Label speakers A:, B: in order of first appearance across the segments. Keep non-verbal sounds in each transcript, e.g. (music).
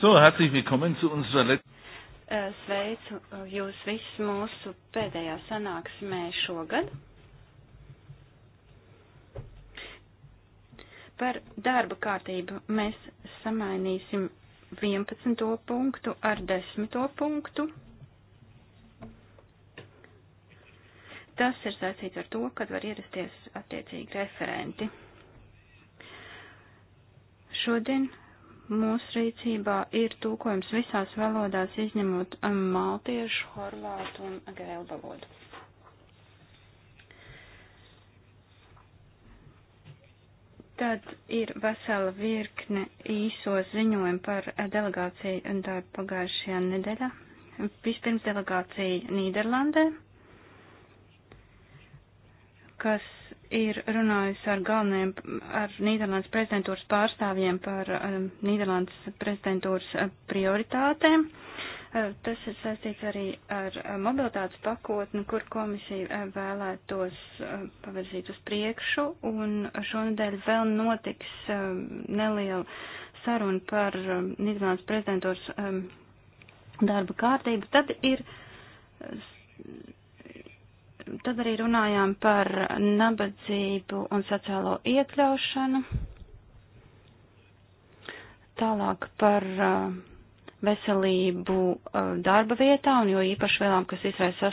A: So, herzlich willkommen zu unserer letzten.
B: Sveicu jūs visus mūsu pēdējā sanāksmē šogad. Par darba kārtību mēs samainīsim 11. punktu ar 10. punktu. Tas ir saistīts ar to, kad var ierasties attiecīgi referenti. Šodien Mūsu rīcībā ir tūkojums visās valodās, izņemot um, maltiešu, horvātu un gēlu valodu. Tad ir vesela virkne īso ziņojumu par delegāciju un tā pagājušajā nedēļā. Vispirms delegācija Nīderlandē, kas ir runājusi ar galvenajiem, ar Nīderlandes prezidentūras pārstāvjiem par um, Nīderlandes prezidentūras uh, prioritātēm. Uh, tas ir saistīts arī ar uh, mobilitātes pakotni, kur komisija vēlētos pavirzīt uz priekšu, un šonadēļ vēl notiks um, neliela saruna par um, Nīderlandes prezidentūras um, darba kārtību. Tad ir Tad arī runājām par nabadzību un sociālo iekļaušanu. Tālāk par uh, veselību uh, darba vietā un jo īpaši vēlām, kas izraisa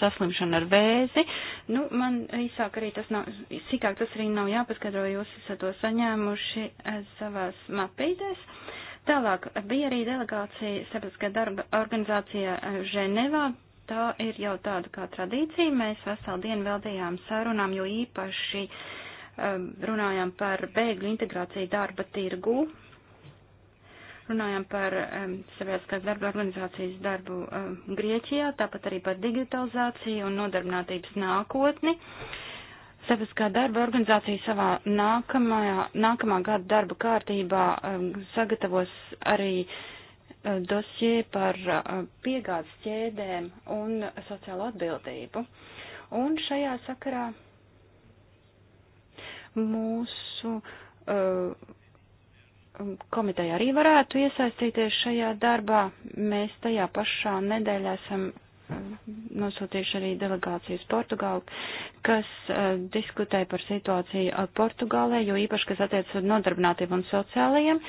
B: saslimšanu ar vēzi. Nu, man īsāk arī tas nav, sīkāk tas arī nav jāpaskatro, jūs esat to saņēmuši uh, savās mapītēs. Tālāk bija arī delegācija starptautiskajā darba organizācijā Ženevā, tā ir jau tāda kā tradīcija. Mēs veselu dienu veltījām sarunām, jo īpaši um, runājām par bēgļu integrāciju darba tirgu, runājām par um, sabiedriskās darba organizācijas darbu um, Grieķijā, tāpat arī par digitalizāciju un nodarbinātības nākotni. Sabiedriskā darba organizācija savā nākamajā, nākamā gada darba kārtībā um, sagatavos arī uh, dosie par eh, piegādes ķēdēm un sociālo atbildību. Un šajā sakarā mūsu uh, komiteja arī varētu iesaistīties šajā darbā. Mēs tajā pašā nedēļā esam eh, nosūtījuši arī delegācijas Portugālu, kas uh, diskutē par situāciju Portugālē, jo īpaši, kas attiec uz nodarbinātību un sociālajiem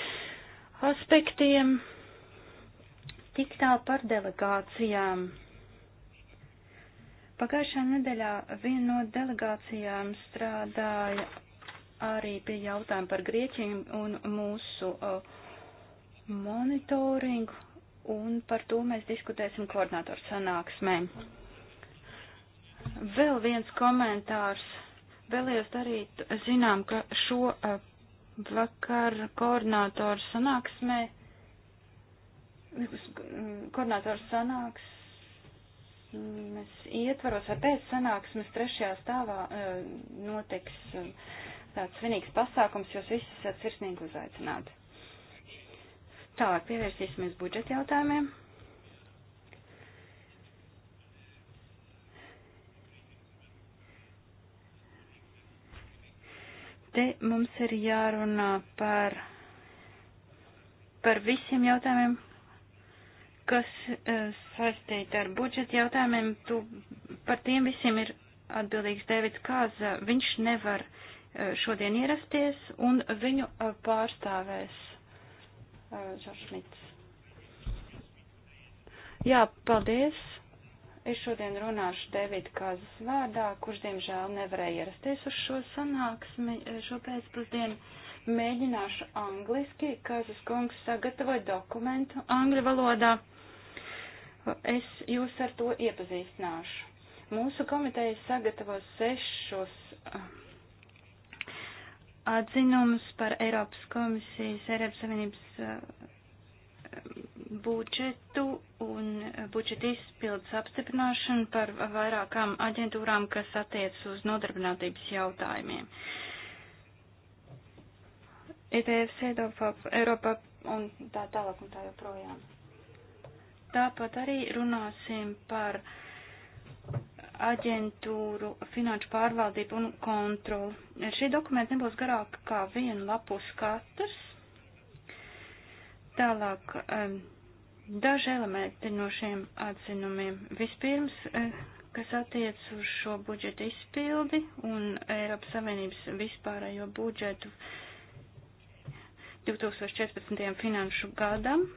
B: aspektiem. Uh, Tik tā par delegācijām. Pagājušā nedēļā viena no delegācijām strādāja arī pie jautājuma par Grieķiem un mūsu uh, monitoringu, un par to mēs diskutēsim koordinātoru sanāksmē. Vēl viens komentārs. Vēlējos darīt, zinām, ka šo uh, vakar koordinātoru sanāksmē Mm, koordinātors sanāks. Mm, mēs ietvaros vai pēc sanāksmes trešajā stāvā e, notiks e, tāds svinīgs pasākums, jūs visi esat sirsnīgi uzaicināti. Tālāk pievērsīsimies budžeta jautājumiem. Te mums ir jārunā par, par visiem jautājumiem, kas eh, saistīti ar budžeta jautājumiem, tu par tiem visiem ir atbildīgs Dēvids Kāza. Viņš nevar eh, šodien ierasties un viņu eh, pārstāvēs Žošmits. Jā, paldies. Es šodien runāšu Dēvida Kāzas vārdā, kurš diemžēl nevarēja ierasties uz šo sanāksmi šo pēcpusdienu mēģināšu angliski, Kazas kungs sagatavoja dokumentu angļu valodā. Es jūs ar to iepazīstināšu. Mūsu komiteja sagatavo sešus ah, atzinumus par Eiropas komisijas, Eiropas Savienības ah, budžetu un budžeta izpildes apstiprināšanu par vairākām aģentūrām, kas attiec uz nodarbinātības jautājumiem. ETF, Eiropa un tā tālāk un tā joprojām. Tāpat arī runāsim par aģentūru finanšu pārvaldību un kontroli. Šī dokumenta nebūs garāka kā viena lapus katrs. Tālāk daži elementi no šiem atzinumiem. Vispirms, eh, kas attiec uz šo budžeta izpildi un Eiropas Savienības vispārējo budžetu 2014. finanšu gadam,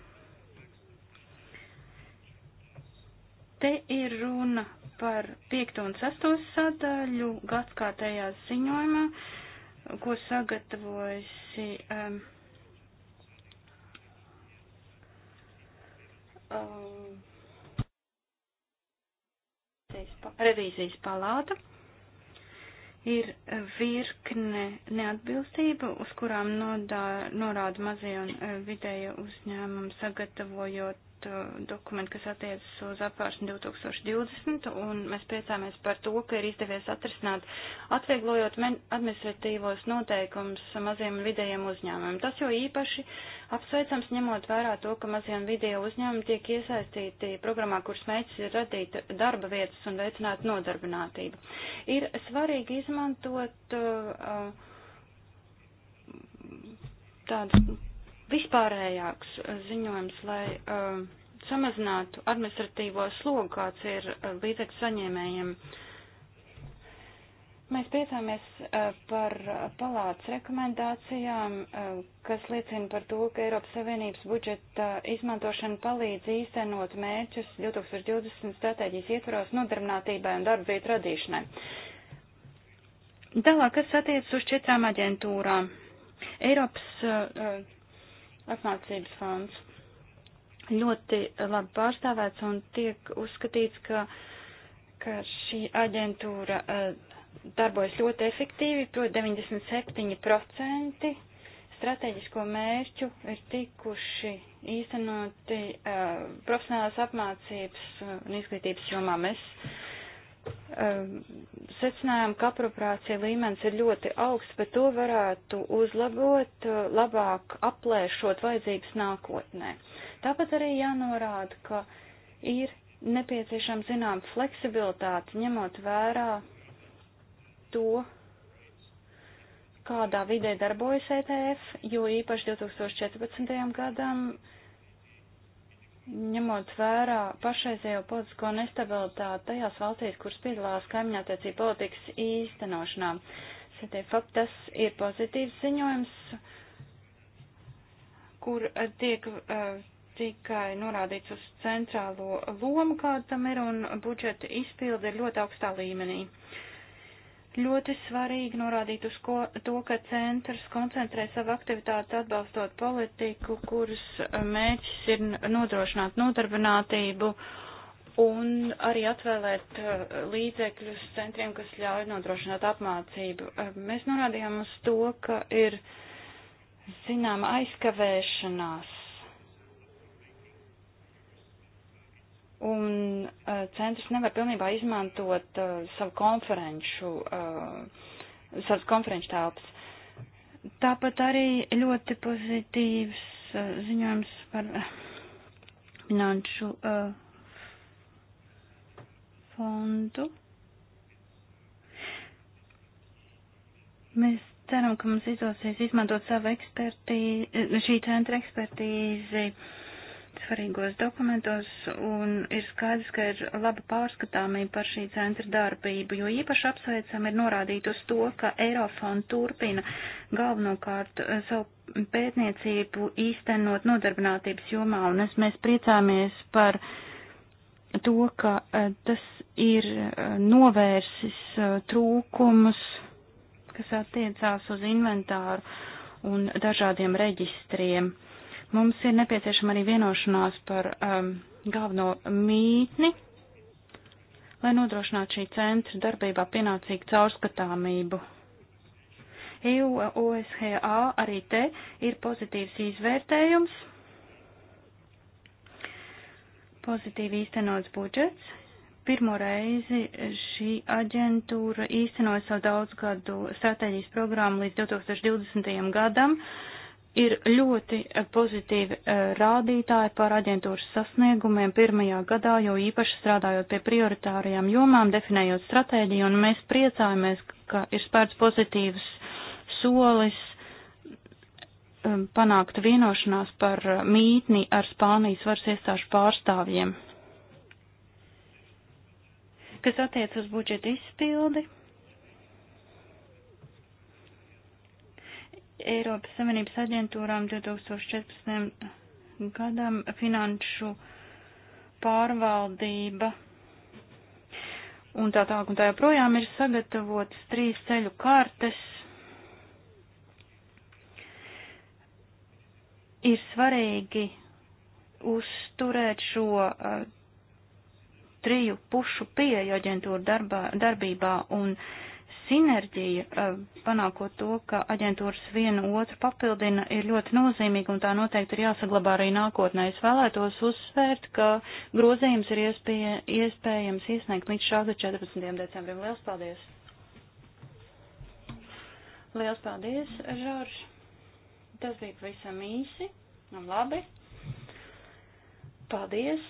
B: Te ir runa par 5. un 6. sadaļu gadskārtējā ziņojumā, ko sagatavojusi um,
A: um,
B: revīzijas palāta. Ir virkne neatbilstība, uz kurām nodā, norāda mazie un uh, vidēja uzņēmumi sagatavojot dokumentu, kas attiecas uz apvāršanu 2020, un mēs priecāmies par to, ka ir izdevies atrisināt, atvieglojot administratīvos noteikums maziem un vidējiem uzņēmumiem. Tas jau īpaši apsveicams, ņemot vērā to, ka mazie un vidēji uzņēmumi tiek iesaistīti programmā, kuras mērķis ir radīt darba vietas un veicināt nodarbinātību. Ir svarīgi izmantot uh, uh tādu vispārējāks uh, ziņojums, lai uh, samazinātu administratīvo slogu, kāds ir uh, līdzekļu saņēmējiem. Mēs priecāmies uh, par palātas rekomendācijām, uh, kas liecina par to, ka Eiropas Savienības budžeta izmantošana palīdz īstenot mērķus 2020 stratēģijas ietvaros nodarbinātībai un darba vietu radīšanai. Tālāk, kas attiecas uz četrām aģentūrām. Eiropas uh, uh apmācības fonds ļoti labi pārstāvēts un tiek uzskatīts, ka, ka šī aģentūra eh, darbojas ļoti efektīvi, proti 97% strateģisko mērķu ir tikuši īstenoti uh, profesionālās apmācības un izglītības jomā. Mēs uh, secinājām, ka apropriācija līmenis ir ļoti augsts, bet to varētu uzlabot, eh, labāk aplēšot vajadzības nākotnē. Tāpat arī jānorāda, ka ir nepieciešama zinām fleksibilitāte, ņemot vērā to, kādā vidē darbojas ETF, jo īpaši 2014. gadam ņemot vērā pašreizējo politisko nestabilitāti tajās valstīs, kuras piedalās kaimiņātiecību politikas īstenošanā. Setiefap, tas ir pozitīvs ziņojums, kur eh, tiek uh, tikai norādīts uz centrālo lomu, kāda tam ir, un budžeta izpildi ir ļoti augstā līmenī. Uh, Ļoti svarīgi norādīt uz ko, to, ka centrs koncentrē savu aktivitāti atbalstot politiku, kuras mēģis ir nodrošināt nodarbinātību un arī atvēlēt eh, līdzekļus centriem, kas ļauj nodrošināt apmācību. Eh, mēs norādījām uz to, ka ir zināma aizkavēšanās un uh, centrs nevar pilnībā izmantot uh, savu konferenču, uh, savas konferenču telpas. Tāpat arī ļoti pozitīvs uh, ziņojums par uh, finanšu uh, fondu. Mēs ceram, ka mums izdosies izmantot savu ekspertīzi, šī centra ekspertīzi. Uh, svarīgos dokumentos, un ir skaidrs, ka ir laba pārskatāmība par šī centra darbību, jo īpaši apsveicam ir norādīt uz to, ka Eirofond turpina galvenokārt eh, savu pētniecību īstenot nodarbinātības jomā, un es mēs priecāmies par to, ka eh, tas ir eh, novērsis trūkumus, kas attiecās uz inventāru un dažādiem reģistriem. Mums ir nepieciešama arī vienošanās par um, galveno mītni, lai nodrošinātu šī centra darbībā pienācīgu caurskatāmību. EU OSHA arī te ir pozitīvs izvērtējums, pozitīvi īstenots budžets. Pirmo reizi šī aģentūra īstenoja savu daudzgadu stratēģijas programmu līdz 2020. gadam ir ļoti eh, pozitīvi eh, rādītāji par aģentūras sasniegumiem pirmajā gadā, jo īpaši strādājot pie prioritārajām jomām, definējot stratēģiju, un mēs priecājamies, ka ir spērts pozitīvs solis eh, panākt vienošanās par mītni ar Spānijas varas iestāžu pārstāvjiem. Kas attiec uz budžeta izpildi, Eiropas Savienības aģentūrām 2014. gadam finanšu pārvaldība un tā tālāk un tā joprojām ir sagatavotas trīs ceļu kartes. Ir svarīgi uzturēt šo uh, triju pušu pieeja aģentūra darbā, darbībā un uh, sinerģija, eh, panākot to, ka aģentūras vienu otru papildina, ir ļoti nozīmīga un tā noteikti ir jāsaglabā arī nākotnē. Es vēlētos uzsvērt, ka grozījums ir iespēja, iespējams iesniegt līdz šā gada 14. decembrim. Lielas paldies! Lielas paldies, Žorž! Tas bija pavisam īsi un labi. Paldies!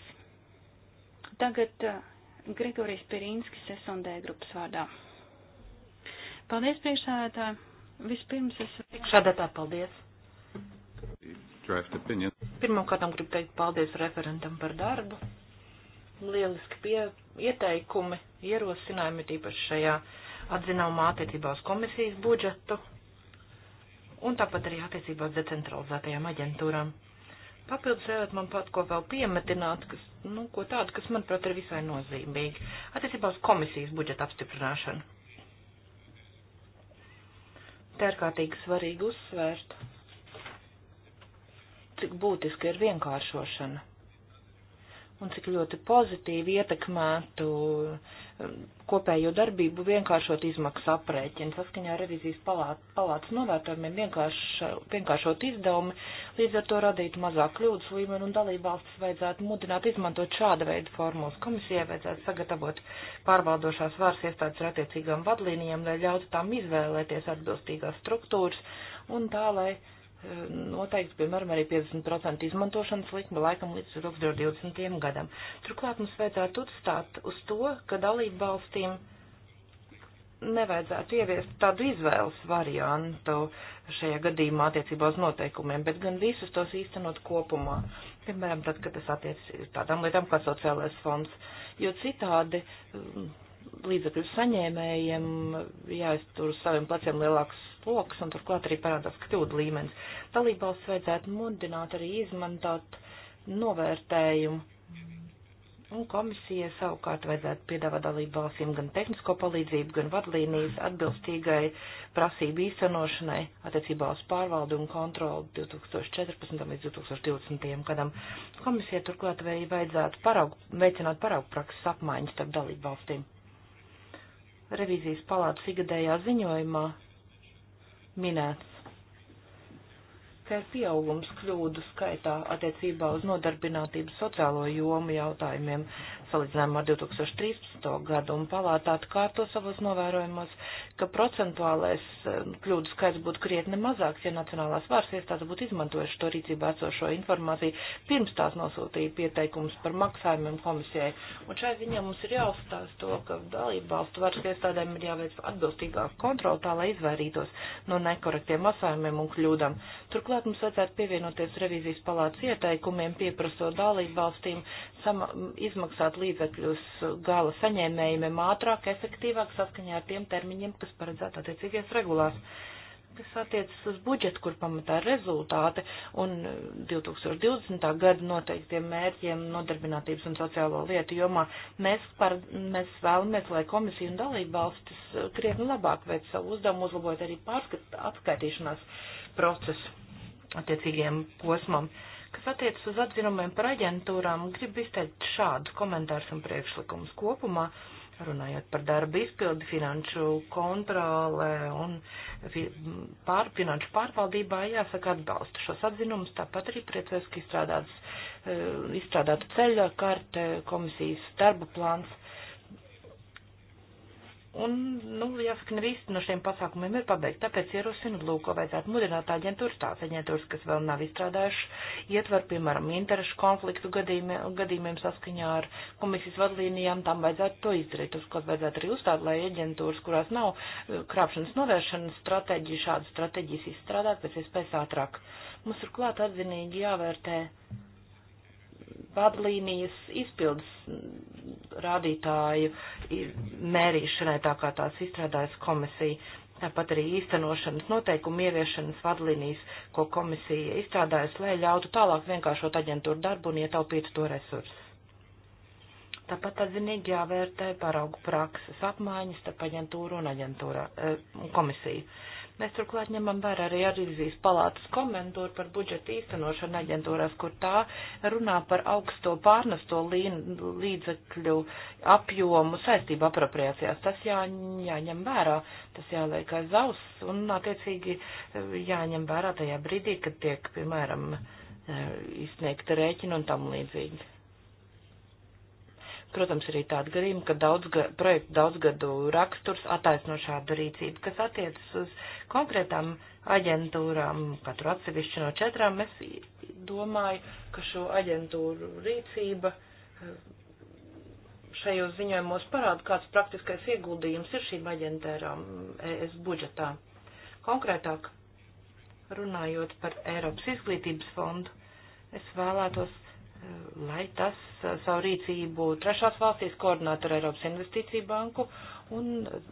B: Tagad eh, Grigorijs Pirinskis
C: S&D grupas vārdā. Paldies, priekšsēdētāji. Vispirms es. Priekšsēdētāji, paldies. Pirmkārt, gribu teikt paldies referentam par darbu. Lieliski pie, ieteikumi, ierosinājumi, tīpaši šajā atzināmā attiecībā uz komisijas budžetu un tāpat arī attiecībā uz decentralizētajām aģentūrām. Papildus ejot man pat ko vēl piemetināt, kas, nu, ko tādu, kas, manuprāt, ir visai nozīmīgi. Attiecībā uz komisijas budžeta apstiprināšanu. Tā ir kārtīgi svarīgi uzsvērt, cik būtiska ir vienkāršošana un cik ļoti pozitīvi ietekmētu um, kopējo darbību vienkāršot izmaksu aprēķinu. Saskaņā revizijas palāt, palātas novērtējumiem vienkārš, vienkāršot izdevumi, līdz ar to radītu mazāk kļūdas līmeni un dalībvalstis vajadzētu mudināt izmantot šāda veida formulas. Komisijai vajadzētu sagatavot pārvaldošās vārs iestādes ar attiecīgām vadlīnijām, lai ļautu tām izvēlēties atbilstīgās struktūras un tā, lai noteikti, piemēram, arī 50% izmantošanas likme laikam līdz 2020. gadam. Turklāt mums vajadzētu uzstāt uz to, ka dalību valstīm nevajadzētu ieviest tādu izvēles variantu šajā gadījumā attiecībā uz noteikumiem, bet gan visus tos īstenot kopumā. Piemēram, tad, kad tas attiecas tādām lietām kā sociālais fonds, jo citādi mm, līdzekļu saņēmējiem jāiztur saviem pleciem lielāks sloks un turklāt arī parādās kļūdu līmenis. Dalībvalsts vajadzētu mudināt arī izmantot novērtējumu. Un komisija savukārt vajadzētu piedāvāt dalībvalstīm gan tehnisko palīdzību, gan vadlīnijas atbilstīgai prasību īstenošanai attiecībā uz pārvaldu un kontroli 2014. līdz 2020. gadam. Komisija turklāt vai vajadzētu paraugu, veicināt paraugu prakses apmaiņas starp dalībvalstīm. Revīzijas palātas igadējā ziņojumā minēts, ka ir pieaugums kļūdu skaitā attiecībā uz nodarbinātības sociālo jomu jautājumiem salīdzinājumā ar 2013. gadu, un palātā atkārto savos novērojumos, ka procentuālais eh, kļūdu skaits būtu krietni mazāks, ja nacionālās vārs iestādes būtu izmantojuši to rīcībā esošo informāciju, pirms tās nosūtīja pieteikumus par maksājumiem komisijai. Un šai ziņā mums ir jāuzstās to, ka dalību valstu vārs iestādēm ir jāveic atbilstīgāk kontroli, tā lai izvairītos no nekorektiem maksājumiem un kļūdām. Turklāt mums vajadzētu pievienoties revīzijas palātas ieteikumiem, pieprasot dalību valstīm sama, izmaksāt līdzekļus gala saņēmējiem ātrāk, efektīvāk saskaņā ar tiem termiņiem, kas paredzēti attiecīgajās regulās kas attiecas uz budžetu, kur pamatā ir rezultāti un 2020. E, gada noteiktiem mērķiem nodarbinātības un sociālo lietu jomā, mēs, par, mēs vēlamies, lai komisija un dalība valstis e, krietni labāk veic savu uzdevumu, uzlabot arī pārskat, atskaitīšanās procesu attiecīgiem posmam. Uh, Kas attiecas uz atzinumiem par aģentūrām, gribu izteikt šādus komentārus un priekšlikumus kopumā, runājot par darba izpildi, finanšu kontrolē un pār, finanšu pārvaldībā, jāsaka, atbalstu šos atzinumus, tāpat arī priecājos, ka izstrādāts, eh, izstrādāta ceļa karte, komisijas darba plāns Un, nu, jāsaka, nevis no šiem pasākumiem ir pabeigts, tāpēc ierosinu lūk, ko vajadzētu mudināt aģentūras, tās aģentūras, kas vēl nav izstrādājuši ietver, piemēram, interešu konfliktu gadījumiem, gadījumiem saskaņā ar komisijas vadlīnijām, tam vajadzētu to izdarīt, uz ko vajadzētu arī uzstāt, lai aģentūras, kurās nav eh, krāpšanas novēršanas stratēģija, šādas stratēģijas izstrādāt pēc iespējas ātrāk. Mums ir klāt atzinīgi jāvērtē vadlīnijas izpildes rādītāju mērīšanai, tā kā tās izstrādājas komisija. Tāpat arī īstenošanas noteikumu ieviešanas vadlīnijas, ko komisija izstrādājas, lai ļautu tālāk vienkāršot aģentūru darbu un ietaupītu to resursus. Tāpat atzinīgi jāvērtē paraugu prakses apmaiņas starp aģentūru un aģentūra, eh, komisiju Mēs turklāt ņemam vērā arī Arīzijas palātas komentāru par budžeta īstenošanu aģentūrās, kur tā runā par augsto pārnesto līdzekļu apjomu saistību apropriācijās. Tas jā, jāņem vērā, tas jāliek aiz auss un, attiecīgi, jāņem vērā tajā brīdī, kad tiek, piemēram, e, izsniegta rēķina un tam līdzīgi. Protams, ir arī tāda gadījuma, ka daudz, projektu daudzgadu raksturs attaisno šādu rīcību, kas attiecas uz konkrētām aģentūrām, katru atsevišķu no četrām. Es domāju, ka šo aģentūru rīcība eh, šajos ziņojumos parāda, kāds praktiskais ieguldījums ir šīm aģentērām eh, ES budžetā. Konkrētāk runājot par Eiropas izglītības fondu, es vēlētos lai tas uh, savu rīcību trešās valstīs koordinātu ar Eiropas investīciju banku un uh,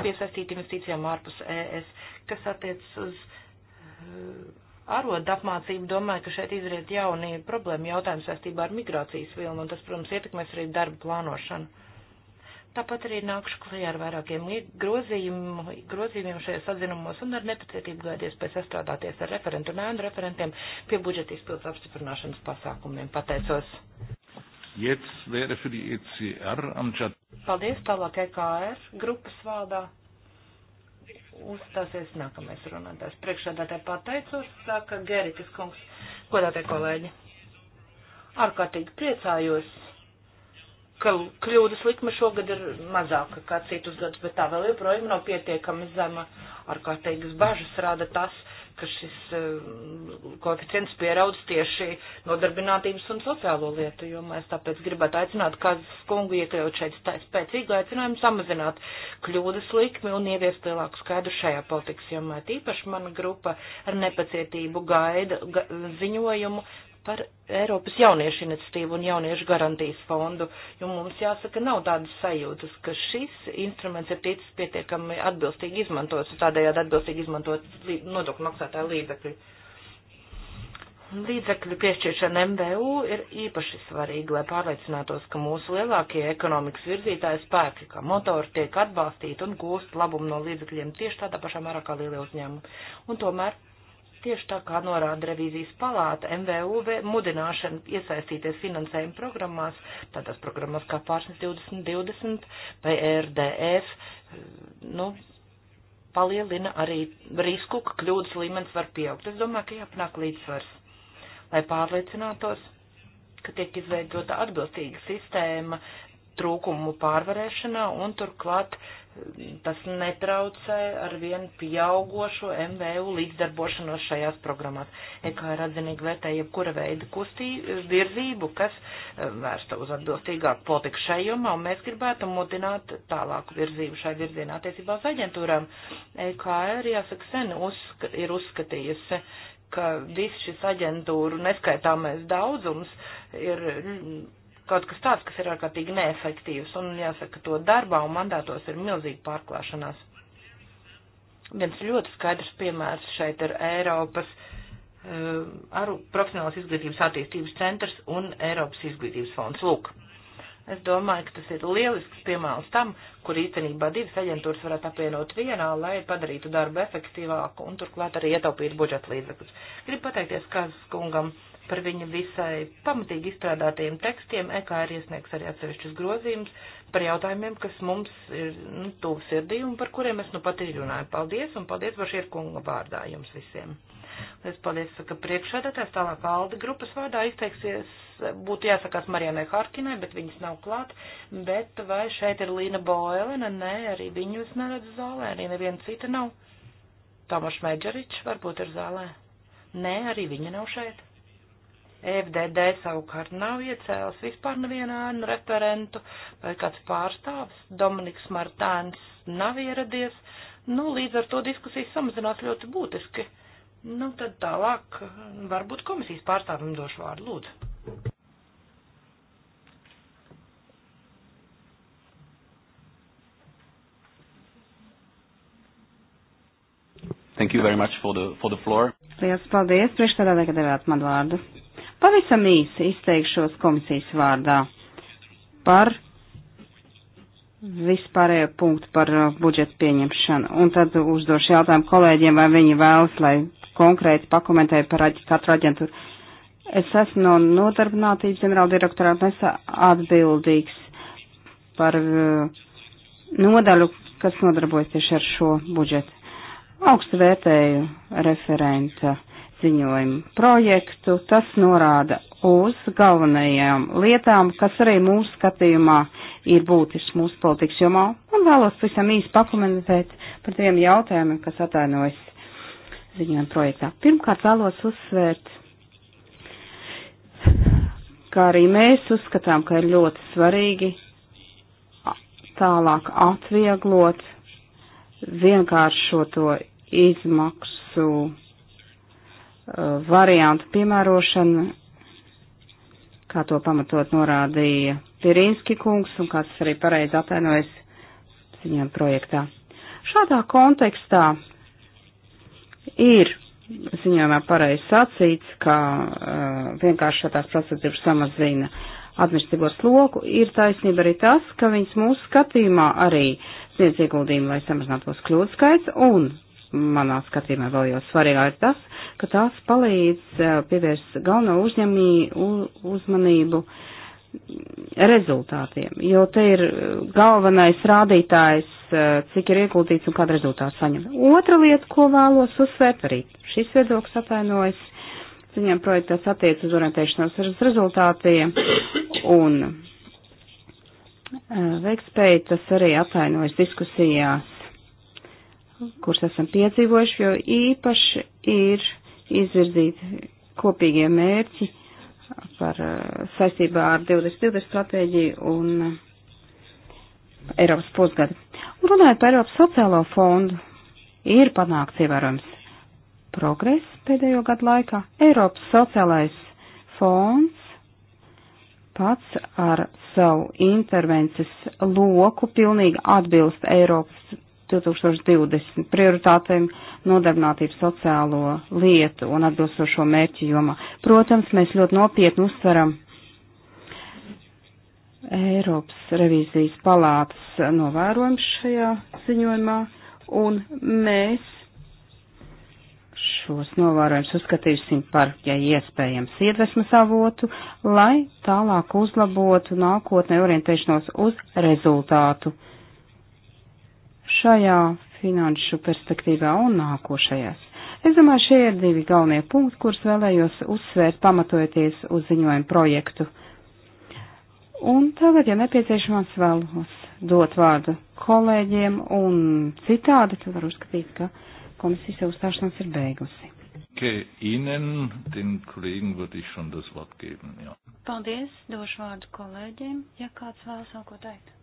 C: piesaistīt investīcijām ārpus ES, kas attiec uz
A: uh,
C: arodu apmācību, domāju, ka šeit izriet jauni problēma jautājums saistībā ar migrācijas vilnu, un tas, protams, ietekmēs arī darba plānošanu. Tāpat arī nākšu klajā ar vairākiem grozījumu, grozījumiem šajos atzinumos un ar nepacietību gaidies pēc sastrādāties ar referentu un ēnu referentiem pie budžeta izpildes apstiprināšanas pasākumiem. Pateicos.
A: ECR, e
C: Paldies, tālāk EKR grupas vārdā. Uzstāsies nākamais runātājs. Priekšādātāji pateicos, saka Gerikas kungs, godātie kolēģi. Ārkārtīgi priecājos ka kļūdas likme šogad ir mazāka kā citus gadus, bet tā vēl joprojām nav pietiekami zema. Ar kā teiks bažas rada tas, ka šis eh, koeficients pieraudz tieši nodarbinātības un sociālo lietu, jo mēs tāpēc gribētu aicināt Kazas kungu iekļaut šeit spēcīgu aicinājumu samazināt kļūdas likmi un ieviest lielāku skaidru šajā politikas jomā. Tīpaši mana grupa ar nepacietību gaida ga, ziņojumu par Eiropas jauniešu iniciatīvu un jauniešu garantijas fondu, jo mums jāsaka, nav tādas sajūtas, ka šis instruments ir ticis pietiekami atbilstīgi izmantots, tādējādi atbilstīgi izmantot nodokļu maksātāju līdzekļu. Līdzekļu piešķiršana MVU ir īpaši svarīga, lai pārliecinātos, ka mūsu lielākie ekonomikas virzītāji spēki, kā motori, tiek atbalstīti un gūst labumu no līdzekļiem tieši tādā pašā mērā kā lielie uzņēmumi. Un tomēr Tieši tā kā norāda revīzijas palāta, MVU mudināšana iesaistīties finansējuma programmās, tādās programmās kā pārsnes 2020 vai RDF, nu, palielina arī risku, ka kļūdas līmenis var pieaugt. Es domāju, ka jāpanāk līdzsvars, lai pārliecinātos, ka tiek izveidota atbilstīga sistēma trūkumu pārvarēšanā un turklāt uh, tas netraucē ar vien pieaugošo MVU līdzdarbošanos šajās programmās. EKR atzinīgi vērtē jebkura veida kustību, virzību, kas eh, vērsta uz atbilstīgāku politiku šai jomā, un mēs gribētu mutināt tālāku virzību šai virzienā attiecībā uz aģentūrām. EKR, jāsaka, sen uzska, ir uzskatījusi, ka viss šis aģentūru neskaitāmais daudzums ir kaut kas tāds, kas ir ārkārtīgi neefektīvs, un jāsaka, to darbā un mandātos ir milzīga pārklāšanās. Viens ļoti skaidrs piemērs šeit ir Eiropas uh, aru profesionālās izglītības attīstības centrs un Eiropas izglītības fonds. Lūk, es domāju, ka tas ir lielisks piemērs tam, kur īstenībā divas aģentūras varētu apvienot vienā, lai padarītu darbu efektīvāku un turklāt arī ietaupītu budžeta līdzekļus. Gribu pateikties Kazas kungam par viņa visai pamatīgi izstrādātajiem tekstiem. EKA ir iesniegs arī atsevišķus grozījumus par jautājumiem, kas mums ir nu, tuvu sirdī un par kuriem es nu pat ir runāju. Paldies un paldies Bašīra kunga vārdā jums visiem. Lies paldies, saka priekšsēdētājs, tālāk Alde grupas vārdā izteiksies, būtu jāsakās Marijanai Harkinai, bet viņas nav klāt, bet vai šeit ir Līna Boelena, nē, arī viņu es neredzu zālē, arī neviena cita nav. Tomašs Meģeričs varbūt ir zālē. Nē, arī viņa nav šeit. FDD savukārt nav iecēlis vispār nevienu ēnu referentu vai kāds pārstāvs. Dominiks Martēns nav ieradies. Nu, līdz ar to diskusijas samazinās ļoti būtiski. Nu, tad tālāk varbūt komisijas pārstāvim došu vārdu. Lūdzu.
B: Thank you very much for the,
D: for the floor. Lielas paldies, priekšstādātāji, ka devāt man vārdu. Pavisam īsi izteikšos komisijas vārdā par vispārējo punktu par uh, budžetu pieņemšanu. Un tad uzdošu jautājumu kolēģiem, vai viņi vēlas, lai konkrēti pakomentēju par katru aģentūru. Es esmu no nodarbinātības ģenerāla direktorā, un esmu atbildīgs par uh, nodaļu, kas nodarbojas tieši ar šo budžetu. Augstu vērtēju referenta ziņojumu projektu. Tas norāda uz galvenajām lietām, kas arī mūsu skatījumā ir būtisks mūsu politikas jomā. Un vēlos visam īsi pakomentēt par tiem jautājumiem, kas atainojas ziņojuma projektā. Pirmkārt vēlos uzsvērt, ka arī mēs uzskatām, ka ir ļoti svarīgi tālāk atvieglot vienkāršoto izmaksu Uh, variantu piemērošana, kā to pamatot norādīja Pirinski kungs un kāds arī pareizi atainojas viņam projektā. Šādā kontekstā ir ziņojumā pareizi sacīts, ka uh, vienkārši šādās procedūras samazina administratīvo sloku. Ir taisnība arī tas, ka viņas mūsu skatījumā arī sniedz ieguldījumu, lai samazinātos kļūdu skaits un manā skatījumā vēl jau svarīgāk ir tas, ka tās palīdz eh, pievērst galveno uzņemību uzmanību rezultātiem, jo te ir eh, galvenais rādītājs, eh, cik ir ieguldīts un kādu rezultātu saņem. Otra lieta, ko vēlos uzsvērt arī, šis viedoklis atainojas, viņam projektās attiec uz orientēšanos uz rezultātiem un veikspēju tas arī atainojas diskusijās kuras esam piedzīvojuši, jo īpaši ir izvirzīti kopīgie mērķi par uh, saistībā ar 2020 stratēģiju un uh, Eiropas pusgadu. Un runājot par Eiropas sociālo fondu, ir panākts ievērojams progress pēdējo gadu laikā. Eiropas sociālais fonds pats ar savu intervences loku pilnīgi atbilst Eiropas 2020 prioritātēm nodarbinātību sociālo lietu un atbilstošo mērķu jomā. Protams, mēs ļoti nopietni uztveram Eiropas revīzijas palātas novērojums šajā ziņojumā, un mēs šos novērojumus uzskatīsim par, ja iespējams, iedvesmas avotu, lai tālāk uzlabotu nākotnē orientēšanos uz rezultātu šajā finanšu perspektīvā un nākošajās. Es domāju, šie ir divi galvenie punkti, kurus vēlējos uzsvērt, pamatojoties uz ziņojumu projektu. Un tagad, ja nepieciešamās, vēlos dot vārdu kolēģiem un citādi, tad var uzskatīt, ka komisija savu stāšanos ir beigusi.
A: Okay, Ihnen, den Kollegen würde ich schon das Wort geben, ja.
B: Paldies, došu vārdu kolēģiem, ja kāds vēl savu ko teikt.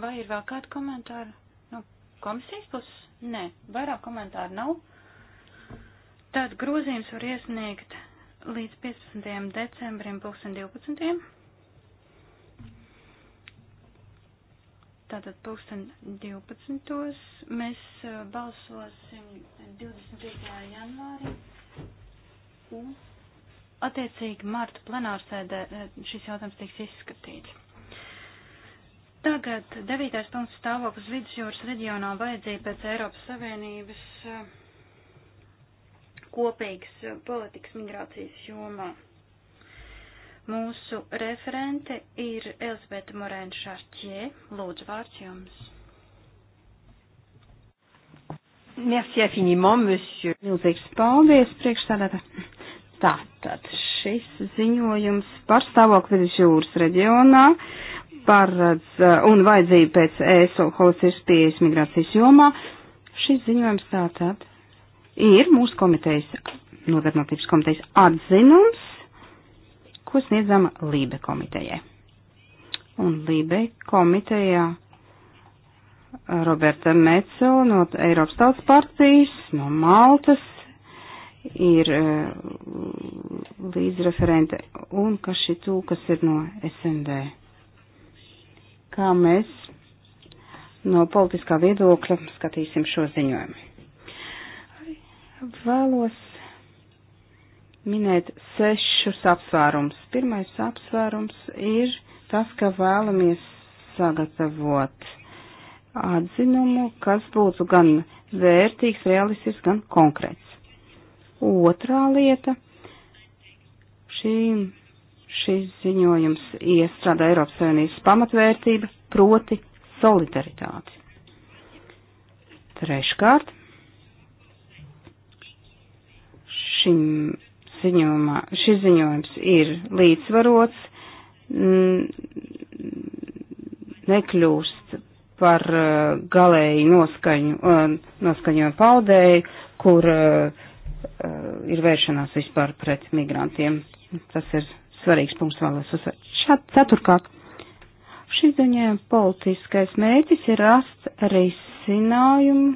B: Vai ir vēl kādi komentāri no komisijas puses? Nē, vairāk komentāru nav. Tāds grozījums var iesniegt līdz 15. decembrim 2012. Tātad 2012. mēs uh, balsosim 25. janvārī un attiecīgi marta plenārsēdē uh, šis jautājums tiks izskatīts. Tagad devītais punkts stāvoklis vidusjūras reģionā vajadzīja pēc Eiropas Savienības eh, kopīgas eh, politikas migrācijas jomā. Mūsu referente ir Elzbieta Morēna Šārķie. Lūdzu, vārds jums.
D: Merci infiniment, monsieur. Milzīgs paldies, priekšstādātā. Tātad šis ziņojums par stāvokli vidusjūras reģionā. Uh, paredz eh, un vajadzību pēc ES holistiskas pieejas migrācijas jomā. Šis ziņojums tātad ir mūsu komitejas, nodarbinātības komitejas atzinums, ko sniedzama Lībe komitejai. Un Lībe komitejā Roberta Meco no Eiropas tautas partijas, no Maltas, ir eh, līdzreferente un Kašitu, kas ir no SND kā mēs no politiskā viedokļa skatīsim šo ziņojumu. Vēlos minēt sešus apsvērums. Pirmais apsvērums ir tas, ka vēlamies sagatavot atzinumu, kas būtu gan vērtīgs, realistisks, gan konkrēts. Otrā lieta - šīm Šis ziņojums iestrādā Eiropas Savienības pamatvērtība, proti solidaritāti. Treškārt, šim ziņojumā, šis ziņojums ir līdzsvarots, nekļūst par uh, galēji noskaņu, uh, noskaņojumu paudēju, kur uh, ir vēršanās vispār pret migrantiem. Tas ir svarīgs punkts vēlēs uzsvērt. Ceturkārt, šī ziņā politiskais mērķis ir rast risinājumu,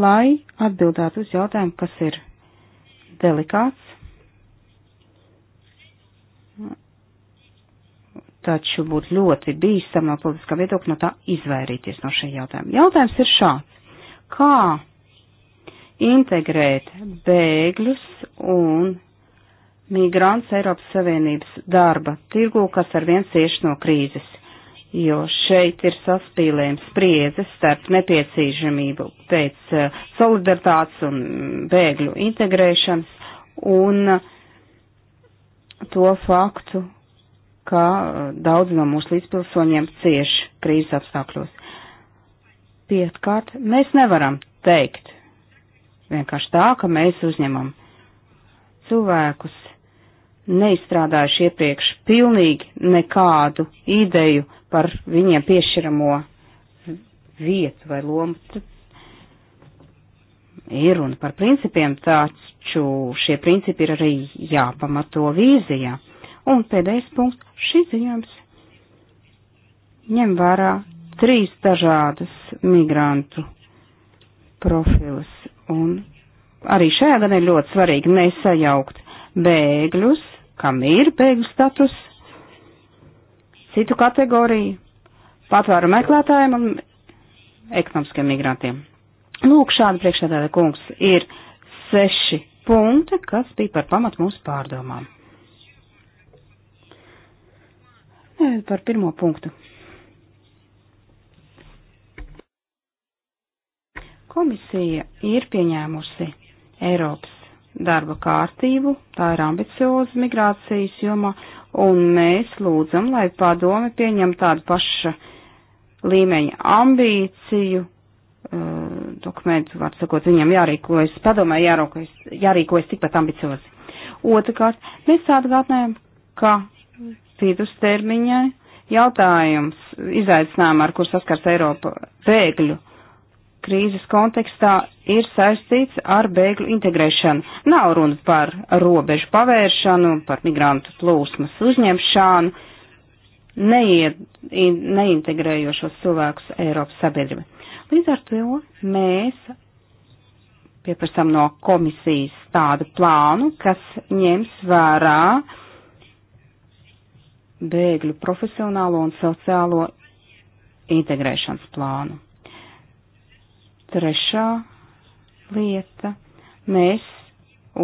D: lai atbildētu uz jautājumu, kas ir delikāts, taču būtu ļoti bīstam no politiskā viedokļa no tā izvairīties no šī jautājuma. Jautājums ir šāds. Kā integrēt bēgļus un migrants Eiropas Savienības darba tirgu, kas ar viens cieši no krīzes, jo šeit ir saspīlējums spriedzes starp nepieciešamību pēc eh, solidaritātes un bēgļu integrēšanas un eh, to faktu, ka eh, daudz no mūsu līdzpilsoņiem cieši krīzes apstākļos. Pietkārt, mēs nevaram teikt vienkārši tā, ka mēs uzņemam cilvēkus neizstrādājuši iepriekš pilnīgi nekādu ideju par viņiem piešķiramo vietu vai lomu. Tad ir runa par principiem, taču šie principi ir arī jāpamato vīzijā. Un pēdējais punkts - šis ziņojums ņem vērā trīs dažādas migrantu profilus. Un arī šajā gadā ir ļoti svarīgi nesajaukt bēgļus kam ir bēgļu status, citu kategoriju, patvēru meklētājiem un ekonomiskiem migrantiem. Lūk, šādi priekšsēdētāja kungs ir seši punkti, kas bija par pamatu mūsu pārdomām. Nē, par pirmo punktu. Komisija ir pieņēmusi Eiropas darba kārtību, tā ir ambicioza migrācijas joma, un mēs lūdzam, lai padome pieņem tādu paša līmeņa ambīciju uh, dokumentu, var sakot, viņam jārīkojas, padomē jārīkojas, jārīkojas tikpat ambiciozi. Otrakārt, mēs atgādinājām, ka vidustermiņai jautājums, izaicinājumi, ar kur saskars Eiropa bēgļu krīzes kontekstā ir saistīts ar bēgļu integrēšanu. Nav runa par robežu pavēršanu, par migrantu plūsmas uzņemšanu, neied, neintegrējošos cilvēkus Eiropas sabiedrība. Līdz ar to mēs pieprasām no komisijas tādu plānu, kas ņems vērā bēgļu profesionālo un sociālo integrēšanas plānu. Trešā lieta. Mēs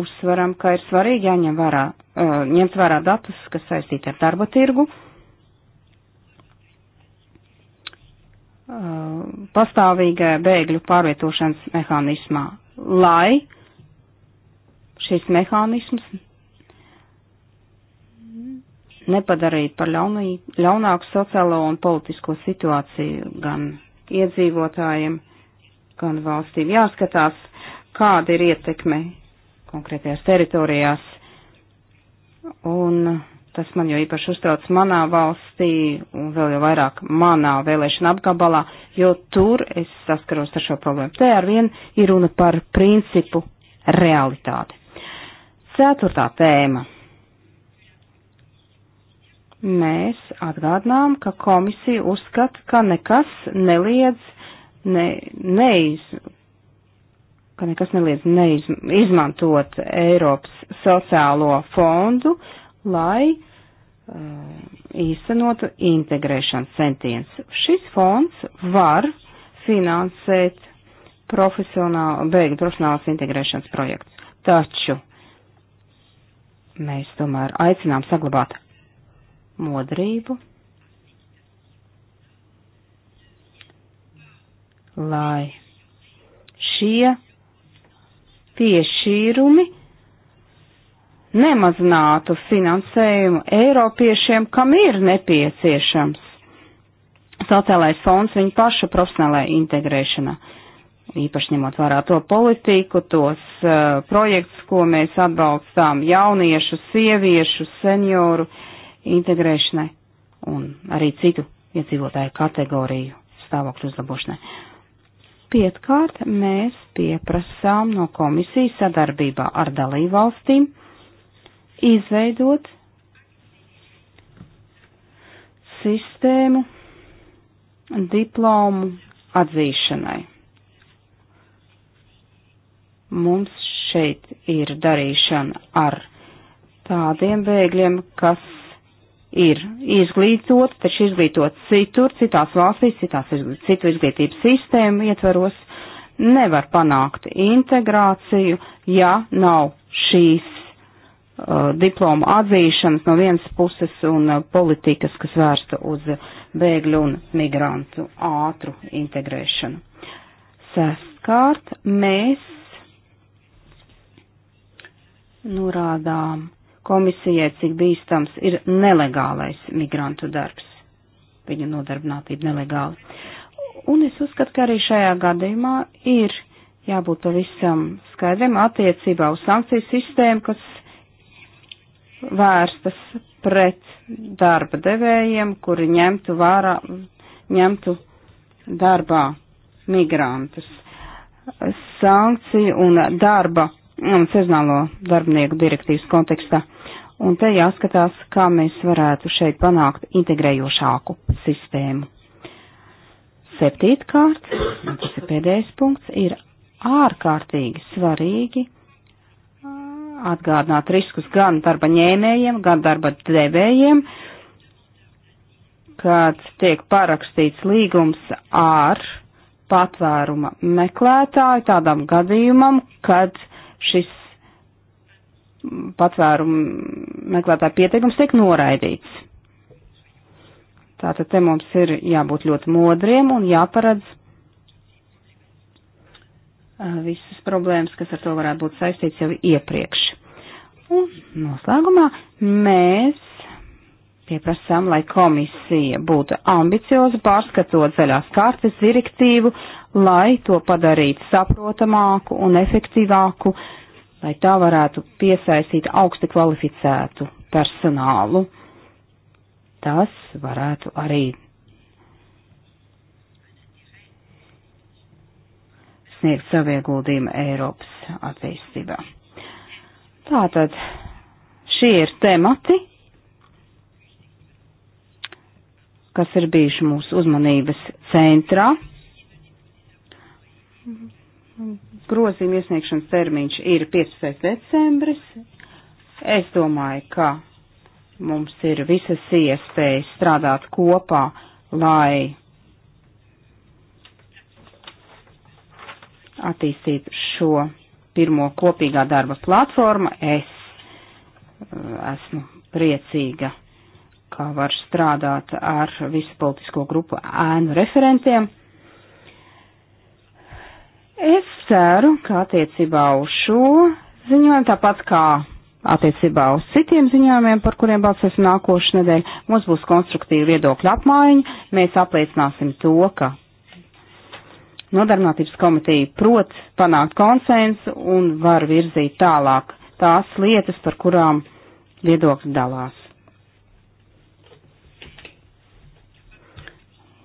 D: uzsveram, ka ir svarīgi jāņem vērā, uh, ņemt vērā datus, kas saistīti ar darba tirgu. Uh, pastāvīgā bēgļu pārvietošanas mehānismā, lai šis mehānisms nepadarītu par ļaunī, ļaunāku sociālo un politisko situāciju gan iedzīvotājiem, gan valstīm. Jāskatās, kāda ir ietekme konkrētajās teritorijās. Un tas man jau īpaši uztrauc manā valstī un vēl jau vairāk manā vēlēšana apgabalā, jo tur es saskaros ar šo problēmu. Te ar vien ir runa par principu realitāti. Ceturtā tēma mēs atgādinām, ka komisija uzskata, ka nekas neliedz ne, neiz, ka nekas neliedz neiz, izmantot Eiropas sociālo fondu, lai uh, īstenotu integrēšanas centiens. Šis fonds var finansēt profesionālu, bēgļu profesionālas integrēšanas projekts. Taču mēs tomēr aicinām saglabāt modrību lai šie piešķīrumi nemazinātu finansējumu Eiropiešiem, kam ir nepieciešams sociālais fonds viņa paša profesionālajā integrēšanā. Īpaši ņemot vērā to politiku, tos uh, projekts, ko mēs atbalstām jauniešu, sieviešu, senioru integrēšanai un arī citu iedzīvotāju kategoriju stāvokļu uzlabošanai. Uh, Pietkārt mēs pieprasām no komisijas sadarbībā ar dalībvalstīm izveidot sistēmu diplomu atzīšanai. Mums šeit ir darīšana ar tādiem bēgļiem, kas ir izglītot, taču izglītot citur, citās valstīs, citās citu izglītības sistēmu ietveros, nevar panākt integrāciju, ja nav šīs uh, diploma atzīšanas no vienas puses un uh, politikas, kas vērsta uz bēgļu un migrantu ātru integrēšanu. Sestkārt, mēs norādām komisijai, cik bīstams ir nelegālais migrantu darbs, viņu nodarbinātība nelegāli. Un es uzskatu, ka arī šajā gadījumā ir jābūt pavisam skaidriem attiecībā uz sankciju sistēmu, kas vērstas pret darba devējiem, kuri ņemtu vērā, ņemtu darbā migrantus. Sankciju un darba un sezonālo darbinieku direktīvas kontekstā. Un te jāskatās, kā mēs varētu šeit panākt integrējošāku sistēmu. Septītkārt, tas ir pēdējais punkts, ir ārkārtīgi svarīgi atgādināt riskus gan darba ņēmējiem, gan darba devējiem, kad tiek parakstīts līgums ar patvēruma meklētāju tādam gadījumam, kad šis patvērumu meklētāju pieteikums tiek noraidīts. Tātad te mums ir jābūt ļoti modriem un jāparedz visas problēmas, kas ar to varētu būt saistīts jau iepriekš. Un noslēgumā mēs pieprasām, lai komisija būtu ambicioza pārskatot zaļās kārtas direktīvu, lai to padarītu saprotamāku un efektīvāku, lai tā varētu piesaistīt augsti kvalificētu personālu. Tas varētu arī sniegt savu ieguldījumu Eiropas attīstībā. Tātad šie ir temati, kas ir bijuši mūsu uzmanības centrā. Grozījuma iesniegšanas termiņš ir 15. decembris. Es domāju, ka mums ir visas iespējas strādāt kopā, lai attīstītu šo pirmo kopīgā darba platformu. Es uh, esmu priecīga kā var strādāt ar visu politisko grupu ēnu referentiem. Es ceru, ka attiecībā uz šo ziņojumu, tāpat kā attiecībā uz citiem ziņojumiem, par kuriem balsosim nākošu nedēļu, mums būs konstruktīva viedokļa apmaiņa. Mēs apliecināsim to, ka Nodarbinātības komiteja prot panākt konsensu un var virzīt tālāk tās lietas, par kurām viedokļi dalās.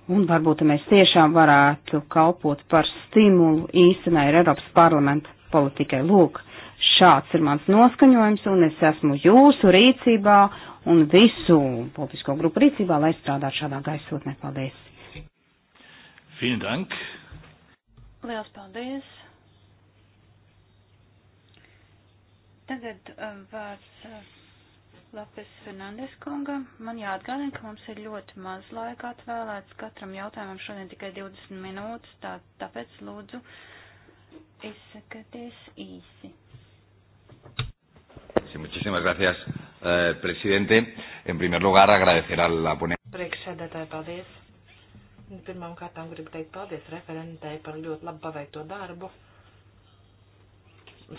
D: Un varbūt mēs tiešām varētu kalpot par stimulu īstenai ar Eiropas parlamenta politikai. Lūk, šāds ir mans noskaņojums, un es esmu jūsu rīcībā un visu politisko grupu rīcībā, lai strādātu šādā gaisotnē.
A: Paldies! Vielen Dank!
C: Liels paldies!
B: Tagad um, vārds. Uh, Lapis Fernandes kunga. Man jāatgādina, ka mums ir ļoti maz laika atvēlēts katram jautājumam šodien tikai 20 minūtes, tā, tāpēc lūdzu
C: izsakaties īsi.
A: Sí, muchísimas gracias, eh, presidente. En primer lugar, agradecer a la ponente.
C: Priekšsēdētāji, paldies. Pirmām kārtām gribu teikt paldies referentei par ļoti labu paveikto darbu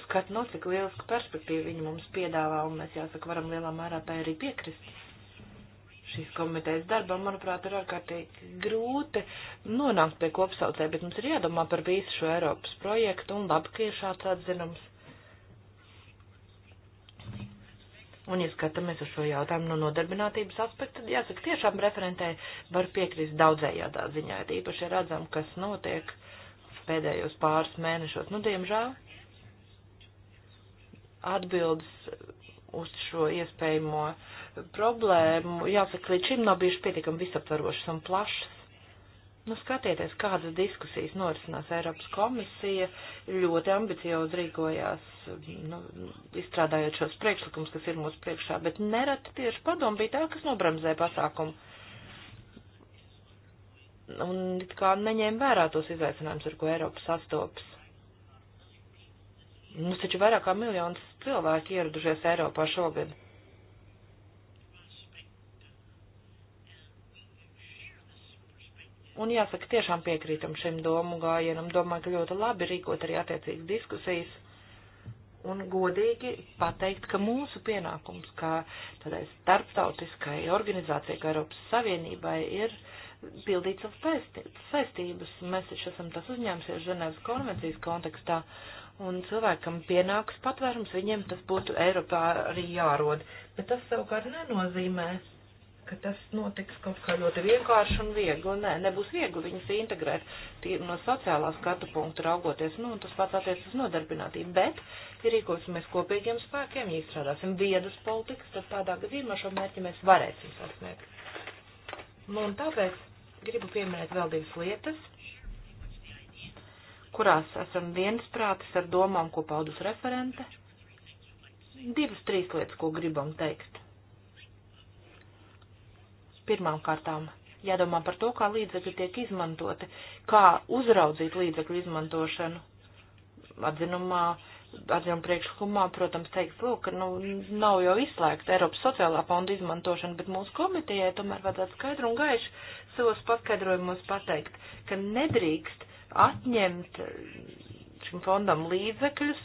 C: skat no, cik lielisku perspektīvu viņi mums piedāvā, un mēs jāsaka, varam lielā mērā tā arī piekrist. Šīs komitejas darbā, manuprāt, ir ārkārtīgi grūti nonākt pie kopsaucē, bet mums ir jādomā par visu šo Eiropas projektu, un labi, ka ir šāds atzinums. Un, ja skatāmies uz šo jautājumu no nodarbinātības aspekta, tad jāsaka, tiešām referentē var piekrist daudzējādā ziņā, īpaši redzam, kas notiek pēdējos pāris mēnešos. Nu, diemžēl atbildes uz šo iespējamo problēmu, jāsaka, līdz šim nav bijuši pietiekami visaptvarošas un plašas. Nu, skatieties, kādas diskusijas norisinās Eiropas komisija, ļoti ambiciozi rīkojās, nu, izstrādājot šos priekšlikumus, kas ir mūsu priekšā, bet nereti tieši padomu bija tā, kas nobramzē pasākumu. Un it kā neņēma vērā tos izaicinājumus, ar ko Eiropa sastopas. Mums taču vairāk kā miljons cilvēku ieradušies Eiropā šogad. Un jāsaka, tiešām piekrītam šim domu gājienam. Domāju, ka ļoti labi rīkot arī attiecīgas diskusijas un godīgi pateikt, ka mūsu pienākums, kā tādai starptautiskai organizācijai, kā Eiropas Savienībai, ir pildīt savas saistības. Mēs taču esam tas uzņēmusies Ženēvas konvencijas kontekstā, un cilvēkam pienāks patvērums, viņiem tas būtu Eiropā arī jārod. Bet tas savukārt nenozīmē, ka tas notiks kaut kā ļoti vienkārši un viegli. Nē, nebūs viegli viņus integrēt tīri no sociālā skatu punktu raugoties, nu, un tas pats attiec uz nodarbinātību, bet, ja rīkosimies kopīgiem spēkiem, ja izstrādāsim viedas politikas, tad tādā gadījumā šo mērķi mēs varēsim sasniegt. Nu, un tāpēc gribu pieminēt vēl divas lietas kurās esam viensprātis ar domām, ko paudus referente. Divas, trīs lietas, ko gribam teikt. Pirmām kārtām jādomā par to, kā līdzekļi tiek izmantoti, kā uzraudzīt līdzekļu izmantošanu. Atzinumā, atzinuma priekšlikumā, protams, teiks, lūk, ka nu, nav jau izslēgta Eiropas sociālā fonda izmantošana, bet mūsu komitejai tomēr vajadzētu skaidru un gaišu savos paskaidrojumos pateikt, ka nedrīkst atņemt šim fondam līdzekļus,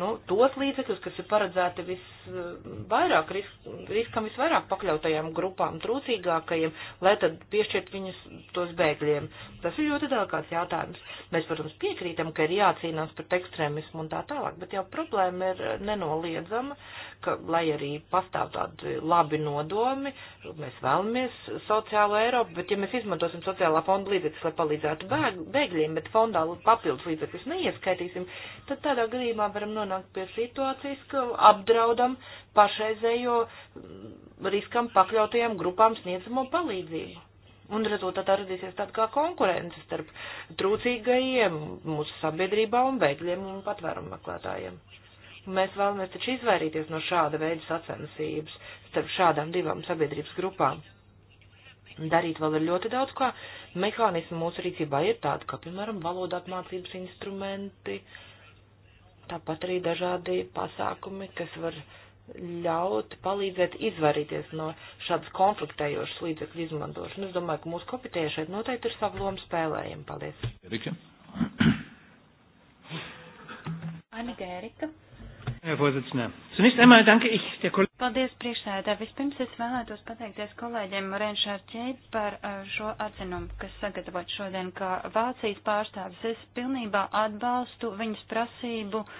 C: nu, tos līdzekļus, kas ir paredzēti vis visvairāk risk, riskam visvairāk pakļautajām grupām, trūcīgākajiem, lai tad piešķirt viņus tos bēgļiem. Tas ir ļoti delikāts jautājums. Mēs, protams, piekrītam, ka ir jācīnās pret ekstrēmismu un tā tālāk, bet jau problēma ir nenoliedzama, ka, lai arī pastāv tādi labi nodomi, mēs vēlamies sociālo Eiropu, bet ja mēs izmantosim sociālā fonda līdzekļus, lai palīdzētu bēg, bēgļiem, bet fondā papildus līdzekļus neieskaitīsim, tad tādā gadījumā varam nonākt pie situācijas, ka apdraudam pašreizējo mm, riskam pakļautajām grupām sniedzamo palīdzību. Un rezultātā radīsies tāda kā konkurence starp trūcīgajiem mūsu sabiedrībā un bēgļiem un patvērumu meklētājiem. Mēs vēlamies taču izvairīties no šāda veida sacensības starp šādām divām sabiedrības grupām. Darīt vēl ir ļoti daudz, kā mehānismi mūsu rīcībā ir tādi, kā, piemēram, valoda apmācības instrumenti, tāpat arī dažādi pasākumi, kas var uh, ļaut palīdzēt izvarīties no šādas konfliktējošas līdzekļu izmantošanas. Es domāju, ka mūsu kopitēja šeit noteikti ir savu lomu spēlējama. Paldies.
A: Erika.
B: Anita Erika.
A: Herr Vorsitzender, zunächst einmal danke ich der Kollegin.
B: Paldies, priekšsēdā. Vispirms es vēlētos pateikties kolēģiem Morenšā Čei par uh, šo atzinumu, kas sagatavot šodien, ka Vācijas pārstāvis es pilnībā atbalstu viņas prasību uh,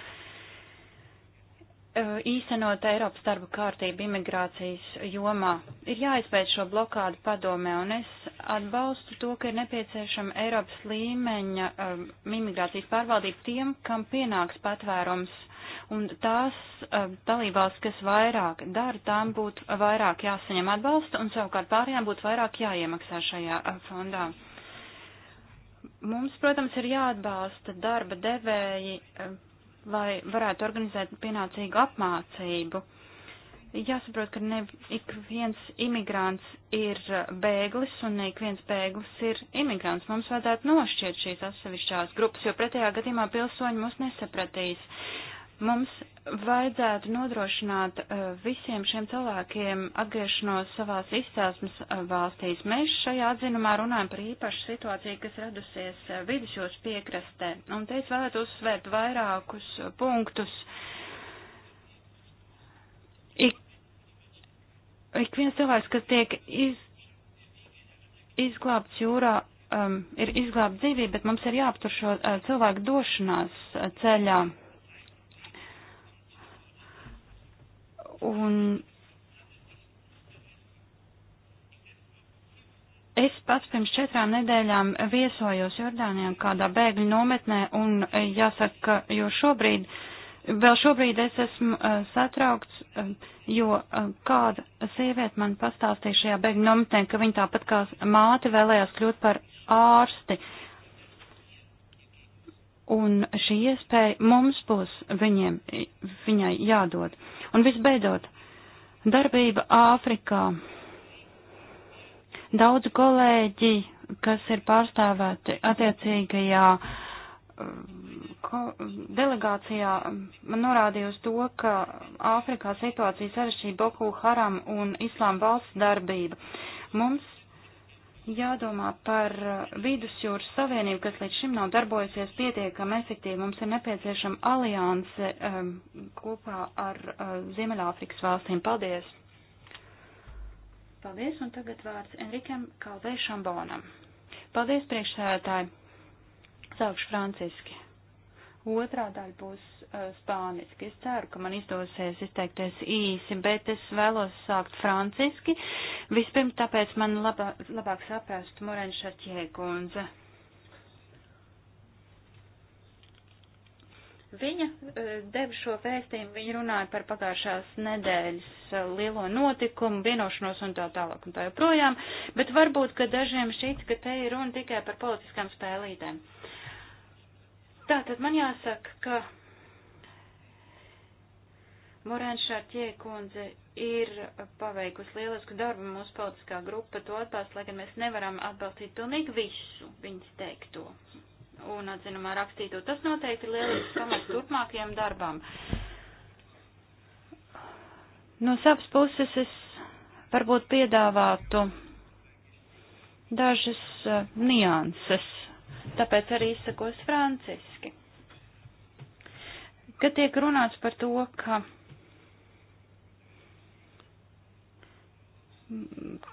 B: Uh, īstenot Eiropas darba kārtību imigrācijas jomā. Ir jāizpēc šo blokādu padomē, un es atbalstu to, ka ir nepieciešama Eiropas līmeņa um, imigrācijas pārvaldība tiem, kam pienāks patvērums, un tās um, dalībās, kas vairāk dara, tām būtu vairāk jāsaņem atbalsta, un savukārt pārējām būtu vairāk jāiemaksā šajā uh, fondā. Mums, protams, ir jāatbalsta darba devēji. Um, lai varētu organizēt pienācīgu apmācību. Jāsaprot, ka ne ik viens imigrants ir bēglis un ne ik viens bēglis ir imigrants. Mums vajadzētu nošķirt šīs atsevišķās grupas, jo pretējā gadījumā pilsoņi mūs nesapratīs. Uh, Mums vajadzētu nodrošināt uh, visiem šiem cilvēkiem atgriešanos savās izcelsmes uh, valstīs. Mēs šajā atzinumā runājam par īpašu situāciju, kas radusies uh, vidusjūras piekrastē. Un te es vēlētu uzsvērt vairākus punktus. Ik, ik viens cilvēks, kas tiek iz, izglābts jūrā, um, ir izglābta dzīvība, bet mums ir jāaptur šo uh, cilvēku došanās uh, ceļā. Un Es pats pirms četrām nedēļām viesojos Jordānijā kādā bēgļu nometnē un jāsaka, jo šobrīd, vēl šobrīd es esmu uh, satraukts, uh, jo uh, kāda sieviete man pastāstīja šajā bēgļu nometnē, ka viņa tāpat kā māte vēlējās kļūt par ārsti. Un šī iespēja mums būs viņiem, viņai jādod. Uh, Un visbeidzot, darbība Āfrikā. Daudzi kolēģi, kas ir pārstāvēti attiecīgajā uh, delegācijā, man norādīja uz to, ka Āfrikā situācija sarešķīja Boku Haram un Islām valsts darbība. Mums jādomā par uh, vidusjūras savienību, kas līdz šim nav darbojusies pietiekami efektīvi. Mums ir nepieciešama alianse um, kopā ar uh, Ziemeļāfrikas valstīm. Paldies! Paldies, un tagad vārds Enrikam Kalvei Šambonam. Paldies, priekšsēdētāji! Sākšu franciski. Otrā daļa būs uh, spāniski. Es ceru, ka man izdosies izteikties īsi, bet es vēlos sākt franciski. Vispirms tāpēc man labā, labāk saprast Morena Šarķē kundze. Viņa uh, deva šo vēstījumu, viņa runāja par pagājušās nedēļas uh, lielo notikumu, vienošanos un tā tālāk un tā joprojām, bet varbūt, ka dažiem šķiet, ka te ir runa tikai par politiskām spēlītēm. Uh, Tā tad man jāsaka, ka Morēna Šārķie kundze ir paveikusi lielisku darbu, mūsu politiskā grupa to atbalsta, lai gan mēs nevaram atbalstīt pilnīgi visu viņas teikto un atzinumā rakstīto. Tas noteikti ir lielisks pamats turpmākajam darbam. No savas puses es varbūt piedāvātu dažas uh, nianses tāpēc arī izsakos franciski. Kad tiek runāts par to, ka,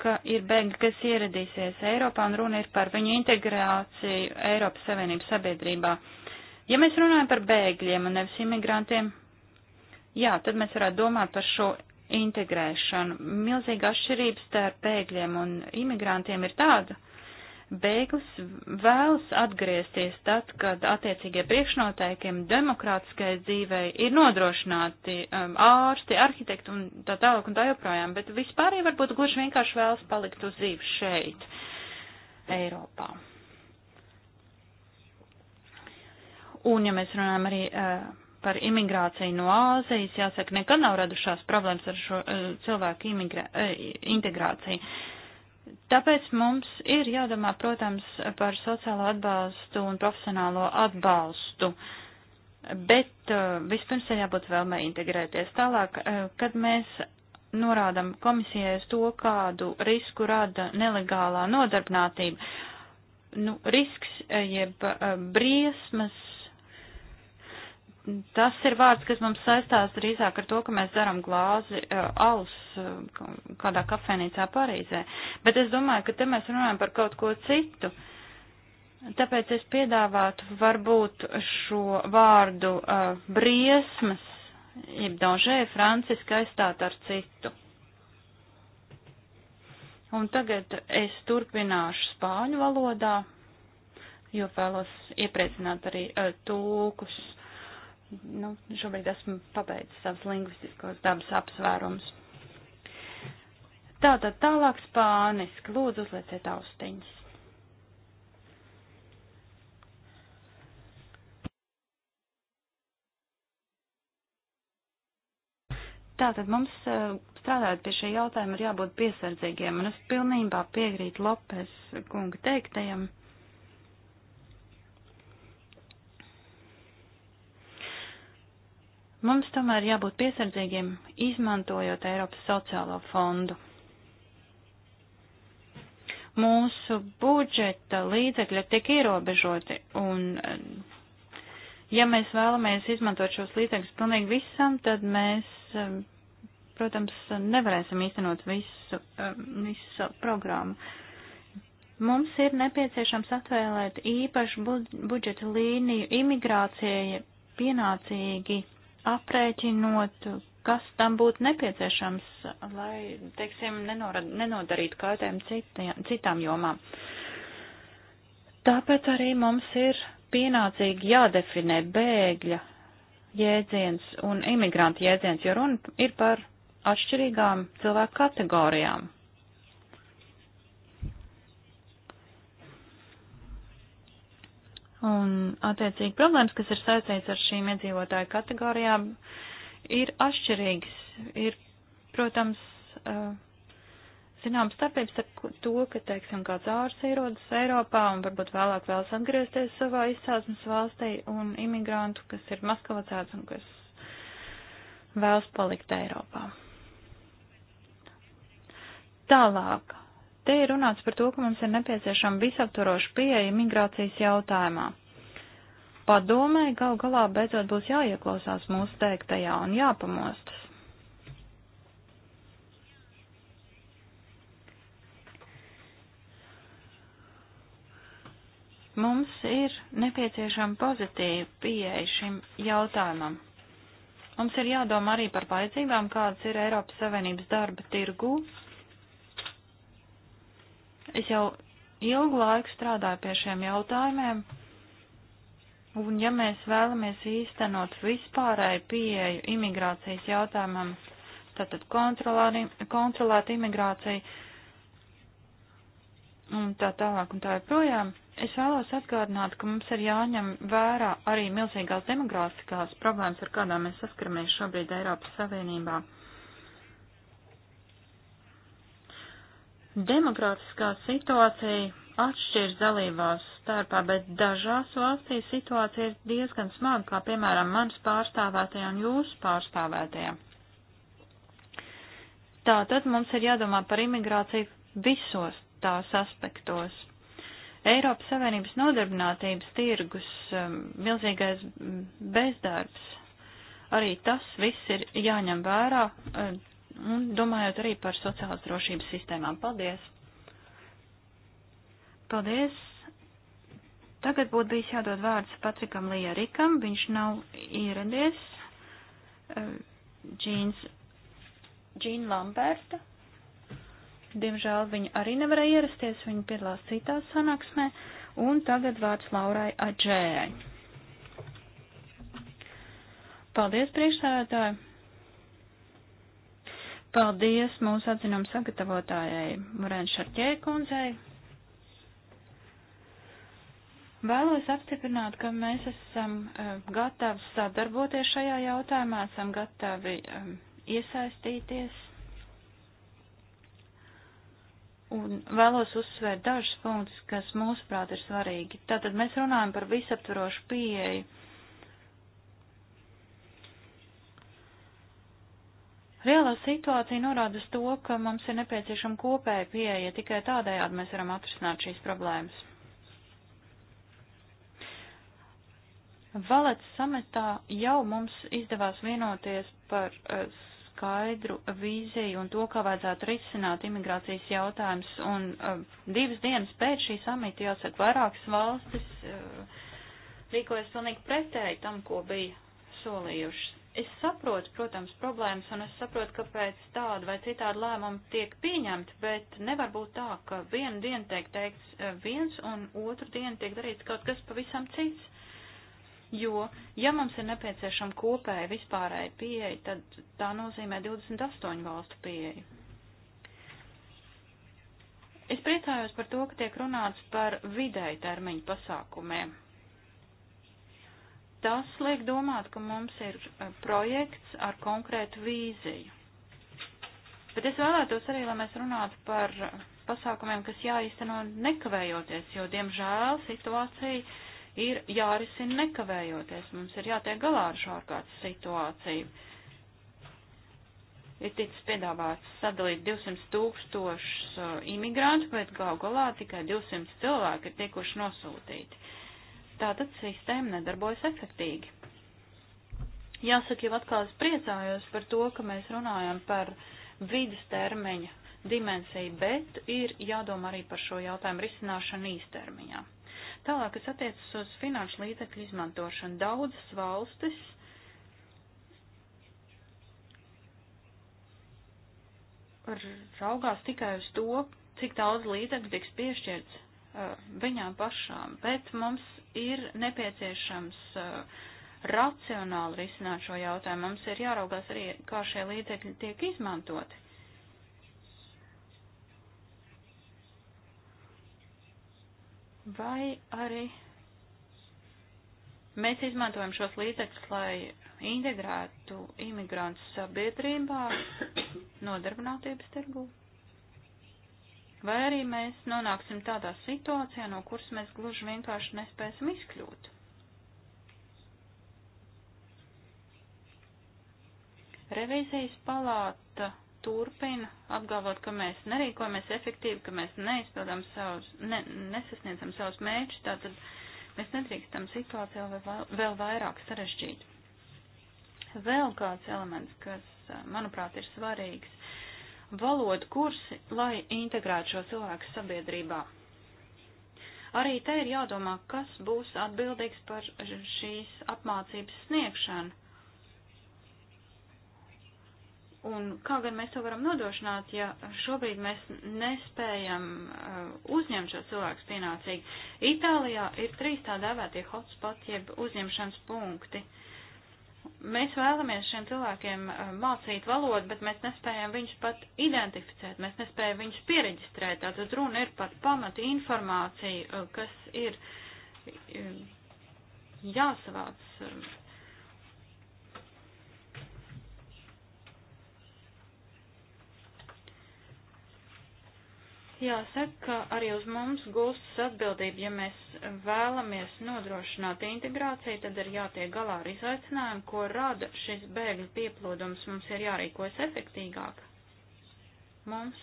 B: ka ir bēgļi, kas ieradīsies Eiropā un runa ir par viņu integrāciju Eiropas Savienības sabiedrībā, ja mēs runājam par bēgļiem un nevis imigrantiem, jā, tad mēs varētu domāt par šo integrēšanu. Milzīga atšķirība starp bēgļiem un imigrantiem ir tāda, bēglis vēlas atgriezties tad, kad attiecīgie priekšnoteikumi demokrātiskai dzīvei ir nodrošināti um, ārsti, arhitekti un tā tālāk un tā joprojām, bet vispār jau varbūt gluži vienkārši vēlas palikt uz dzīvi šeit, Eiropā. Un ja mēs runājam arī uh, par imigrāciju no Āzijas, jāsaka, nekad nav radušās problēmas ar šo uh, cilvēku imigra, uh, integrāciju. Uh, Tāpēc mums ir jādomā, protams, par sociālo atbalstu un profesionālo atbalstu. Bet uh, vispirms ir jābūt vēlmei integrēties tālāk, uh, kad mēs norādam komisijai uz to, kādu risku rada nelegālā nodarbinātība. Nu, risks uh, jeb briesmas tas ir vārds, kas mums saistās drīzāk ar to, ka mēs darām glāzi uh, alus uh, kādā kafēnīcā Parīzē. Bet es domāju, ka te mēs runājam par kaut ko citu. Tāpēc es piedāvātu varbūt šo vārdu uh, briesmas, jeb daužē franciski aizstāt ar citu. Un tagad es turpināšu spāņu valodā, jo vēlos iepriecināt arī uh, tūkus nu, šobrīd esmu pabeidzis savus lingvistiskos dabas apsvērumus. Tātad tālāk spāniski, lūdzu uzlieciet austiņas. Tātad mums e, strādājot pie šī jautājuma ir jābūt piesardzīgiem, un es pilnībā piegrītu Lopes kunga teiktajam. Mums tomēr jābūt piesardzīgiem, izmantojot Eiropas sociālo fondu. Mūsu budžeta līdzekļi tik ierobežoti, un eh, ja mēs vēlamies izmantot šos līdzekļus pilnīgi visam, tad mēs, eh, protams, nevarēsim īstenot visu, eh, visu programmu. Mums ir nepieciešams atvēlēt īpašu budžeta līniju imigrācijai pienācīgi aprēķinot, kas tam būtu nepieciešams, lai, teiksim, nenorad, nenodarītu kaitējumu cita, citām jomām. Tāpēc arī mums ir pienācīgi jādefinē bēgļa jēdziens un imigrantu jēdziens, jo runa ir par atšķirīgām cilvēku kategorijām. Un, attiecīgi, problēmas, kas ir saistīts ar šīm iedzīvotāju kategorijām, ir atšķirīgas. Ir, protams, eh, zinām starpības ar to, ka, teiksim, kāds ārs ierodas Eiropā un varbūt vēlāk vēlas atgriezties savā izcelsmes valstī un imigrantu, kas ir maskavacēts un kas vēlas palikt Eiropā. Tālāk Te ir runāts par to, ka mums ir nepieciešama visaptvaroša pieeja migrācijas jautājumā. Padomē gal galā beidzot būs jāieklausās mūsu teiktajā un jāpamostas. Mums ir nepieciešama pozitīva pieeja šim jautājumam. Mums ir jādomā arī par vajadzībām, kādas ir Eiropas Savienības darba tirgū Es jau ilgu laiku strādāju pie šiem jautājumiem, un ja mēs vēlamies īstenot vispārēju pieeju imigrācijas jautājumam, tātad kontrolēt imigrāciju un tā tālāk un tā joprojām, es vēlos atgādināt, ka mums ir jāņem vērā arī milzīgās demogrāfiskās problēmas, ar kādām mēs saskaramies šobrīd Eiropas Savienībā. Demokrātiskā situācija atšķiras dalībās starpā, bet dažās valstīs situācija ir diezgan smaga, kā piemēram manas pārstāvētajā un jūsu pārstāvētajā. Tātad mums ir jādomā par imigrāciju visos tās aspektos. Eiropas Savienības nodarbinātības tirgus, um, milzīgais bezdarbs, arī tas viss ir jāņem vērā um, un domājot arī par sociālas drošības sistēmām. Paldies! Paldies! Tagad būtu bijis jādod vārds Patrikam Liejarikam, viņš nav ieradies. Eh, Džīns, Džīna Lamberta. Diemžēl viņa arī nevarēja ierasties, viņa piedalās citā sanāksmē. Un tagad vārds Laurai Adžējai. Paldies, priekšsēdētāji! Paldies mūsu atzinumu sagatavotājai Morēna Šarķē kundzei. Vēlos apstiprināt, ka mēs esam e, gatavi sadarboties šajā jautājumā, esam gatavi e, iesaistīties. Un vēlos uzsvērt dažus punktus, kas mūsuprāt ir svarīgi. Tātad mēs runājam par visaptvarošu pieeju Reālā situācija norāda uz to, ka mums ir nepieciešama kopēja pieeja, tikai tādējādi mēs varam atrisināt šīs problēmas. Valets sametā jau mums izdevās vienoties par eh, skaidru vīziju un to, kā vajadzētu risināt imigrācijas jautājums. Un uh, divas dienas pēc šī samita, jāsaka, vairākas valstis uh, rīkojas pilnīgi pretēji tam, ko bija solījušas. Es saprotu, protams, problēmas, un es saprotu, kāpēc tāda vai citāda lēmuma tiek pieņemta, bet nevar būt tā, ka vienu dienu tiek teikts eh, viens, un otru dienu tiek darīts kaut kas pavisam cits. Jo, ja mums ir nepieciešama kopēja vispārēja pieeja, tad tā nozīmē 28 valstu pieeju. Es priecājos par to, ka tiek runāts par vidēji termiņu pasākumiem Tas liek domāt, ka mums ir eh, projekts ar konkrētu vīziju. Bet es vēlētos arī, lai mēs runātu par eh, pasākumiem, kas jāīsteno nekavējoties, jo, diemžēl, situācija ir jārisina nekavējoties. Mums ir jātiek galā ar šo ārkārtas situāciju. Ir ticis piedāvāts sadalīt 200 tūkstošus eh, imigrantu, bet gal galā tikai 200 cilvēki ir tikuši nosūtīti. Tātad sistēma nedarbojas efektīgi. Jāsaka, jau atkal es priecājos par to, ka mēs runājam par vidas termiņa dimensiju, bet ir jādomā arī par šo jautājumu risināšanu īstermiņā. Tālāk, kas attiecas uz finanšu līdzekļu izmantošanu, daudzas valstis raugās tikai uz to, cik daudz līdzekļu tiks piešķirts uh, viņām pašām, bet mums ir nepieciešams uh, racionāli risināt šo jautājumu. Mums ir jāraugās arī, kā šie līdzekļi tiek izmantoti. Vai arī mēs izmantojam šos līdzekļus, lai integrētu imigrantus sabiedrībā, nodarbinātības tirgū? vai arī mēs nonāksim tādā situācijā, no kuras mēs gluži vienkārši nespēsim izkļūt. Revīzijas palāta turpina apgalvot, ka mēs nerīkojamies efektīvi, ka mēs neizpildām savus, ne, nesasniedzam savus mērķus, tātad mēs nedrīkstam situāciju vēl, vēl vairāk sarežģīt. Vēl kāds elements, kas, manuprāt, ir svarīgs, valodu kursi, lai integrētu šo cilvēku sabiedrībā. Arī te ir jādomā, kas būs atbildīgs par šīs apmācības sniegšanu. Un kā gan mēs to varam nodrošināt, ja šobrīd mēs nespējam uh, uzņemt šo cilvēku pienācīgi? Itālijā ir trīs tā dēvētie hotspot jeb uzņemšanas punkti. Uh, Mēs vēlamies šiem cilvēkiem eh, mācīt valodu, bet mēs nespējam viņus pat identificēt, mēs nespējam viņus pieregistrēt. Tātad runa ir par pamatu informāciju, eh, kas ir eh, jāsavāc Jāsaka, arī uz mums gūstas atbildība, ja mēs vēlamies nodrošināt integrāciju, tad ir jātiek galā ar izaicinājumu, ko rada šis bēgļu pieplūdums. Mums ir jārīkojas efektīgāk. Mums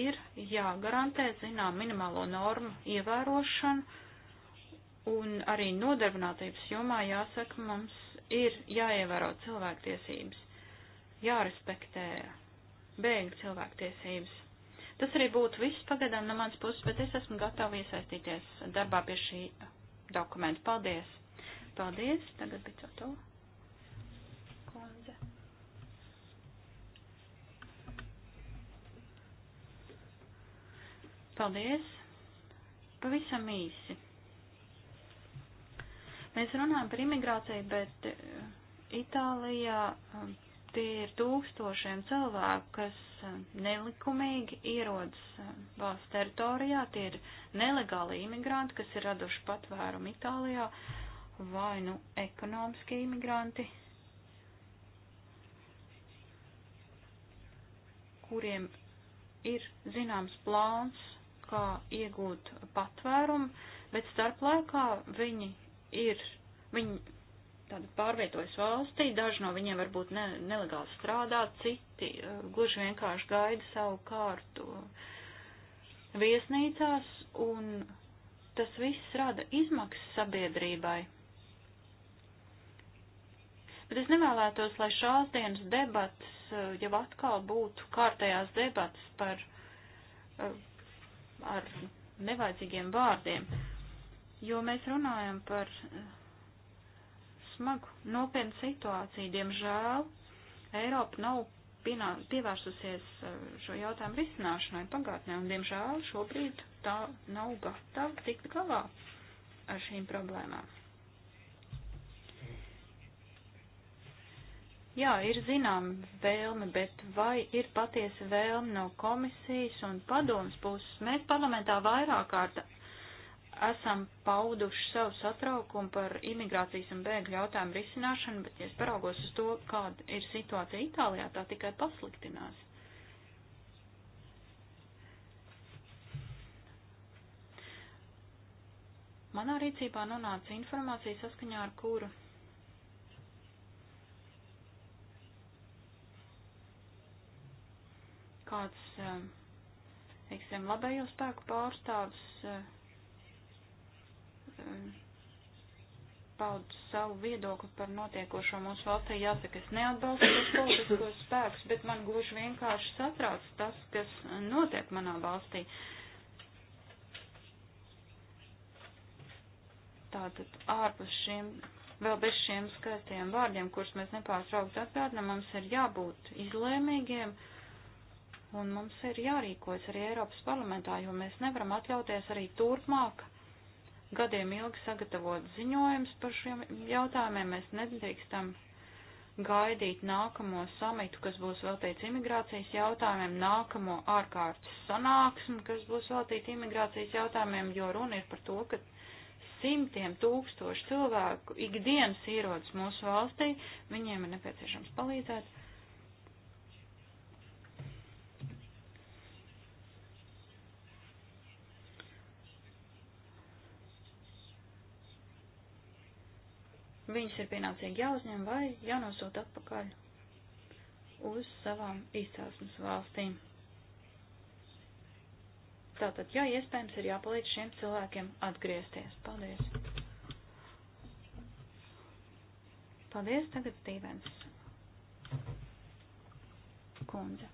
B: ir jāgarantē, zinām, minimālo normu ievērošanu un arī nodarbinātības jomā jāsaka, mums ir jāievēro cilvēktiesības, jārespektē bēgļu cilvēktiesības. Tas arī būtu viss pagaidām no manas puses, bet es esmu gatava iesaistīties darbā pie šī dokumenta. Paldies! Paldies! Tagad bija to. Kundze. Paldies! Pavisam īsi. Mēs runājam par imigrāciju, bet eh, Itālijā um, Tie ir tūkstošiem cilvēku, kas eh, nelikumīgi ierodas eh, valsts teritorijā, tie ir nelegāli imigranti, kas ir raduši patvērumu Itālijā, vai nu ekonomiski imigranti, kuriem ir zināms plāns, kā iegūt patvērumu, bet starp laikā viņi ir, viņi tāda pārvietojas valstī, daži no viņiem varbūt ne, nelegāli strādā, citi uh, gluži vienkārši gaida savu kārtu viesnīcās, un tas viss rada izmaksas sabiedrībai. Bet es nevēlētos, lai šās dienas debatas uh, jau atkal būtu kārtējās debatas par uh, ar nevajadzīgiem vārdiem, jo mēs runājam par uh, smagu, nopietnu situāciju. Diemžēl Eiropa nav pievērsusies uh, šo jautājumu risināšanai pagātnē, un diemžēl šobrīd tā nav gatava tikt galā ar šīm problēmām. Jā, ir zinām vēlme, bet vai ir patiesa vēlme no komisijas un padomas puses? Mēs parlamentā vairāk kārt esam pauduši savu satraukumu par imigrācijas un bēgļu jautājumu risināšanu, bet, ja es paraugos uz to, kāda ir situācija Itālijā, tā tikai pasliktinās. Manā rīcībā nonāca informācija saskaņā ar kuru kāds, teiksim, eh, labējo spēku pārstāvs eh, paudu savu viedokli par notiekošo mūsu valstī. Jāsaka, es neatbalstu tos politiskos spēkus, bet man gluži vienkārši satrauc tas, kas notiek manā valstī. Tātad ārpus šiem, vēl bez šiem skaistiem vārdiem, kurus mēs nepārtraukti atgādinām, mums ir jābūt izlēmīgiem un mums ir jārīkojas arī Eiropas parlamentā, jo mēs nevaram atļauties arī turpmāk gadiem ilgi sagatavot ziņojums par šiem jautājumiem. Mēs nedrīkstam gaidīt nākamo samitu, kas būs veltīts imigrācijas jautājumiem, nākamo ārkārtas sanāksmi, kas būs veltīta imigrācijas jautājumiem, jo runa ir par to, ka simtiem tūkstoši cilvēku ikdienas ierodas mūsu valstī, viņiem ir nepieciešams palīdzēt. viņus ir pienācīgi jāuzņem vai jānosūta atpakaļ uz savām izcelsmes valstīm. Tātad, jā, iespējams, ir jāpalīdz šiem cilvēkiem atgriezties. Paldies! Paldies, tagad Stīvens. Kundze.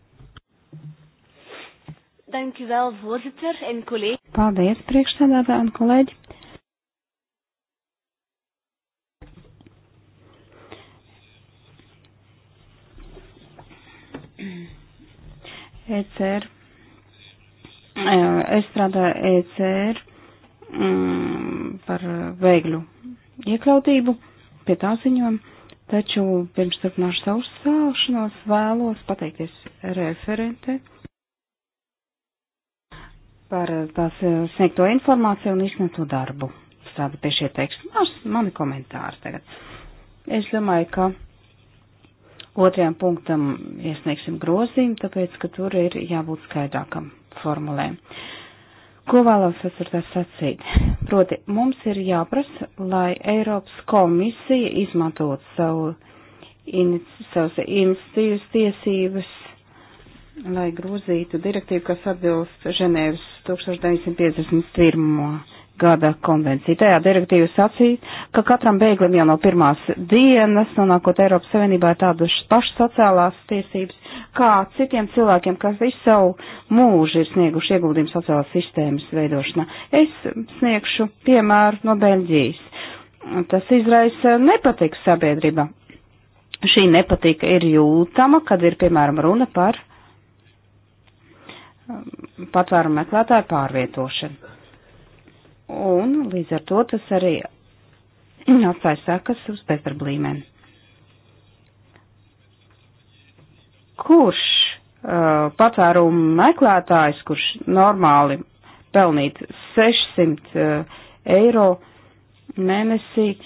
B: Dank u wel, voorzitter en collega's.
D: Paldies, priekšstādātā un kolēģi. ECR. Es strādāju ECR mm, par veigļu iekļautību pie tā ziņojuma, taču pirms turpināšu savu sāšanos vēlos pateikties referente par tās sniegto informāciju un izsniegto darbu. Strādā pie šie teksti. Mani komentāri tagad. Es domāju, ka Otrajam punktam iesniegsim grozījumu, tāpēc, ka tur ir jābūt skaidrākam formulēm. Ko vēlos es ar tā sacīt? Proti, mums ir jāprasa, lai Eiropas komisija izmantot savu, in, savas institīvas tiesības, lai grozītu direktīvu, kas atbilst Ženēvas 1951 gada konvencija. Tajā direktīva sacīja, ka katram bēglim jau no pirmās dienas nonākot Eiropas Savienībā ir tādas pašas sociālās tiesības, kā citiem cilvēkiem, kas visu savu mūžu ir snieguši ieguldījumu sociālās sistēmas veidošanā. Es sniegšu piemēru no Beļģijas. Tas izraisa nepatiks sabiedrība. Šī nepatika ir jūtama, kad ir, piemēram, runa par um, patvērumu meklētāju pārvietošanu un līdz ar to tas arī atstāja sakas uz bezdarba līmeni. Kurš uh, patērumu meklētājs, kurš normāli pelnīt 600 uh, eiro mēnesī,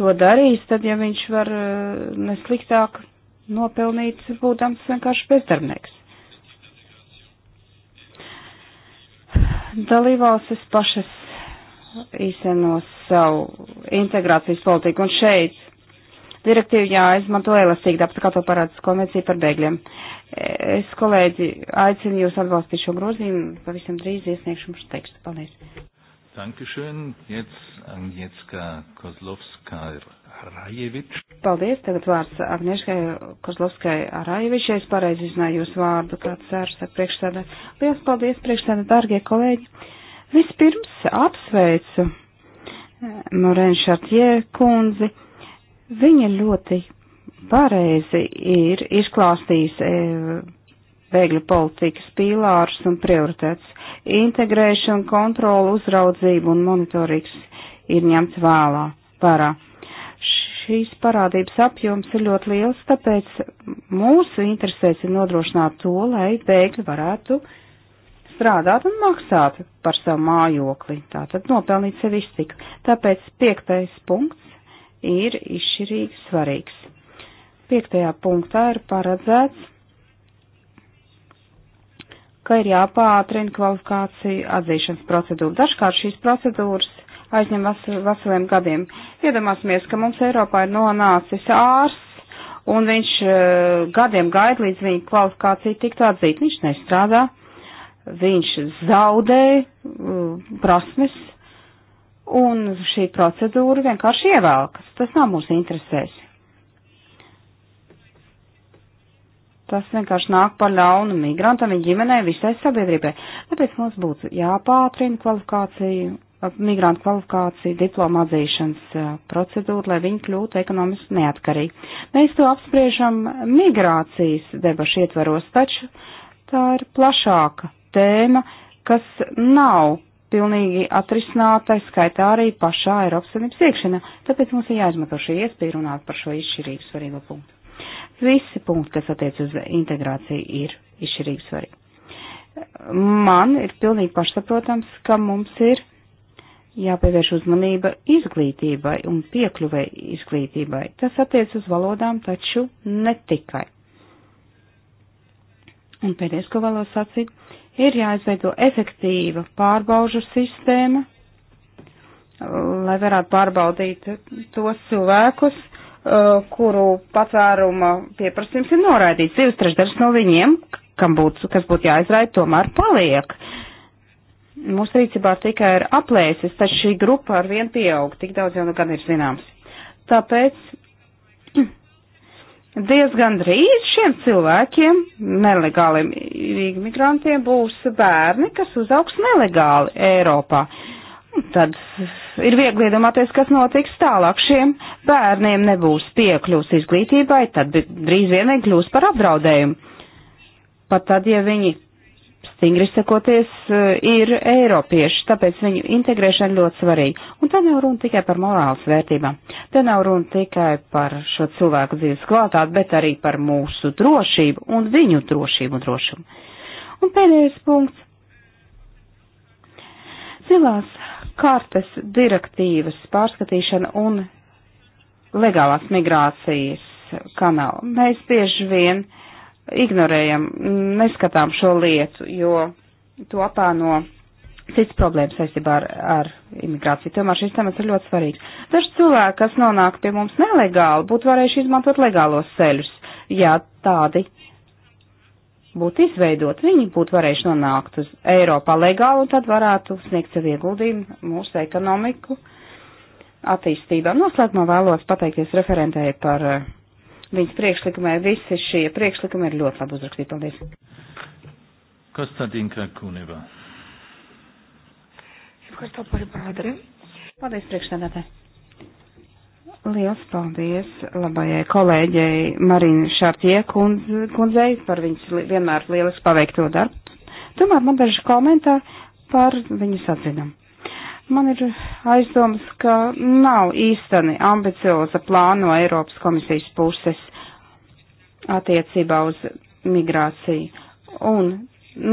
D: to darīs, tad ja viņš var uh, nesliktāk nopelnīt, būdams vienkārši bezdarbnieks. Dalībvalstis pašas īstenos savu integrācijas politiku. Un šeit direktīva jāizmanto elastīgi, tāpat kā to parādas konvencija par bēgļiem. Es, kolēģi, aicinu jūs atbalstīt šo grozījumu, pavisam drīz iesniegšu mums tekstu. Paldies.
A: Dankeschön. Jetzt Agnieszka Kozlovska-Rajevič.
D: Paldies. Tagad vārds Agnieszkai Kozlovskai-Rajevič. Es pareizi izrunāju jūsu vārdu, kāds sērs ar priekšstādā. Lielas paldies, priekšstādā, dārgie kolēģi. Vispirms apsveicu eh, Morēnu Šartie kundzi. Viņa ļoti pareizi ir izklāstījis eh, bēgļu politikas pīlārus un prioritēts. Integrēšana, kontrola, uzraudzība un monitorings ir ņemts vēlā vērā. Šīs parādības apjoms ir ļoti liels, tāpēc mūsu interesēs ir nodrošināt to, lai bēgļi varētu uh, strādāt un maksāt par savu mājokli, tātad nopelnīt sev iztiku. Tāpēc piektais punkts ir izšķirīgi svarīgs. Piektajā punktā ir paredzēts, ka ir jāpātrina kvalifikāciju atzīšanas procedūru. Dažkārt šīs procedūras aizņem veseliem gadiem. Iedomāsimies, ka mums Eiropā ir nonācis ārsts un viņš uh, gadiem gaida, līdz viņa kvalifikācija tiktu atzīta. Viņš nestrādā, viņš zaudē uh, prasmes, un šī procedūra vienkārši ievēlkas. Tas nav mūsu interesēs. Tas vienkārši nāk par ļaunu migrantam, viņa ģimenei, visai sabiedrībai. Tāpēc mums būtu jāpātrina kvalifikāciju, migrantu kvalifikāciju, diplomu atzīšanas uh, procedūru, lai viņi kļūtu ekonomiski neatkarīgi. Mēs to apspriežam migrācijas debašu ietvaros, taču tā ir plašāka tēma, kas nav pilnīgi atrisināta, skaitā arī pašā Eiropas Savienības iekšienā. Tāpēc mums ir jāizmanto šī iespēja runāt par šo izšķirīgu svarīgo punktu. Visi punkti, kas attiec uz integrāciju, ir izšķirīgi svarīgi. Man ir pilnīgi pašsaprotams, ka mums ir jāpievērš uzmanība izglītībai un piekļuvai izglītībai. Tas attiec uz valodām, taču ne tikai. Un pēdējais, ko vēlos sacīt, Ir jāizveido efektīva pārbaužu sistēma, lai varētu pārbaudīt tos cilvēkus, uh, kuru patvēruma pieprasījums ir noraidīts. Divas trešdaļas no viņiem, kam būtu, kas būtu jāizraida, tomēr paliek. Mūsu rīcībā tikai ir aplēses, taču šī grupa ar vien pieaug, tik daudz jau nu gan ir zināms. Tāpēc diezgan drīz šiem cilvēkiem, nelegāliem imigrantiem, būs bērni, kas uzaugs nelegāli Eiropā. Un tad ir viegli iedomāties, kas notiks tālāk. Šiem bērniem nebūs piekļūs izglītībai, tad drīz vien viņi kļūs par apdraudējumu. Pat tad, ja viņi stingri sakoties, eh, ir eiropieši, tāpēc viņu integrēšana ļoti svarīga. Un te nav runa tikai par morāles vērtībām, te nav runa tikai par šo cilvēku dzīves kvalitāti, bet arī par mūsu drošību un viņu drošību un drošumu. Un pēdējais punkts. Zilās kartes direktīvas pārskatīšana un legālās migrācijas kanāla. Mēs bieži vien uh, ignorējam, neskatām šo lietu, jo to apāno cits problēmas saistībā ar, ar imigrāciju. Tomēr šis temats ir ļoti svarīgs. Daži cilvēki, kas nonāk pie mums nelegāli, būtu varējuši izmantot legālos ceļus, ja tādi būtu izveidot. Viņi būtu varējuši nonākt uz Eiropā legāli un tad varētu sniegt savu ieguldījumu mūsu ekonomiku attīstībā. Noslēgumā vēlos pateikties referentēji par uh, viņas priekšlikumē. Visi šie priekšlikumi ir ļoti labi uzrakstīti. Paldies.
A: Konstantinka Kuneva.
D: Paldies, priekšsēdētāji. Liels paldies labajai kolēģei Marīna Šārtie kundzei par viņas vienmēr lielisku paveikto darbu. Tomēr man daži komentāri par viņas atzinumu. Man ir aizdomas, ka nav īsteni ambicioza plāna no Eiropas komisijas puses attiecībā uz migrāciju. Un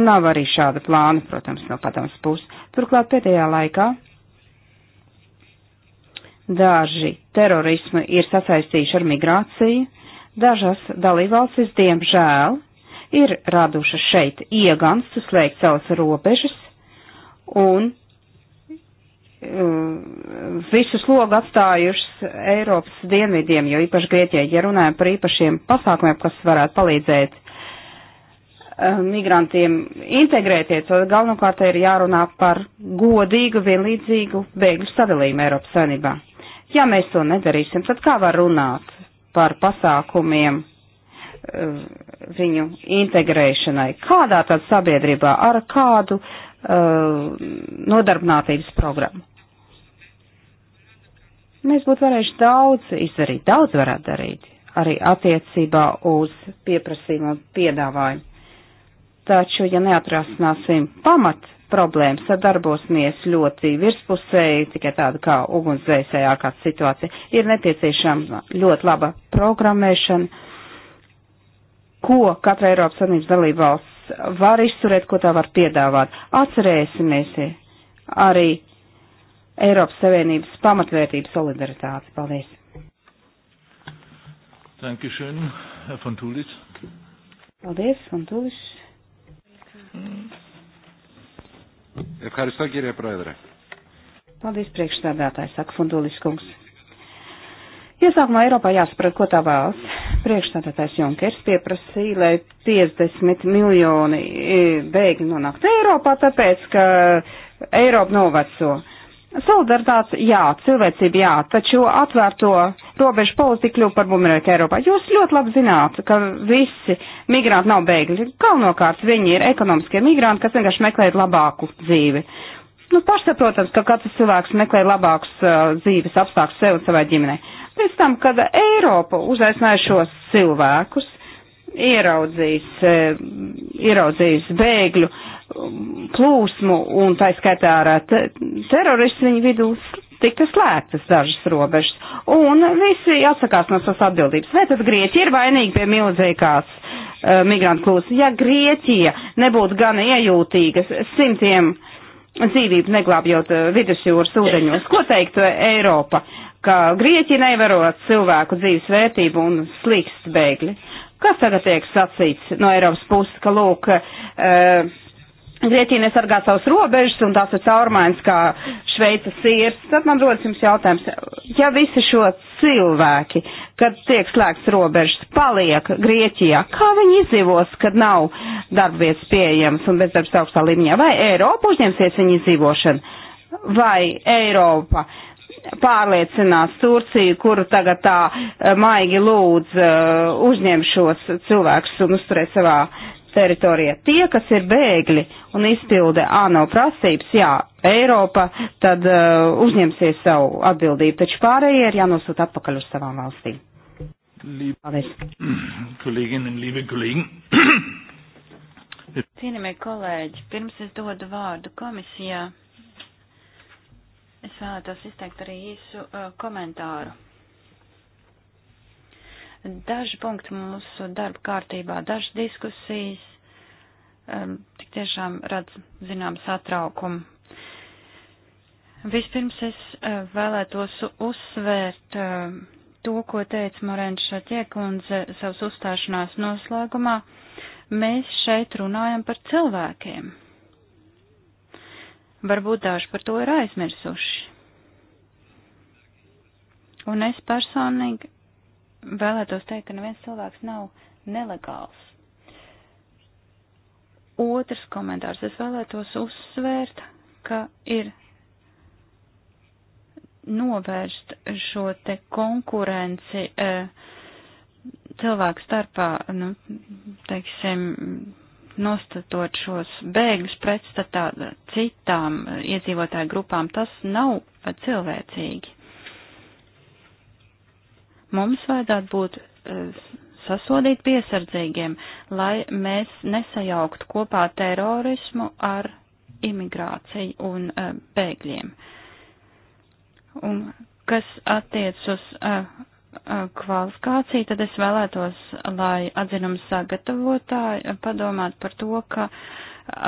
D: nav arī šāda plāna, protams, no padomas puses. Turklāt pēdējā laikā daži terorismi ir sasaistījuši ar migrāciju. Dažas dalībvalstis, diemžēl, ir radušas šeit iegans, uzslēgt savas robežas un Um, visu slogu atstājušas Eiropas dienvidiem, jo īpaši Grieķijai, ja runājam par īpašiem pasākumiem, kas varētu palīdzēt um, migrantiem integrēties, tad galvenokārt ir jārunā par godīgu, vienlīdzīgu bēgļu sadalījumu Eiropas savinībā. Ja mēs to nedarīsim, tad kā var runāt par pasākumiem um, viņu integrēšanai? Kādā tad sabiedrībā, ar kādu uh, Uh, nodarbinātības programmu. Mēs būtu varējuši daudz izdarīt, daudz varētu darīt arī attiecībā uz pieprasījumu un piedāvājumu. Taču, ja neatrasināsim pamat problēmas, tad darbosimies ļoti virspusēji, tikai tāda kā ugunsdzēsēja ārkārtas situācija. Ir nepieciešama ļoti laba programmēšana, ko katra Eiropas Savienības dalība valsts var izturēt, ko tā var piedāvāt. Atcerēsimies arī Eiropas Savienības pamatvērtību solidaritāti. Paldies!
A: Dankeschön, Herr von Tulis.
D: Paldies, von Tulis.
A: Ευχαριστώ κύριε Πρόεδρε.
D: Paldies priekšstādātājs, saka Fundulis kungs. Iesākumā Eiropā jāsaprot, ko tā vēlas. Priekšstādātais Junkers pieprasīja, lai 50 miljoni e, bēgļi nonāktu Eiropā, tāpēc, ka Eiropa noveco. Solidaritāte jā, cilvēcība jā, taču atvērto robežu politika kļūst par bumerēku Eiropā. Jūs ļoti labi zināt, ka visi migranti nav bēgļi. Galvenokārt viņi ir ekonomiskie migranti, kas vienkārši meklē labāku dzīvi. Nu, pašsaprotams, ka katrs cilvēks meklē labākus uh, dzīves apstākļus sev un savai ģimenei. Pēc tam, kad Eiropa uzaicināja šos cilvēkus, ieraudzīs, e, ieraudzīs bēgļu um, plūsmu un tā skaitā ar teroristu viņu vidū tika slēgtas dažas robežas. Un visi atsakās no savas atbildības. Vai tad Grieķija ir vainīga pie milzīgās uh, migrantu plūsmas? Ja Grieķija nebūtu gan iejūtīga simtiem dzīvību neglābjot uh, vidusjūras ūdeņos, ko teiktu Eiropa? Uh, ka Grieķija nevarot cilvēku dzīves vērtību un slīkst bēgļi. Kas tagad tiek sacīts no Eiropas puses, ka lūk, uh, Grieķija nesargā savus robežas un tās ir caurmainas kā Šveicas sirds, tad man rodas jums jautājums, ja visi šo cilvēki, kad tiek slēgts robežas, paliek Grieķijā, kā viņi izdzīvos, kad nav darbvietas pieejams un bezdarbs augstā līmeņā, vai Eiropa uzņemsies viņu izdzīvošanu, vai Eiropa uh, pārliecināt Turciju, kuru tagad tā eh, maigi lūdz eh, uzņem šos cilvēkus un uzturēt savā teritorijā. Tie, kas ir bēgļi un izpilde ANO prasības, jā, Eiropa, tad uh, uzņemsies savu atbildību, taču pārējie ir jānosūta atpakaļ uz savām valstīm.
A: Paldies. (clears throat) Kolēģinen, liebe kolēģin.
B: Cienījamie kolēģi, pirms es dodu vārdu komisijā. Es vēlētos izteikt arī īsu uh, komentāru. Daži punkti mūsu darba kārtībā, dažas diskusijas um, tik tiešām rada zināms satraukumu. Vispirms es uh, vēlētos uzsvērt uh, to, ko teica Morēna Šatiekundze savas uzstāšanās noslēgumā. Mēs šeit runājam par cilvēkiem. Varbūt daži par to ir aizmirsuši. Un es personīgi vēlētos teikt, ka neviens cilvēks nav nelegāls. Otrs komentārs. Es vēlētos uzsvērt, ka ir novērst šo te konkurenci eh, cilvēku starpā, nu, teiksim, nostatot šos bēgļus pretstatā citām iedzīvotāju grupām, tas nav cilvēcīgi. Mums vajadzētu būt eh, sasodīt piesardzīgiem, lai mēs nesajauktu kopā terorismu ar imigrāciju un eh, bēgļiem. Un kas attiec uz uh, Eh, kvalifikāciju, tad es vēlētos, lai atzinums sagatavotāji padomātu par to, ka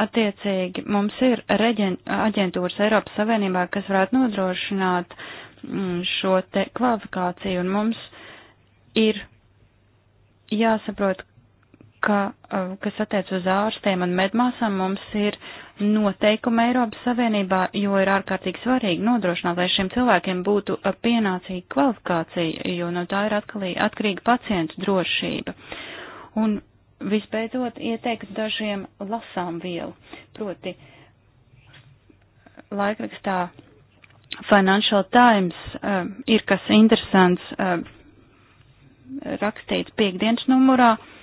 B: attiecīgi mums ir reģen, aģentūras Eiropas Savienībā, kas varētu nodrošināt mm, šo te kvalifikāciju, un mums ir jāsaprot, ka, uh, kas attiec uz ārstiem un medmāsām, mums ir noteikumi Eiropas Savienībā, jo ir ārkārtīgi svarīgi nodrošināt, lai šiem cilvēkiem būtu uh, pienācīga kvalifikācija, jo no tā ir atkarīga pacientu drošība. Un visbeidzot ieteikt dažiem lasām vielu, proti laikrakstā Financial Times uh, ir kas interesants uh, rakstīts piekdienas numurā. Uh,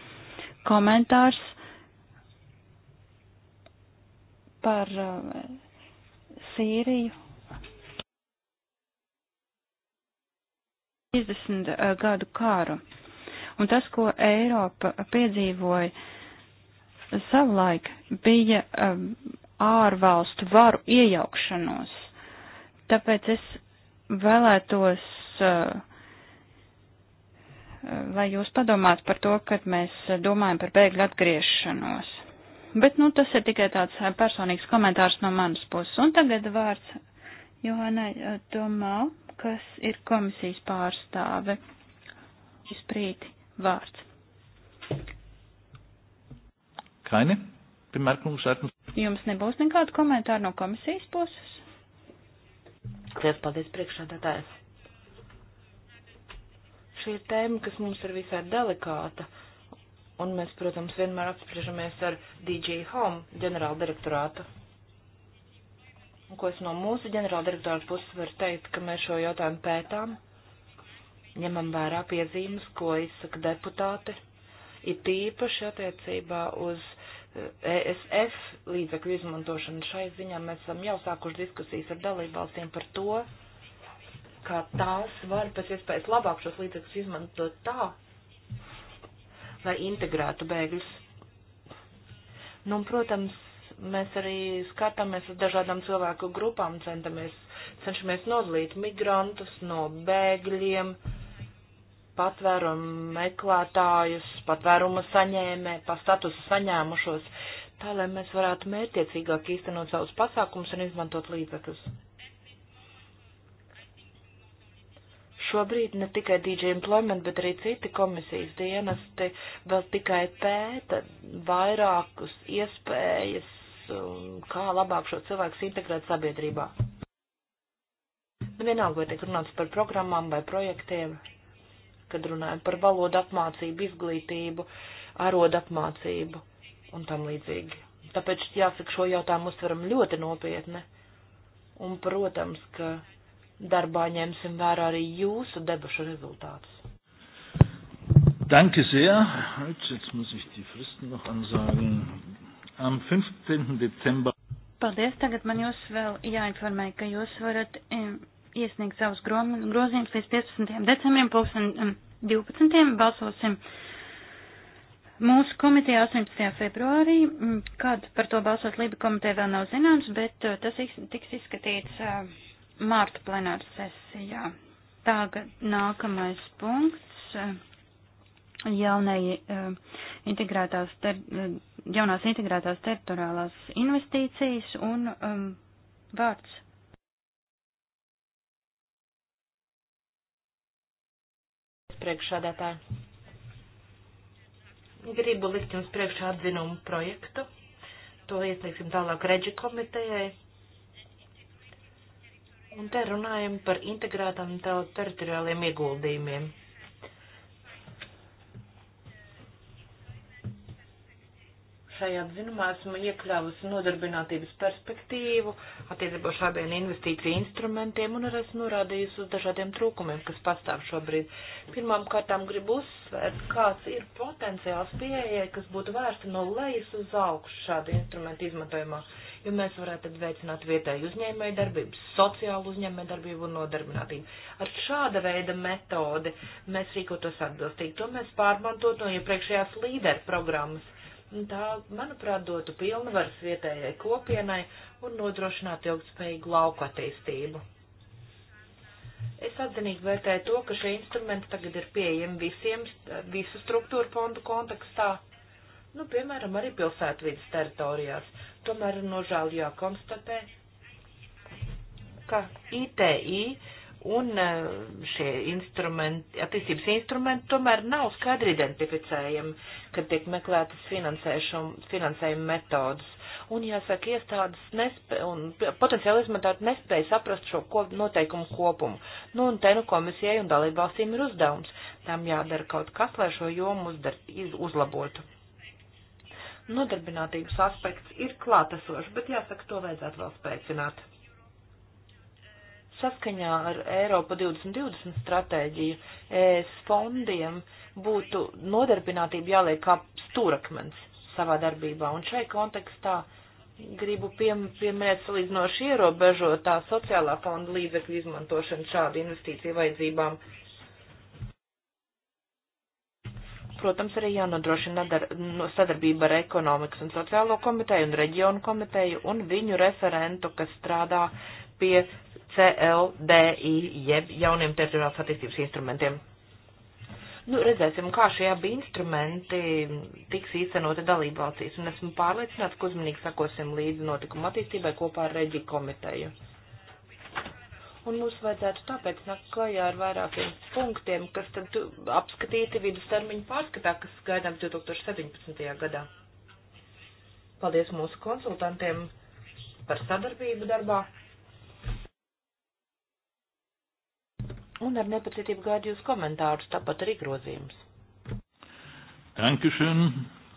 B: komentārs par uh, Sīriju. 30 uh, gadu kāru. Un tas, ko Eiropa piedzīvoja savulaik, bija um, ārvalstu varu iejaukšanos. Tāpēc es vēlētos uh, lai jūs padomātu par to, kad mēs domājam par bēgļu atgriešanos. Bet, nu, tas ir tikai tāds personīgs komentārs no manas puses. Un tagad vārds Johanai eh, Tomā, kas ir komisijas pārstāve. Šis prīti vārds.
A: Kaini, piemērkums, sērkums.
B: Jums nebūs nekādu komentāru no komisijas puses?
C: Liels paldies priekšādātājs šī ir tēma, kas mums ir visai delikāta. Un mēs, protams, vienmēr apspriežamies ar DJ Home ģenerāla direktorātu. Un, ko es no mūsu ģenerāla direktorāta puses varu teikt, ka mēs šo jautājumu pētām, ņemam vērā piezīmes, ko izsaka deputāti, ir tīpaši attiecībā uz ESF eh, e līdzekļu izmantošanu. Šai ziņā mēs esam jau sākuši diskusijas ar dalībvalstīm par to, ka tās var pēc iespējas labāk šos līdzekļus izmantot tā, lai integrētu bēgļus. Nu, un, protams, mēs arī skatāmies uz dažādām cilvēku grupām, centamies, cenšamies nodalīt migrantus no bēgļiem, patvērumu meklētājus, patvērumu saņēmē, pa statusu saņēmušos, tā lai mēs varētu mērķiecīgāk īstenot savus pasākumus un izmantot līdzekļus. Šobrīd ne tikai DJ Employment, bet arī citi komisijas dienesti vēl tikai pēta vairākus iespējas, kā labāk šo cilvēku integrēt sabiedrībā. Nu, vienalga, vai tiek runāts par programmām vai projektiem, kad runājam par valodu apmācību, izglītību, arodu apmācību un tam līdzīgi. Tāpēc, jāsaka, šo jautājumu uztveram ļoti nopietni. Un, protams, ka darbā ņemsim vērā arī jūsu debašu rezultātus.
A: Danke sehr. Jetzt muss ich die Fristen noch ansagen. Am 15. Dezember.
B: Paldies. Tagad man jūs vēl jāinformē, ka jūs varat iesniegt savus grozījumus līdz 15. decembrim, pulksten 12. balsosim mūsu komitejā 18. februārī. Kad par to balsot Lība komiteja vēl nav zināms, bet eh, tas tiks izskatīts. Uh, mārta plenāra sesijā. Tagad nākamais punkts jaunai, eh, integrētās ter, eh, jaunās integrētās teritoriālās investīcijas un um, vārds.
C: Priekšādātāji. Gribu likt jums priekšā atzinumu projektu. To ieteiksim tālāk reģi komitejai Un te runājam par integrētām teritoriāliem ieguldījumiem. Šajā atzinumā esmu iekļāvusi nodarbinātības perspektīvu attiecībā uz šādiem investīciju instrumentiem un arī esmu norādījusi uz dažādiem trūkumiem, kas pastāv šobrīd. Pirmām kārtām gribu uzsvērt, kāds ir potenciāls pieejai, kas būtu vērsta no lejas uz augšu šādu instrumentu izmantojumā. Uh, jo mēs varētu tad veicināt vietēju uzņēmēju darbību, sociālu uzņēmēju darbību un nodarbinātību. Ar šāda veida metodi mēs rīkotos atbilstīgi, to mēs pārmantot no iepriekšējās līderu programmas. Tā, manuprāt, dotu pilnvaras vietējai kopienai un nodrošinātu ilgspējīgu lauku attīstību. Es atzinīgi vērtēju to, ka šie instrumenti tagad ir pieejami visiem, visu struktūru fondu kontekstā nu, piemēram, arī pilsētvidas teritorijās. Tomēr nožēl nu, jākonstatē, ka ITI un e, šie instrumenti, attīstības instrumenti tomēr nav skaidri identificējami, kad tiek meklētas finansējuma metodas. Un jāsaka, iestādes nespēja un potenciāli izmantot nespēja saprast šo ko, noteikumu kopumu. Nu un te nu komisijai un dalībvalstīm ir uzdevums. Tām jādara kaut kas, lai šo jomu uzdar, iz, uzlabotu nodarbinātības aspekts ir klātesošs, bet jāsaka, to vajadzētu vēl spēcināt. Saskaņā ar Eiropa 2020 stratēģiju ES fondiem būtu nodarbinātība jāliek kā stūrakmens savā darbībā, un šai kontekstā gribu piem, pieminēt salīdzinoši ierobežotā sociālā fonda līdzekļu izmantošanu šādu investīciju vajadzībām. Uh, protams, arī jānodrošina no nu, sadarbība ar ekonomikas un sociālo komiteju un reģionu komiteju un viņu referentu, kas strādā pie CLDI, jeb jauniem teritoriālās attīstības instrumentiem. Nu, redzēsim, kā šie abi instrumenti tiks īstenoti dalībvalstīs, un esmu pārliecināts, ka uzmanīgi sakosim līdzi notikumu attīstībai kopā ar reģi komiteju un mums vajadzētu tāpēc nākt klajā ar vairākiem punktiem, kas tad apskatīti vidustermiņu pārskatā, kas gaidāms 2017. gadā. Paldies mūsu konsultantiem par sadarbību darbā. Un ar nepacietību gaidu jūs komentārus, tāpat arī grozījumus.
A: Dankeschön.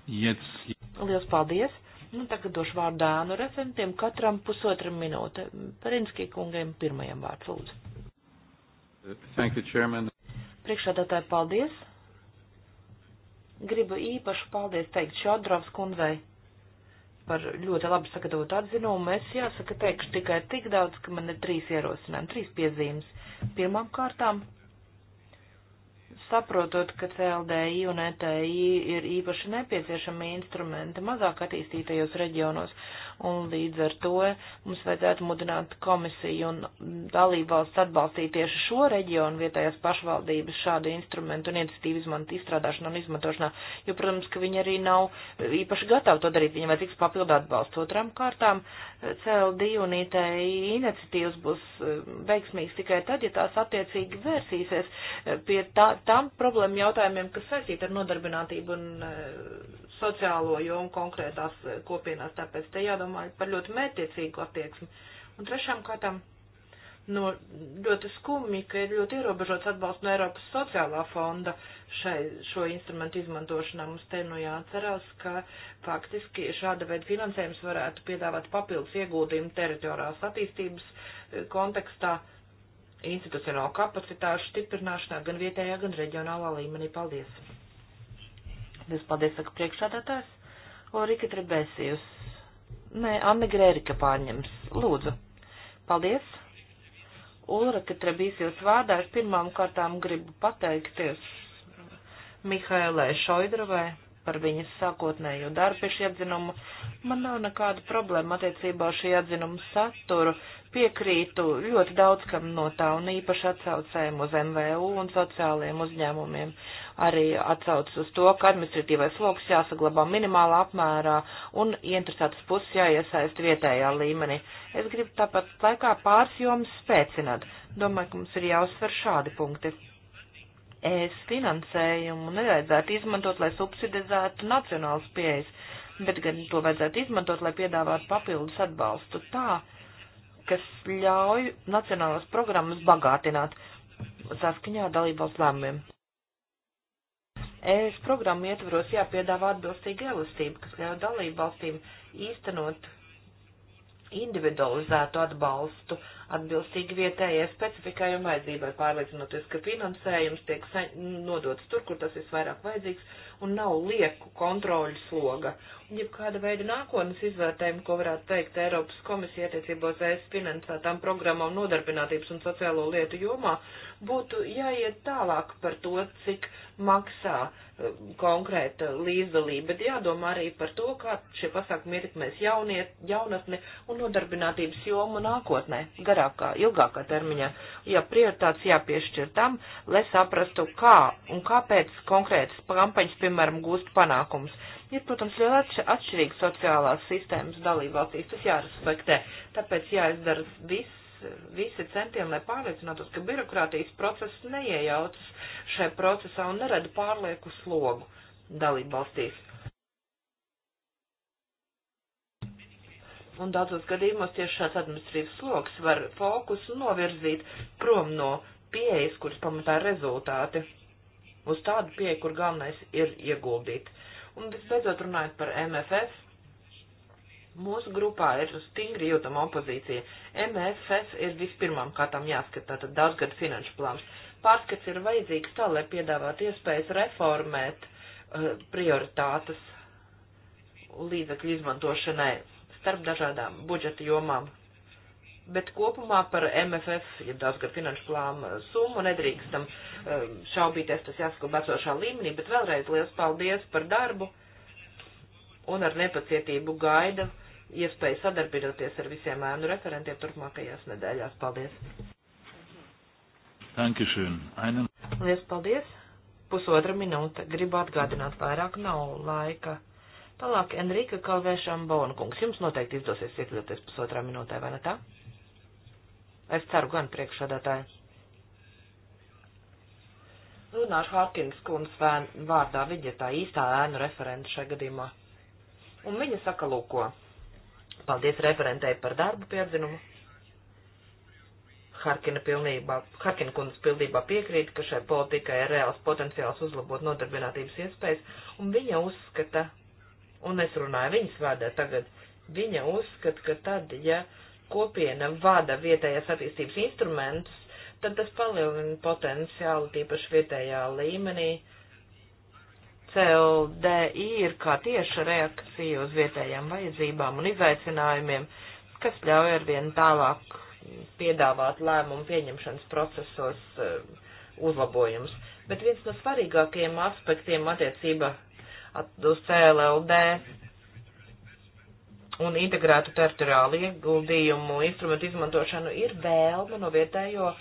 A: Jetzt.
C: Liels paldies. Nu, tagad došu vārdu Dānu referentiem, katram pusotra minūte. Perinskī kungiem pirmajam vārds lūdzu.
A: Thank you, Chairman.
C: Priekšādātāji, paldies. Gribu īpaši paldies teikt Šodrovs kundzei par ļoti labi sagatavotu atzinumu. Es jāsaka, teikšu tikai tik daudz, ka man ir trīs ierosinājumi, trīs piezīmes. Pirmām kārtām saprotot, ka CLDI un ETI ir īpaši nepieciešami instrumenti mazāk attīstītajos reģionos, un līdz ar to mums vajadzētu mudināt komisiju un dalībvalsts atbalstīt tieši šo reģionu vietējās pašvaldības šādu instrumentu un iniciatīvu izmant, izstrādāšanu un izmantošanā, jo, protams, ka viņi arī nav īpaši gatavi to darīt, viņiem vajadzīgs papildu atbalstu. Otram kārtām eh, CLD un ITI iniciatīvas būs eh, veiksmīgas tikai tad, ja tās attiecīgi vērsīsies eh, pie tā, tām problēmu jautājumiem, kas saistīti ar nodarbinātību un sociālo jomu konkrētās kopienās. Tāpēc te jādomā domāju, par ļoti mērķiecīgu attieksmi. Un trešām kārtām no ļoti skumji, ka ir ļoti ierobežots atbalsts no Eiropas sociālā fonda šai, šo instrumentu izmantošanā. Mums te nu jāatcerās, ka faktiski šāda veida finansējums varētu piedāvāt papildus ieguldījumu teritoriālās attīstības eh, kontekstā, institucionālu kapacitāšu stiprināšanā gan vietējā, gan reģionālā līmenī. Paldies! Liels paldies, saka priekšādātājs Ulrika Trebesijus Nē, Anna Grērika pārņems. Lūdzu. Paldies. Ulra, ka trebīsijos vārdā es pirmām kārtām gribu pateikties Mihailai Šoidravai par viņas sākotnējo darbu pie šī atzinuma. Man nav nekāda problēma attiecībā uz šī atzinuma saturu. Piekrītu ļoti daudz kam no tā un īpaši atsaucēm uz MVU un sociāliem uzņēmumiem arī atsaucas uz to, ka administratīvais sloks jāsaglabā minimālā apmērā un interesētas puses jāiesaist vietējā līmenī. Es gribu tāpat laikā pāris jomas spēcināt. Domāju, ka mums ir jāuzsver šādi punkti. Es finansējumu nevajadzētu izmantot, lai subsidizētu nacionālas pieejas, bet gan to vajadzētu izmantot, lai piedāvātu papildus atbalstu tā, kas ļauj nacionālas programmas bagātināt saskaņā dalībvalsts lēmumiem. ES programmu ietvaros jāpiedāvā atbilstīga elastība, kas ļauj dalībvalstīm īstenot individualizētu atbalstu atbilstīgi vietējai specifikai un vajadzībai, pārliecinoties, ka finansējums tiek nodots tur, kur tas visvairāk vajadzīgs un nav lieku kontroļu sloga. Un, ja kāda veida nākotnes izvērtējumu, ko varētu teikt Eiropas komisija attiecībos ES finansētām programmām nodarbinātības un sociālo lietu jomā, būtu jāiet tālāk par to, cik maksā um, konkrēta līdzdalība, bet jādomā arī par to, kā šie pasākumi ietekmēs jauniet, jaunatni un nodarbinātības jomu nākotnē, garākā, ilgākā termiņā. Ja prioritāts jāpiešķir tam, lai saprastu, kā un kāpēc konkrētas kampaņas, piemēram, gūst panākums. Ir, protams, liela atšķirīga sociālās sistēmas dalībvalstīs, tas jārespektē, tāpēc jāizdara viss visi centieni, lai pārliecinātos, ka birokrātijas process neiejaucas šajā procesā un nerada pārlieku slogu dalību valstīs. Un daudzos gadījumos tieši šāds administrīvas sloks var fokusu novirzīt prom no pieejas, kuras pamatā ir rezultāti, uz tādu pieeju, kur galvenais ir ieguldīt. Un visbeidzot runājot par MFF, Mūsu grupā ir stingri jūtama opozīcija. MFS ir vispirmām kārtām jāskatā, tad daudzgad finanšu plāns. Pārskats ir vajadzīgs tā, lai piedāvātu iespējas reformēt uh, prioritātes līdzekļu izmantošanai starp dažādām budžeta jomām. Bet kopumā par MFF, ja daudzgad finanšu plānu uh, summu nedrīkstam uh, šaubīties, tas jāsaka esošā līmenī, bet vēlreiz liels paldies par darbu un ar nepacietību gaida iespēju sadarboties ar visiem ēnu referentiem turpmākajās nedēļās. Paldies!
A: Dankeschön. Einen...
C: Lies, paldies! Pusotra minūte. Gribu atgādināt, vairāk nav laika. Tālāk Enrika Kalvēšana Bonkungs. Jums noteikti izdosies iekļauties pusotrā minūtē, vai ne tā? Es ceru gan priekšādātāji. Runāšu Hārkins kundas vārdā, viņa tā īstā ēnu referenta šajā gadījumā. Un viņa saka, lūko, Paldies referentei par darbu piedzinumu. Harkina, pilnībā, Harkina kundas pilnībā piekrīt, ka šai politikai ir reāls potenciāls uzlabot nodarbinātības iespējas, un viņa uzskata, un es runāju viņas vārdā tagad, viņa uzskata, ka tad, ja kopiena vada vietējās attīstības instrumentus, tad tas palielina potenciālu tīpaši vietējā līmenī, uh, CLDI ir kā tieša reakcija uz vietējām vajadzībām un izaicinājumiem, kas ļauj arvien tālāk piedāvāt lēmumu pieņemšanas procesos eh, uzlabojumus. Bet viens no svarīgākajiem aspektiem attiecība uz CLLD un integrētu teritoriālu ieguldījumu instrumentu izmantošanu ir vēlme no vietējo uh,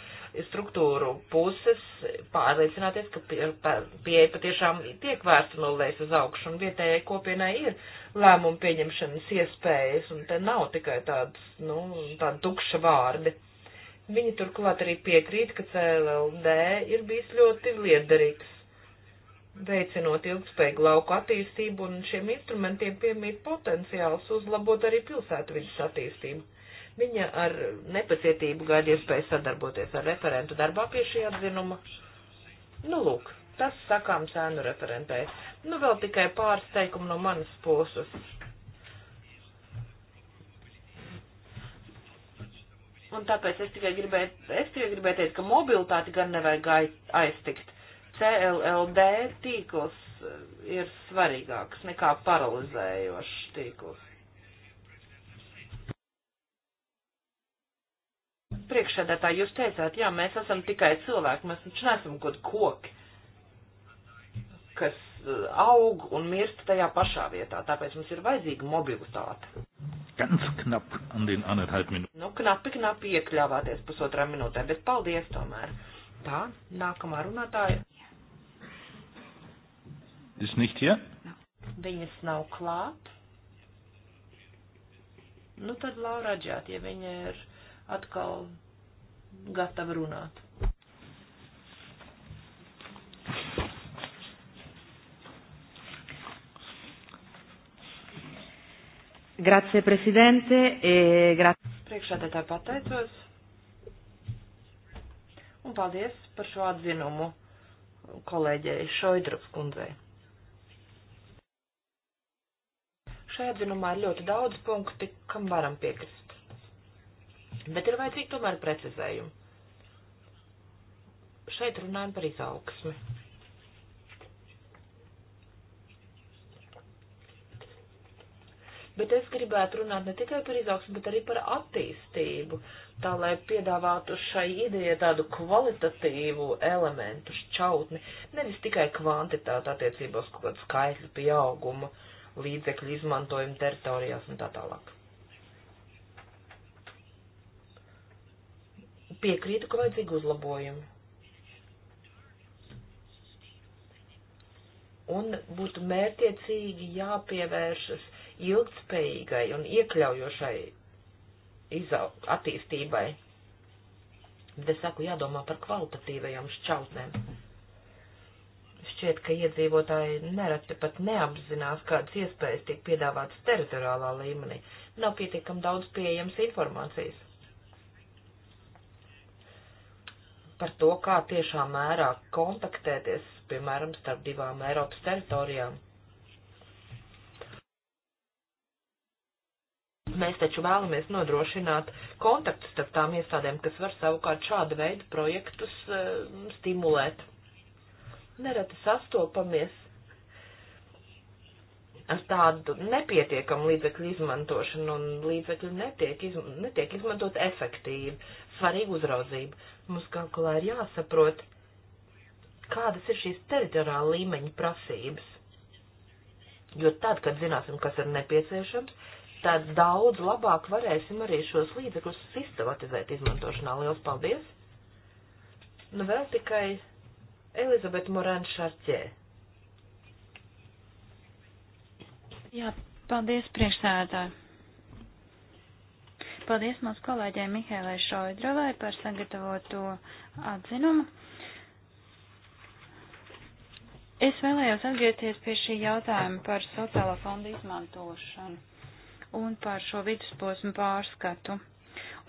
C: struktūru puses pārliecināties, ka pieeja patiešām tiek vērsta no lejas uz augšu un vietējai kopienai ir lēmumu pieņemšanas iespējas un te nav tikai tāds, nu, tāda tukša vārdi. Viņi turklāt arī piekrīt, ka CLLD ir bijis ļoti liederīgs, veicinot ilgspējīgu lauku attīstību un šiem instrumentiem piemīt potenciāls uzlabot arī pilsētu vidas attīstību Viņa ar nepacietību gaida iespēju sadarboties ar referentu darbā pie šī atzinuma. Nu, lūk, tas sakām cēnu referentē. Nu, vēl tikai pāris teikumu no manas puses. Un tāpēc es tikai gribēju, es tikai gribēju teikt, ka mobilitāti gan nevajag aiztikt. CLLD tīkls eh, ir svarīgāks nekā paralizējošs tīkls. Priekšsēdētāji, jūs teicāt, jā, mēs esam tikai cilvēki, mēs taču nesam kaut koki, kas eh, aug un mirst tajā pašā vietā, tāpēc mums ir vajadzīga mobilitāte.
A: Ganz knap an den anderthalb minūtēm.
C: Nu, knapi, knapi iekļāvāties pusotrā minūtē, bet paldies tomēr. Tā, nākamā runātāja. Ist nicht hier? Viņas nav klāt. Nu, tad Laura Džāt, ja viņa ir atkal gatava runāt. Grazie, prezidente. E gra... Priekšādētāji pateicos. Un paldies par šo atzinumu kolēģei Šoidrup kundzei. Šajā atzinumā ir ļoti daudz punkti, kam varam piekrist bet ir vajadzīgi tomēr precizējumi. Šeit runājam par izaugsmi. Bet es gribētu runāt ne tikai par izaugsmu, bet arī par attīstību, tā lai piedāvātu šai idejai tādu kvalitatīvu elementu šķautni, nevis tikai kvantitāti attiecībos kaut kādu skaitļu pieaugumu, līdzekļu izmantojumu teritorijās un tā tālāk. piekrītu, ka vajadzīgi uzlabojumi. Un būtu mērtiecīgi jāpievēršas ilgtspējīgai un iekļaujošai izau, attīstībai. Bet es saku, jādomā par kvalitatīvajām šķautnēm. Šķiet, ka iedzīvotāji nereti pat neapzinās, kādas iespējas tiek piedāvātas teritoriālā līmenī. Nav pietiekam daudz pieejams informācijas par to, kā tiešā mērā kontaktēties, piemēram, starp divām Eiropas teritorijām. Mēs taču vēlamies nodrošināt kontaktus starp tām iestādēm, kas var savukārt šāda veida projektus uh, stimulēt. Nereti sastopamies ar tādu nepietiekamu līdzekļu izmantošanu, un līdzekļi netiek, izm netiek izmantot efektīvi svarīga uzraudzība. Mums kaut kā ir jāsaprot, kādas ir šīs teritoriāla līmeņa prasības. Jo tad, kad zināsim, kas ir nepieciešams, tad daudz labāk varēsim arī šos līdzekļus sistematizēt izmantošanā. Lielas paldies! Nu vēl tikai Elizabete Morāna Šarķē.
B: Jā, paldies priekšsēdētāji. Paldies mūsu kolēģei Mihēlai Šoidrovai par sagatavoto atzinumu. Es vēlējos atgriezties pie šī jautājuma par sociālo fondu izmantošanu un par šo vidusposmu pārskatu.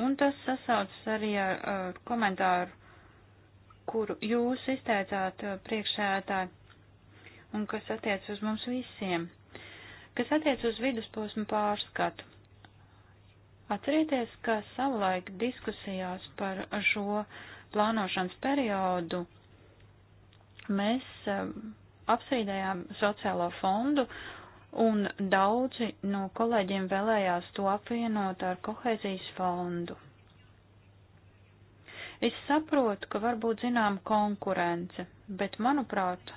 B: Un tas sasaucas arī ar uh, komentāru, kuru jūs izteicāt uh, priekšsēdētāji un kas attiec uz mums visiem, kas attiec uz vidusposmu pārskatu. Atcerieties, ka savulaik diskusijās par šo plānošanas periodu mēs eh, apsīdējām sociālo fondu un daudzi no kolēģiem vēlējās to apvienot ar kohēzijas fondu. Es saprotu, ka varbūt zinām konkurence, bet manuprāt,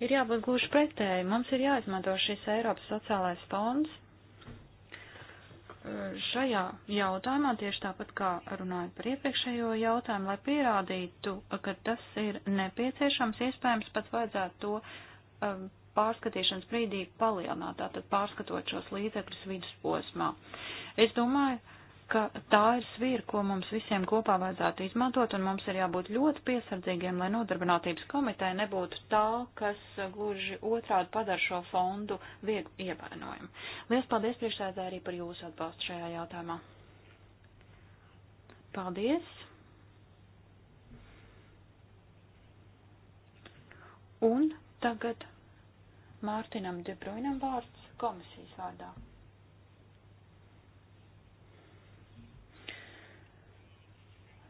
B: ir jābūt gluži pretēji. Mums ir jāizmanto šis Eiropas sociālais fonds, šajā jautājumā, tieši tāpat kā runājot par iepriekšējo jautājumu, lai pierādītu, ka tas ir nepieciešams, iespējams pat vajadzētu to um, pārskatīšanas brīdī palielināt, tātad pārskatot šos līdzekļus vidusposmā. Es domāju, ka tā ir svīra, ko mums visiem kopā vajadzētu izmantot, un mums ir jābūt ļoti piesardzīgiem, lai nodarbinātības komiteja nebūtu tā, kas gluži otrādi padara šo fondu viegli ievainojumu. Lielas paldies priekšsēdē arī par jūsu atbalstu šajā jautājumā. Paldies! Un tagad Mārtiņam Debruinam vārds komisijas vārdā.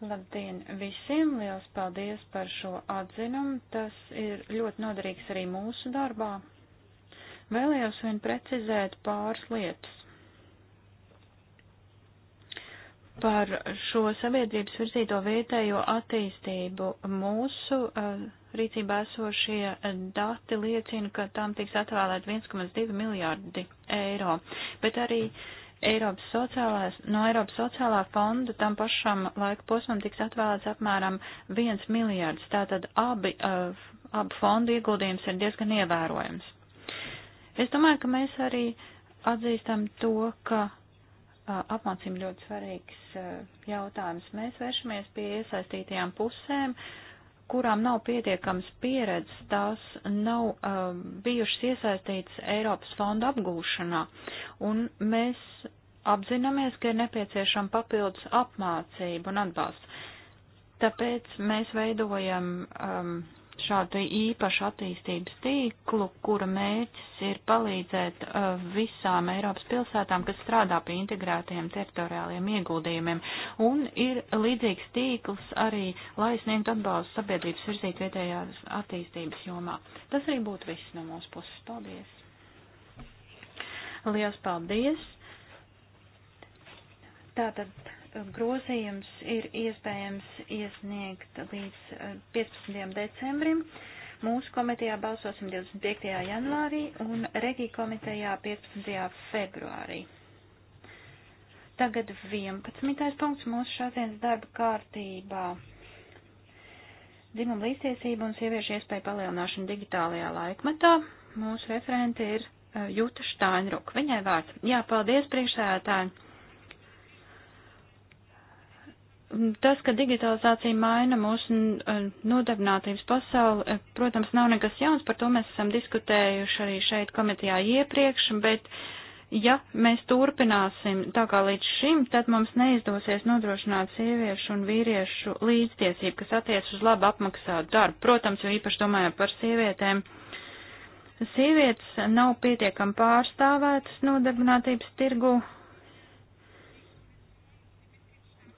B: Labdien visiem! Liels paldies par šo atzinumu. Tas ir ļoti noderīgs arī mūsu darbā. Vēlējos vien precizēt pāris lietas. Par šo sabiedrības virzīto vietējo attīstību mūsu uh, rīcībā esošie dati liecina, ka tam tiks atvēlēt 1,2 miljārdi eiro, bet arī uh, Eiropas sociālās, no Eiropas sociālā fonda tam pašam laika posmam tiks atvēlēts apmēram 1 miljārds. Tātad abi, uh, eh, abi fondu ieguldījums ir diezgan ievērojams. Es domāju, ka mēs arī atzīstam to, ka uh, apmācība ļoti svarīgs uh, jautājums. Mēs vēršamies pie iesaistītajām pusēm. Uh, kurām nav pietiekams pieredzes, tās nav uh, bijušas iesaistītas Eiropas fonda apgūšanā, un mēs apzināmies, ka ir nepieciešama papildus apmācība un atbalsts. Tāpēc mēs veidojam um, šādu īpašu attīstības tīklu, kura mērķis ir palīdzēt uh, visām Eiropas pilsētām, kas strādā pie integrētajiem teritoriāliem ieguldījumiem. Un ir līdzīgs tīkls arī, lai sniegtu atbalstu sabiedrības virzīt vietējās attīstības jomā. Tas arī būtu viss no mūsu puses. Paldies! Lielas paldies! Tātad grozījums ir iespējams iesniegt līdz 15. Eh, decembrim. Mūsu komitejā balsosim 25. janvārī un Regī komitejā 15. februārī. Tagad 11. punkts mūsu šādienas darba kārtībā. Dzimuma līdztiesība un sieviešu iespēju palielināšana digitālajā laikmetā. Mūsu referente ir eh, Jūta Štainruk. Viņai vārds. Jā, paldies priekšsēdētāji. Tas, ka digitalizācija maina mūsu eh, nodarbinātības pasauli, eh, protams, nav nekas jauns, par to mēs esam diskutējuši arī šeit komitejā iepriekš, bet ja mēs turpināsim tā kā līdz šim, tad mums neizdosies nodrošināt sieviešu un vīriešu līdztiesību, kas attiec uz labu apmaksātu darbu. Protams, jo īpaši domājot par sievietēm, sievietes nav pietiekami pārstāvētas nodarbinātības tirgu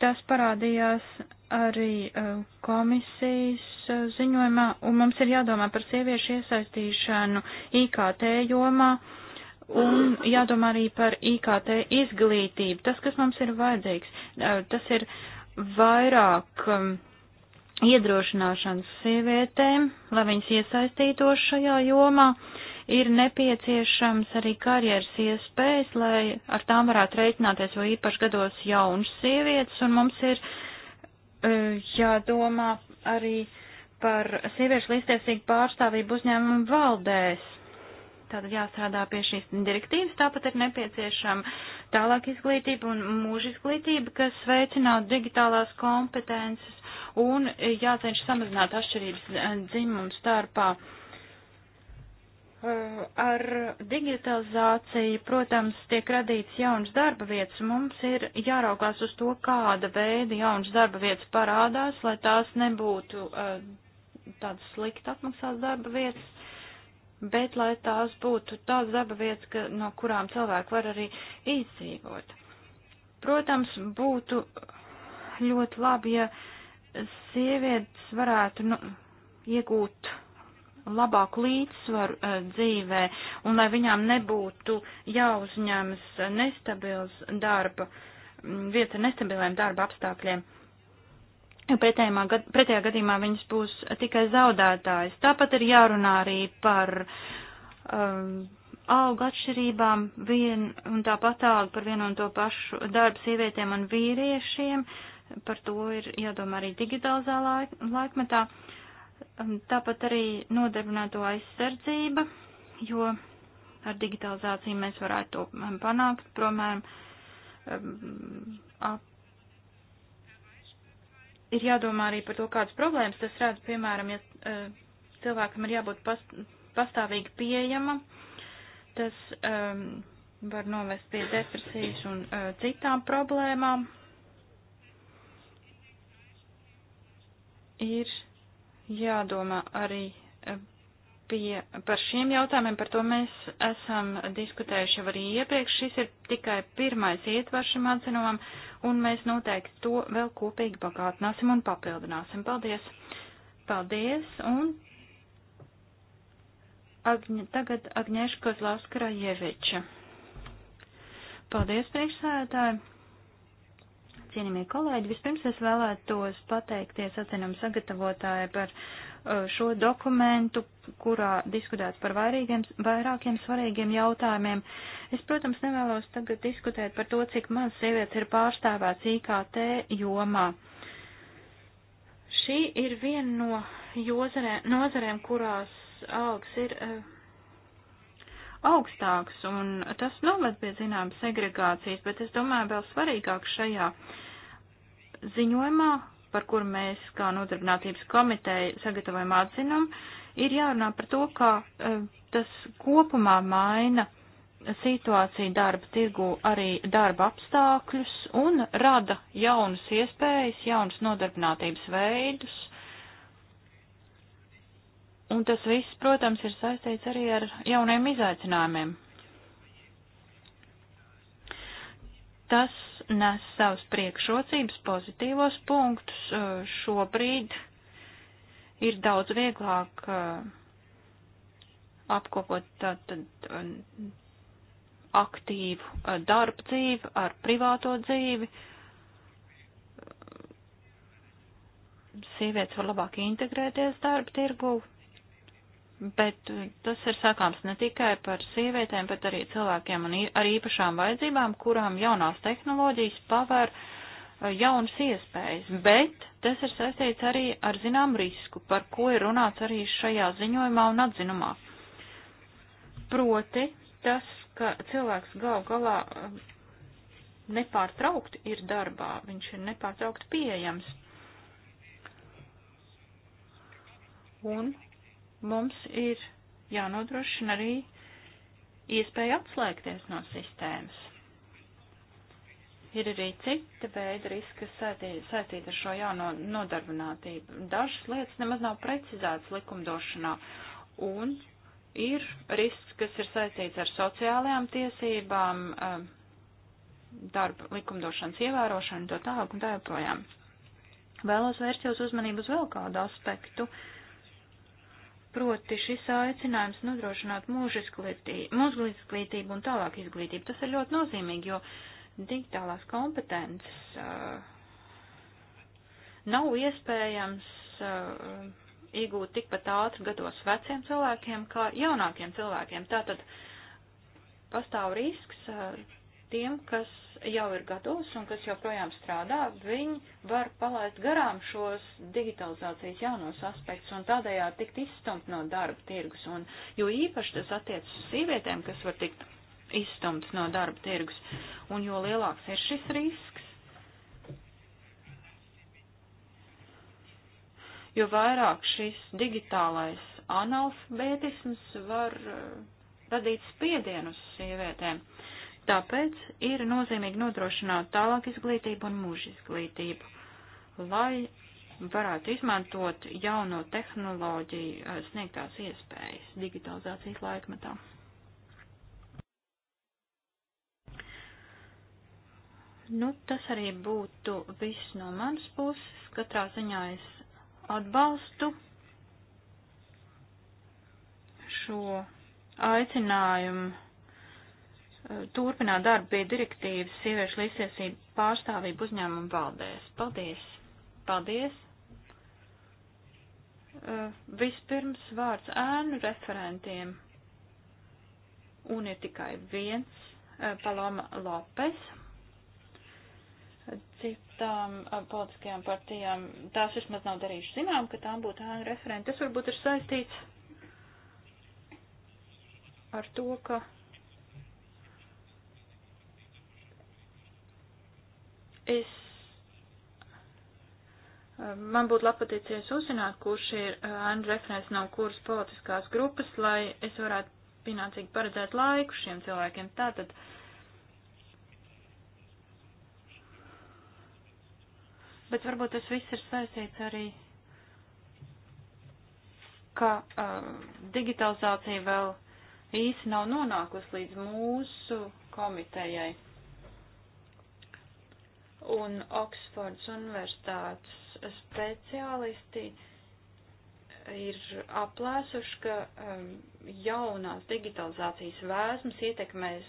B: Tas parādījās arī uh, komisijas uh, ziņojumā, un mums ir jādomā par sieviešu iesaistīšanu IKT jomā. Un jādomā arī par IKT izglītību. Tas, kas mums ir vajadzīgs, uh, tas ir vairāk um, iedrošināšanas sievietēm, lai viņas iesaistītos šajā jomā. Uh, ir nepieciešams arī karjeras iespējas, lai ar tām varētu reiķināties, jo īpaši gados jaunas sievietes, un mums ir uh, jādomā arī par sieviešu līdztiesīgu pārstāvību uzņēmumu valdēs. Tātad jāstrādā pie šīs direktīvas, tāpat ir nepieciešama tālāk izglītība un mūža izglītība, kas veicinātu digitālās kompetences un jācenš samazināt atšķirības e, dzimumu starpā. Uh, Ar digitalizāciju, protams, tiek radīts jauns darba vietas, un mums ir jāraugās uz to, kāda veida jauns darba vietas parādās, lai tās nebūtu eh, tādas slikti apmaksātas darba vietas, bet lai tās būtu tādas darba vietas, ka, no kurām cilvēki var arī izdzīvot. Protams, būtu ļoti labi, ja sievietes varētu nu, iegūt labāku līdzsvaru eh, dzīvē un lai viņām nebūtu jāuzņemas nestabils darba, mm, vieta nestabiliem darba apstākļiem. Gad, pretējā gadījumā viņas būs tikai zaudētājs. Tāpat ir jārunā arī par um, algu atšķirībām vien un tāpat algu par vienu un to pašu darbu sievietēm un vīriešiem. Par to ir jādomā arī digitalizā laik, laikmetā. Uh, Um, tāpat arī nodarbināto aizsardzība, jo ar digitalizāciju mēs varētu to um, panākt, promēr um, ir jādomā arī par to, kādas problēmas tas rada, piemēram, ja uh, cilvēkam ir jābūt past, pastāvīgi pieejama, tas um, var novest pie depresijas un uh, citām problēmām. Ir jādomā arī eh, pie, par šiem jautājumiem, par to mēs esam diskutējuši jau arī iepriekš. Šis ir tikai pirmais ietvars šim atzinumam, un mēs noteikti to vēl kopīgi bagātināsim un papildināsim. Paldies! Paldies! Un Agņa, tagad Agnieška Zlavskara Jeviča. Paldies, priekšsēdētāji! cienījamie kolēģi, vispirms es vēlētos pateikties atcenumu sagatavotāju par uh, šo dokumentu, kurā diskutēts par vairīgiem, vairākiem svarīgiem jautājumiem. Es, protams, nevēlos tagad diskutēt par to, cik maz sievietes ir pārstāvēts IKT jomā. Šī ir viena no jozarē, nozarēm, kurās augs ir uh, augstāks, un tas noved pie zināmas segregācijas, bet es domāju, vēl svarīgāk šajā Ziņojumā, par kuru mēs kā nodarbinātības komiteja sagatavojam atzinumu, ir jārunā par to, kā e, tas kopumā maina situāciju darba tirgu arī darba apstākļus un rada jaunas iespējas, jaunas nodarbinātības veidus. Un tas viss, protams, ir saistīts arī ar jauniem izaicinājumiem. Tas nes savas priekšrocības, pozitīvos punktus. Eh, šobrīd ir daudz vieglāk eh, apkopot tātad eh, aktīvu darba dzīvi ar privāto dzīvi. Sievietes var labāk integrēties darba tirgu, Bet uh, tas ir sakāms ne tikai par sievietēm, bet arī cilvēkiem ar īpašām vajadzībām, kurām jaunās tehnoloģijas paver uh, jaunas iespējas. Bet tas ir saistīts arī ar zinām risku, par ko ir runāts arī šajā ziņojumā un atzinumā. Proti tas, ka cilvēks gal galā uh, nepārtraukti ir darbā, viņš ir nepārtraukti pieejams. Un mums ir jānodrošina arī iespēja atslēgties no sistēmas. Ir arī cita veida riski, kas saistīti ar šo jauno nodarbinātību. Dažas lietas nemaz nav precizētas likumdošanā, un ir risks, kas ir saistīts ar sociālajām tiesībām, um, darba likumdošanas ievērošanu, to tālāk un tā joprojām. Vēlos vērst jūs uzmanību uz vēl kādu aspektu. Uh, Proti šis aicinājums nodrošināt mūža izglītību un tālāk izglītību, tas ir ļoti nozīmīgi, jo digitālās kompetences uh, nav iespējams uh, iegūt tikpat ātri gados veciem cilvēkiem kā jaunākiem cilvēkiem. Tātad pastāv risks uh, tiem, kas jau ir gatavs un kas joprojām strādā, viņi var palaist garām šos digitalizācijas jaunos aspektus un tādējādi tikt izstumt no darba tirgus. Un, jo īpaši tas attiecas uz sievietēm, kas var tikt izstumts no darba tirgus. Un jo lielāks ir šis risks, jo vairāk šis digitālais analfabētisms var eh, radīt spiedienu uz sievietēm. Tāpēc ir nozīmīgi nodrošināt tālāk izglītību un mūža izglītību, lai varētu izmantot jauno tehnoloģiju eh, sniegtās iespējas digitalizācijas laikmetā. Nu, tas arī būtu viss no manas puses. Katrā ziņā es atbalstu šo aicinājumu Eh, turpināt darbu pie direktīvas sieviešu līdztiesību pārstāvību uzņēmumu valdēs. Paldies! Paldies! Eh, vispirms vārds ēnu referentiem. Un ir tikai viens eh, Paloma Lopes. Citām politiskajām partijām tās vismaz nav darījuši zinām, ka tām būtu ēnu referenti. Tas varbūt ir saistīts ar to, ka Es, man būtu labi paticies uzzināt, kurš ir eh, Anna referents no kuras politiskās grupas, lai es varētu pienācīgi paredzēt laiku šiem cilvēkiem. Tātad, bet varbūt tas viss ir saistīts arī, ka uh, digitalizācija vēl īsi nav nonākusi līdz mūsu komitejai un Oksfords universitātes speciālisti ir aplēsuši, ka um, jaunās digitalizācijas vēsmas ietekmēs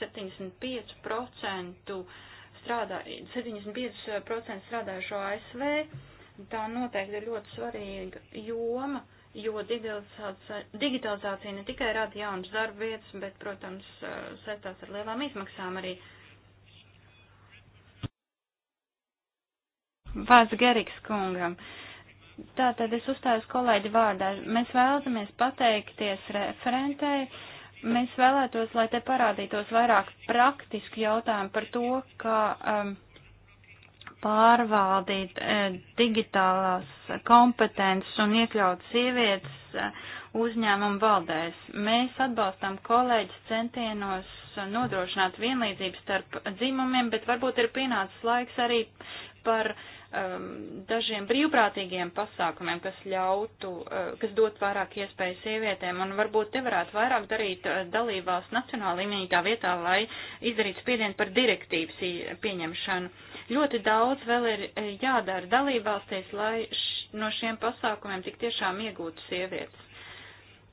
B: 75% uh, strādā, 75% strādājušo ASV. Tā noteikti ir ļoti svarīga joma, jo digitalizācija, digitalizācija ne tikai rada jaunas darba vietas, bet, protams, uh, saistās ar lielām izmaksām arī. Uh, Vāc Geriks kungam. Tātad es uzstājos kolēģi vārdā. Mēs vēlamies pateikties referentei. Mēs vēlētos, lai te parādītos vairāk praktisku jautājumu par to, kā um, pārvaldīt uh, digitālās kompetences un iekļaut sievietes uh, uzņēmumu valdēs. Mēs atbalstām kolēģis centienos nodrošināt vienlīdzību starp dzimumiem, bet varbūt ir pienācis laiks arī par uh, um, dažiem brīvprātīgiem pasākumiem, kas ļautu, uh, kas dot vairāk iespēju sievietēm, un varbūt te varētu vairāk darīt uh, dalībās nacionāla līmenī tā vietā, lai izdarītu spiedienu par direktīvas pieņemšanu. Ļoti daudz vēl ir uh, jādara dalībvalstīs, lai š, no šiem pasākumiem tik tiešām iegūtu sievietes.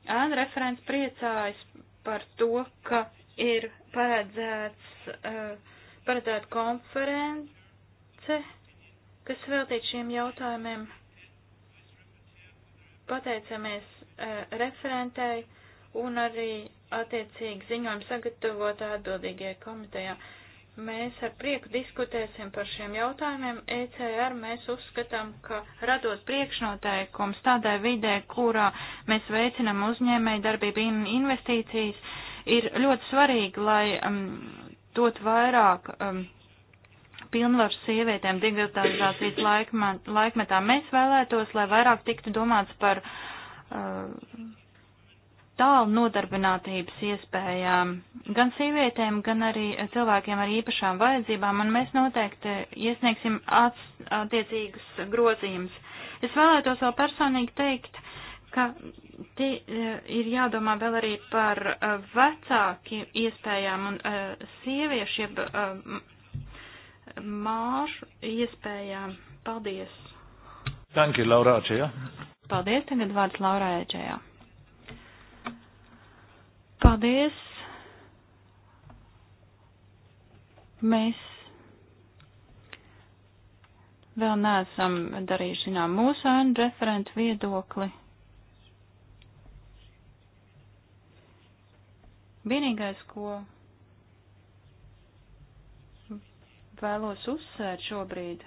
B: Ēna referents priecājas par to, ka ir paredzēts, uh, paredzēta konference kas veltīt šiem jautājumiem. Pateicamies uh, referentei un arī attiecīgi ziņojumu sagatavot atbildīgajai komitejā. Mēs ar prieku diskutēsim par šiem jautājumiem. ECR mēs uzskatām, ka radot priekšnoteikums tādai vidē, kurā mēs veicinam uzņēmēju darbību un investīcijas, ir ļoti svarīgi, lai um, dot vairāk um, pilnvaru sievietēm digitalizācijas laikma, laikmetā. Mēs vēlētos, lai vairāk tiktu domāts par uh, tālu nodarbinātības iespējām gan sievietēm, gan arī cilvēkiem ar īpašām vajadzībām, un mēs noteikti iesniegsim attiecīgus grozījumus. Es vēlētos vēl personīgi teikt, ka te eh, ir jādomā vēl arī par eh, vecāki iespējām un eh, sieviešu, jeb māšu iespējām. Paldies!
A: Tanki, Laura Ačējā.
B: Paldies, tagad vārds Laura Ačējā. Paldies! Mēs vēl neesam darījuši zinām mūsu ēnu referentu viedokli. Vienīgais, ko vēlos uzsvērt šobrīd,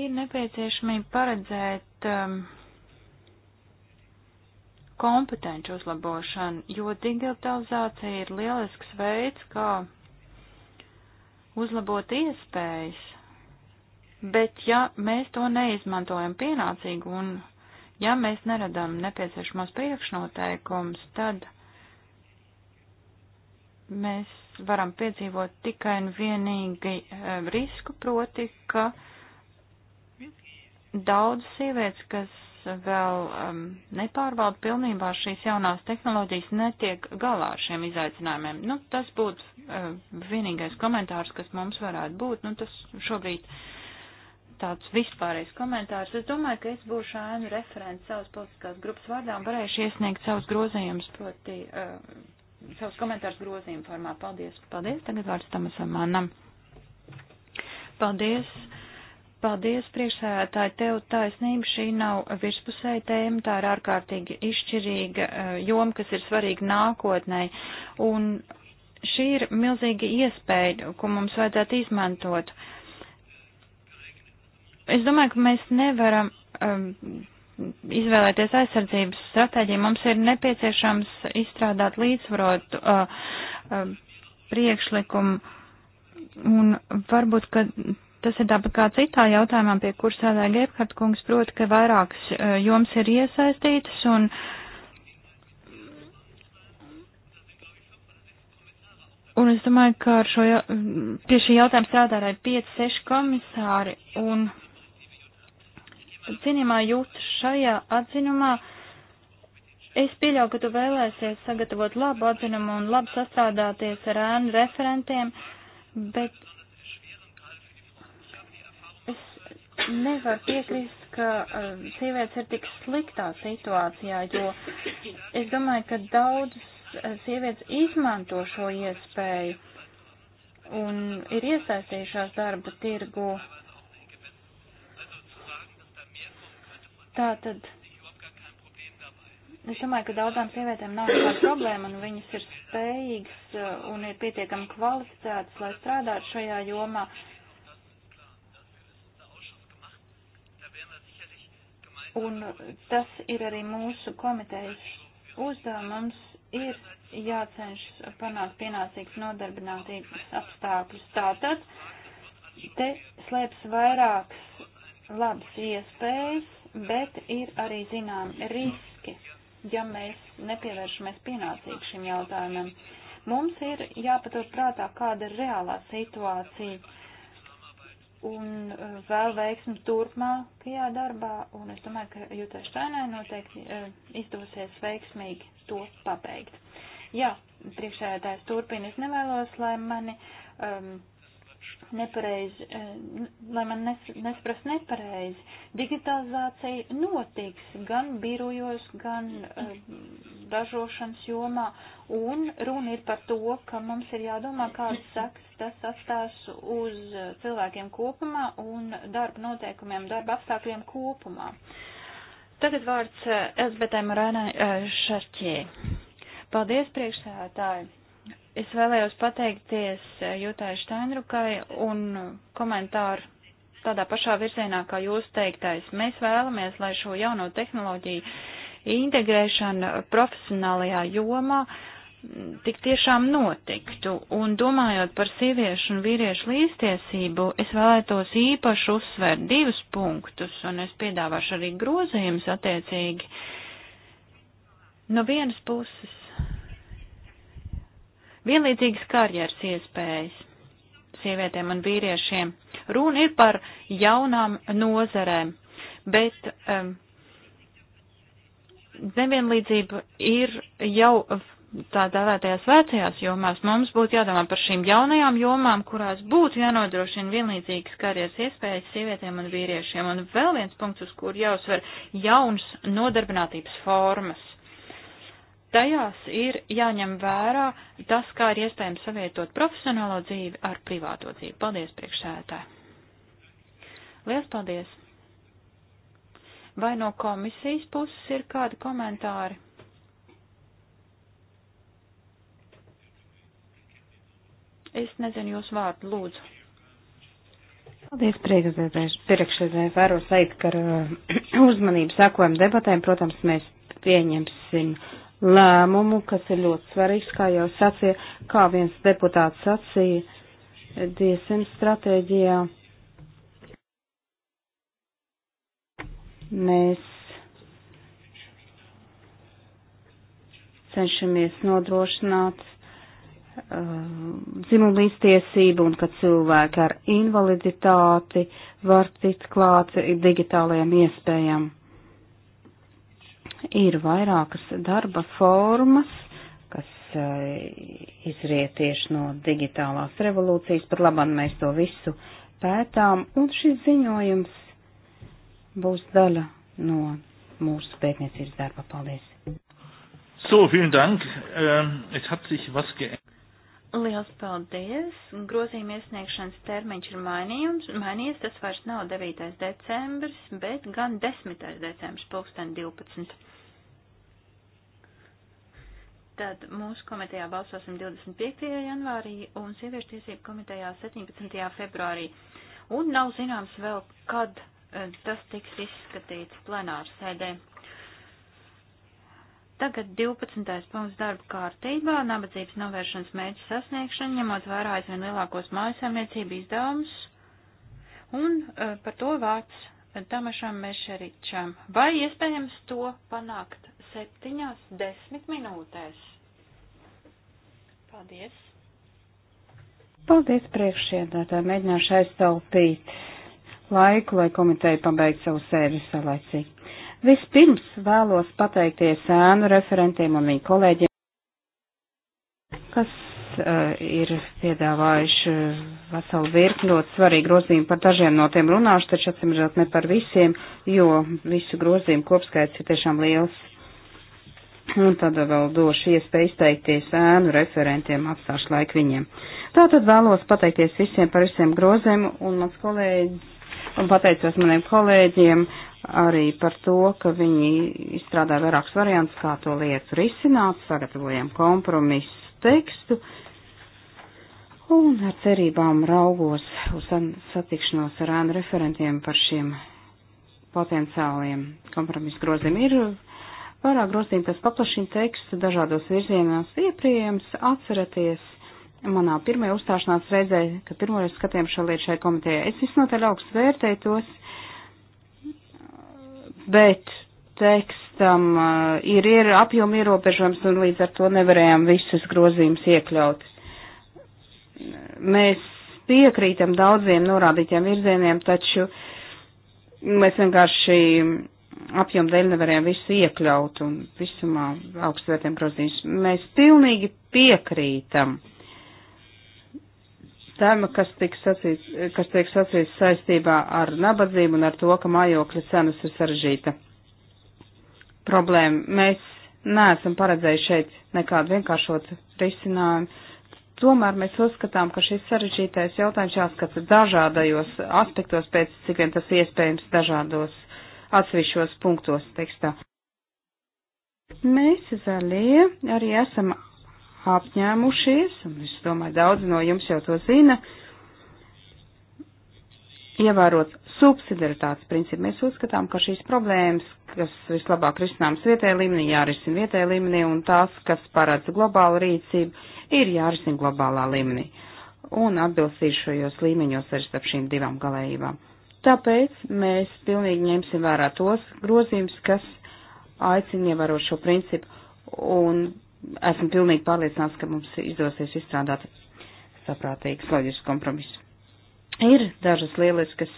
B: ir nepieciešamība paredzēt um, kompetenci uzlabošanu, jo digitalizācija ir lielisks veids, kā uzlabot iespējas, bet ja mēs to neizmantojam pienācīgi un ja mēs neradam nepieciešamos priekšnoteikums, tad mēs varam piedzīvot tikai un vienīgi eh, risku, proti, ka daudz sievietes, kas vēl um, nepārvalda pilnībā šīs jaunās tehnoloģijas, netiek galā ar šiem izaicinājumiem. Nu, tas būtu um, vienīgais komentārs, kas mums varētu būt. Nu, tas šobrīd tāds vispārējais komentārs. Es domāju, ka es būšu ēnu referents savas politiskās grupas vārdā un varēšu iesniegt savus grozījumus, proti. Um, savus komentārus grozījuma formā. Paldies. Paldies. Tagad vārds Tamasam Mannam. Paldies. Paldies, priekšsēdētāji, tev taisnība, šī nav virspusēja tēma, tā ir ārkārtīgi izšķirīga eh, joma, kas ir svarīga nākotnē. Un šī ir milzīga iespēja, ko mums vajadzētu izmantot. Es domāju, ka mēs nevaram um, izvēlēties aizsardzības stratēģiju, mums ir nepieciešams izstrādāt līdzsvarotu uh, uh, priekšlikumu, un varbūt, ka tas ir tāpat kā citā jautājumā, pie kur sēdē Gebhardt kungs, proti, ka vairākas uh, joms ir iesaistītas, un Un es domāju, ka ar šo, pie šī jautājuma strādā arī 5-6 komisāri, un cienījumā jūt šajā atzinumā. Es pieļauju, ka tu vēlēsies sagatavot labu atzinumu un labi sastrādāties ar ēnu referentiem, bet es nevaru piekrist, ka uh, sievietes ir tik sliktā situācijā, jo es domāju, ka daudzas eh, sievietes izmanto šo iespēju un ir iesaistījušās darba tirgu Tātad Es domāju, ka daudzām sievietēm nav tāda problēma, un viņas ir spējīgas uh, un ir pietiekami kvalificētas, lai strādātu šajā jomā. Un tas ir arī mūsu komitejas uzdevums, ir jācenšas panākt pienācīgas nodarbinātības apstākļus. Tātad te slēps vairākas labas iespējas bet ir arī zinām riski, ja mēs nepievēršamies pienācīgi šim jautājumam. Mums ir jāpatur prātā, kāda ir reālā situācija un eh, vēl veiksmi turpmākajā darbā, un es domāju, ka Jutai Štainai noteikti eh, izdosies veiksmīgi to pabeigt. Jā, priekšējādājs turpina, es nevēlos, lai mani um, nepareizi, eh, lai man nes, nesprast nepareizi, digitalizācija notiks gan birojos, gan eh, ražošanas jomā, un runa ir par to, ka mums ir jādomā, kādas sekas tas atstās uz cilvēkiem kopumā un darba noteikumiem, darba apstākļiem kopumā. Tagad vārds Elzbetai eh, Marēnai Šarķē. Paldies priekšsēdētāji! Es vēlējos pateikties eh, Jūtai Štainrukai un komentāru tādā pašā virzienā, kā jūs teiktais. Mēs vēlamies, lai šo jauno tehnoloģiju integrēšana profesionālajā jomā tik tiešām notiktu. Un domājot par sieviešu un vīriešu līdztiesību, es vēlētos īpaši uzsvērt divus punktus, un es piedāvāšu arī grozījumus attiecīgi. No vienas puses vienlīdzīgas karjeras iespējas sievietēm un vīriešiem. Runa ir par jaunām nozerēm, bet um, nevienlīdzība ir jau tā dēvētajās vecajās jomās. Mums būtu jādomā par šīm jaunajām jomām, kurās būtu jānodrošina vienlīdzīgas karjeras iespējas sievietēm un vīriešiem. Un vēl viens punkts, uz kur jāuzsver jauns nodarbinātības formas. Tajās ir jāņem vērā tas, kā ir iespējams savietot profesionālo dzīvi ar privāto dzīvi. Paldies, priekšsētāji! Lielas paldies! Vai no komisijas puses ir kādi komentāri? Es nezinu jūsu vārdu, lūdzu.
D: Paldies, priekšsēdētāji. Vēros teikt, ka ar uh, (clears throat) uzmanību sekojam debatēm. Protams, mēs pieņemsim uh, lēmumu, kas ir ļoti svarīgs, kā jau sacīja, kā viens deputāts sacīja, DSM stratēģijā. Mēs cenšamies nodrošināt uh, dzimumu līdztiesību un ka cilvēki ar invaliditāti var tikt klāt digitālajām iespējām ir vairākas darba formas, kas eh, izriet tieši no digitālās revolūcijas, par labam mēs to visu pētām, un šis ziņojums būs daļa no mūsu pētniecības darba. Paldies!
A: So, vielen Dank. Ähm, es hat sich was geändert.
B: Liels paldies! Grozījuma iesniegšanas termiņš ir mainījums, mainījies, tas vairs nav 9. decembris, bet gan 10. decembris, pulksten 12. Tad mūsu komitejā balsosim 25. janvārī un sieviešu tiesību komitejā 17. februārī. Un nav zināms vēl, kad e, tas tiks izskatīts plenāru sēdē. Tagad 12. punkts darba kārtībā - nabadzības novēršanas mērķu sasniegšana, ņemot vērā aizvien lielākos mājasēmniecību izdevumus. Un e, par to vārds Tamašam Mešeričam. Vai iespējams to panākt septiņās desmit minūtēs.
C: Paldies!
D: Paldies priekšsēdētāji, mēģināšu aiztaupīt laiku, lai komiteja pabeigtu savu sēdi salaicīgi. Vispirms vēlos pateikties ēnu referentiem un viņu kolēģiem, kas uh, ir piedāvājuši veselu virkni ļoti svarīgu grozījumu. Par dažiem no tiem runāšu, taču atsimrot ne par visiem, jo visu grozījumu kopskaits ir tiešām liels un tad vēl došu iespēju izteikties ēnu referentiem, atstāšu laiku viņiem. Tātad vēlos pateikties visiem par visiem grozēm, un mans kolēģis, un pateicos maniem kolēģiem arī par to, ka viņi izstrādāja vairākus variantus, kā to lietu risināt, sagatavojam kompromisu tekstu, un ar cerībām raugos uz satikšanos ar ēnu referentiem par šiem potenciāliem kompromisu groziem ir Vairāk grozījumi, kas paplašina tekstu dažādos virzienos iepriejams, atceraties manā pirmajā uzstāšanās reizē, kad pirmoreiz skatījām šo lietu šai komitejā. Es visnotaļ augstu vērtēju tos, bet tekstam uh, ir, ir apjoma ierobežojums un līdz ar to nevarējām visus grozījumus iekļaut. Mēs piekrītam daudziem norādītiem virzieniem, taču mēs vienkārši apjomu dēļ nevarējām visu iekļaut un visumā augstvērtiem grozījumus. Mēs pilnīgi piekrītam tam, kas tiek sacīts, kas tiek sacīts saistībā ar nabadzību un ar to, ka mājokļa cenas ir sarežģīta problēma. Mēs neesam paredzējuši šeit nekādu vienkāršotu risinājumu. Tomēr mēs uzskatām, ka šis sarežģītais jautājums jāskata dažādajos aspektos, pēc cik vien tas iespējams dažādos atsevišķos punktos tekstā. Mēs zaļie arī esam apņēmušies, un es domāju, daudz no jums jau to zina, ievērot subsidiaritātes principu. Mēs uzskatām, ka šīs problēmas, kas vislabāk risināmas vietējā līmenī, jārisina vietējā līmenī, un tās, kas paredz globālu rīcību, ir jārisina globālā līmenī. Un atbilstīšajos līmeņos arī starp šīm divām galējībām. Tāpēc mēs pilnīgi ņemsim vērā tos grozījumus, kas aicina ievērot šo principu, un esmu pilnīgi pārliecināts, ka mums izdosies izstrādāt saprātīgs loģisks kompromiss. Ir dažas lieliskas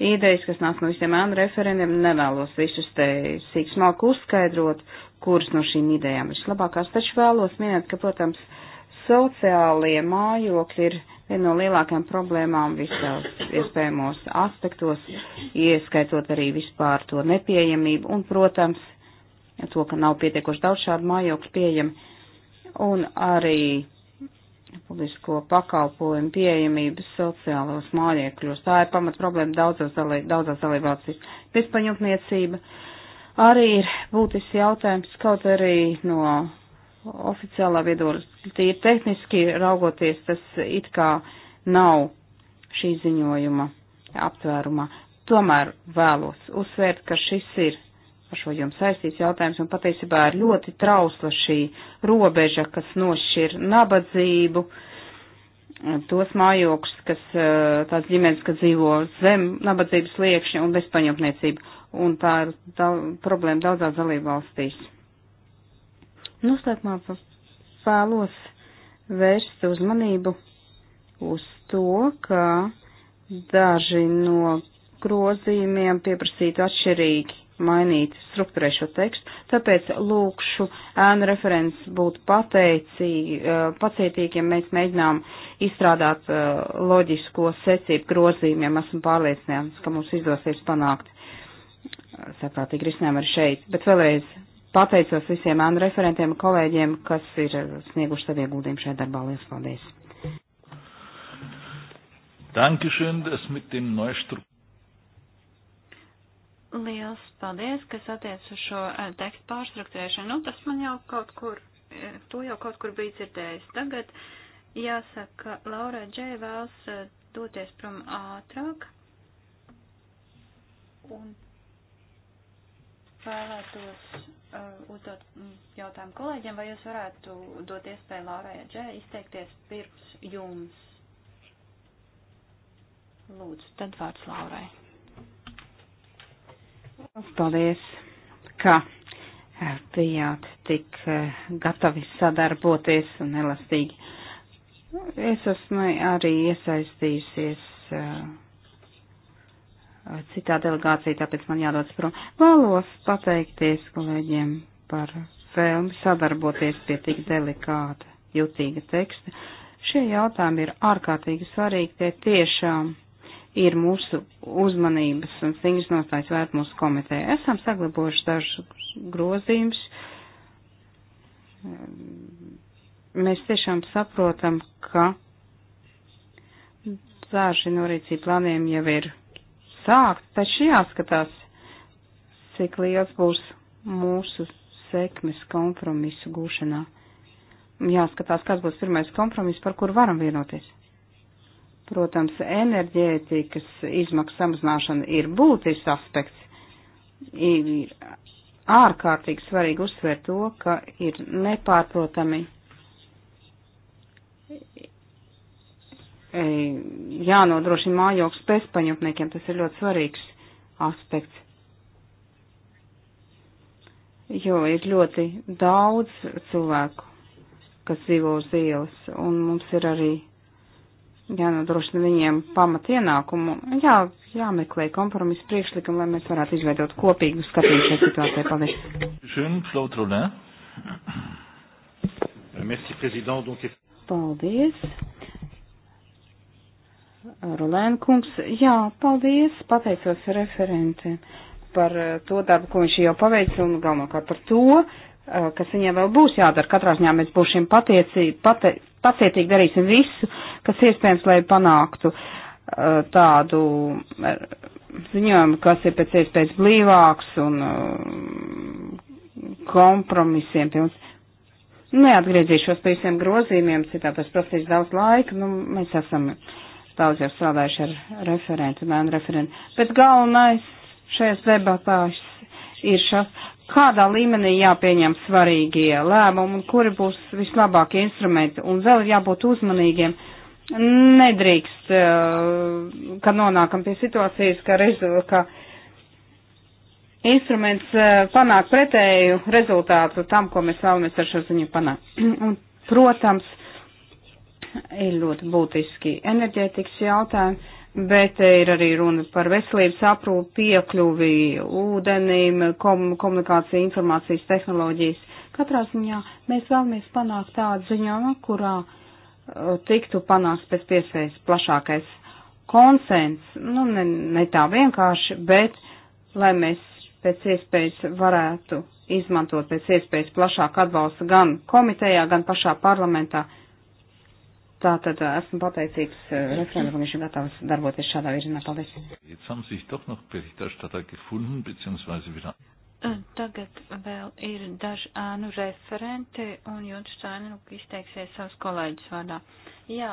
D: idejas, kas nāk no visiem ēnu referendiem, nevēlos visus te sīk smalku uzskaidrot, kuras no šīm idejām ir labākās, taču vēlos minēt, ka, protams, sociālie mājokļi ir Viena no lielākajām problēmām visos iespējamos aspektos, ieskaitot arī vispār to nepieejamību un, protams, to, ka nav pietiekoši daudz šādu mājokļu pieejami, un arī publisko pakalpojumu pieejamību sociālos mājokļos. Tā ir pamat problēma daudzās dalībvalstīs. Bezpaņupniecība arī ir būtisks jautājums, kaut arī no oficiālā viedokļa. Tīri tehniski raugoties, tas it kā nav šī ziņojuma aptvērumā. Tomēr vēlos uzsvērt, ka šis ir ar šo jums saistīts jautājums un patiesībā ir ļoti trausla šī robeža, kas nošķir nabadzību, tos mājokšus, kas eh, tās ģimenes, kas dzīvo zem nabadzības liekšņa un bezpaņemniecību. Un tā ir da problēma daudzās dalībvalstīs. valstīs. Noslēgumā nu, vēlos vērst uzmanību uz to, ka daži no grozījumiem pieprasītu atšķirīgi mainīt struktūrēšo tekstu, tāpēc lūkšu ēnu referents būt pateicīgi, pacietīgi, ja mēs mēģinām izstrādāt loģisko secību grozījumiem, esmu pārliecināts, ka mums izdosies panākt saprātīgi risinājumu arī šeit, bet vēlreiz pateicos visiem man referentiem un kolēģiem, kas ir snieguši savu
A: ieguldījumu šajā darbā. Lielas paldies! Dankeschön, das mit dem Neustru.
B: Liels paldies, kas attiec uz šo eh, tekstu pārstruktūrēšanu. Nu, tas man jau kaut kur, eh, to jau kaut kur bija dzirdējis. Tagad jāsaka, Laura Džēja vēlas eh, doties prom ātrāk. Un vēlētos Uh, uzdot mm, jautājumu kolēģiem, vai jūs varētu dot iespēju Laurai Džē izteikties pirms jums. Lūdzu, tad vārds Laurai.
D: Paldies, ka bijāt tik uh, gatavi sadarboties un elastīgi. Es esmu arī iesaistījusies uh, citā delegācija, tāpēc man jādodas prom. Vēlos pateikties kolēģiem par vēlmi sadarboties pie tik delikāta, jutīga teksta. Šie jautājumi ir ārkārtīgi svarīgi, tie tiešām ir mūsu uzmanības un stingrs nostājs vērt mūsu komiteja. Esam saglabojuši dažus grozījumus. Mēs tiešām saprotam, ka daži no rīcību plāniem jau ir sākt, taču jāskatās, cik liels būs mūsu sekmes kompromisu gūšanā. Jāskatās, kāds būs pirmais kompromiss, par kuru varam vienoties. Protams, enerģētikas izmaksu samazināšana ir būtisks aspekts. Ir ārkārtīgi svarīgi uzsvērt to, ka ir nepārprotami jānodrošina mājoklis bezpaņupniekiem. Tas ir ļoti svarīgs aspekts. Jo ir ļoti daudz cilvēku, kas dzīvo uz ielas, un mums ir arī jānodrošina viņiem pamat ienākumu. Jā, jāmeklē kompromisu priekšlikumu, lai mēs varētu izveidot kopīgu skatījumu šajā situācijā. Paldies!
A: Paldies!
D: Rulēna kungs, jā, paldies, pateicos referentiem par eh, to darbu, ko viņš jau paveica un galvenokārt par to, eh, kas viņiem vēl būs jādara. Katrā ziņā mēs būsim patiecīgi, pate, pacietīgi darīsim visu, kas iespējams, lai panāktu eh, tādu ziņojumu, kas ir pēc iespējas blīvāks un kompromisiem pilns. Neatgriezīšos pie visiem grozījumiem, citādi tas prasīs daudz laika, nu, mēs esam uh, daudz jau strādājuši ar referentu, mēm referentu. Bet galvenais šajās debatās ir šas, kādā līmenī jāpieņem svarīgie lēmumi un kuri būs vislabākie instrumenti. Un vēl ir jābūt uzmanīgiem. Nedrīkst, eh, ka nonākam pie situācijas, ka, rezu, ka instruments eh, panāk pretēju rezultātu tam, ko mēs vēlamies ar šo ziņu panākt. (clears throat) Un, protams, ir ļoti būtiski enerģētikas jautājumi, bet ir arī runa par veselības aprūpu, piekļuvi ūdenim, kom komunikācija, informācijas tehnoloģijas. Katrā ziņā mēs vēlamies panākt tādu ziņojumu, kurā uh, tiktu panākt pēc piespējas plašākais konsens, nu ne, ne tā vienkārši, bet lai mēs pēc iespējas varētu izmantot pēc iespējas plašāku atbalstu gan komitejā, gan pašā parlamentā. Uh, Tātad esmu pateicīgs referendumu, ka viņš ir gatavs
A: darboties šādā virzienā. Paldies.
B: Tagad vēl ir daži ānu referenti, un Junčs Čāninu izteiksies savus kolēģus vārdā. Jā,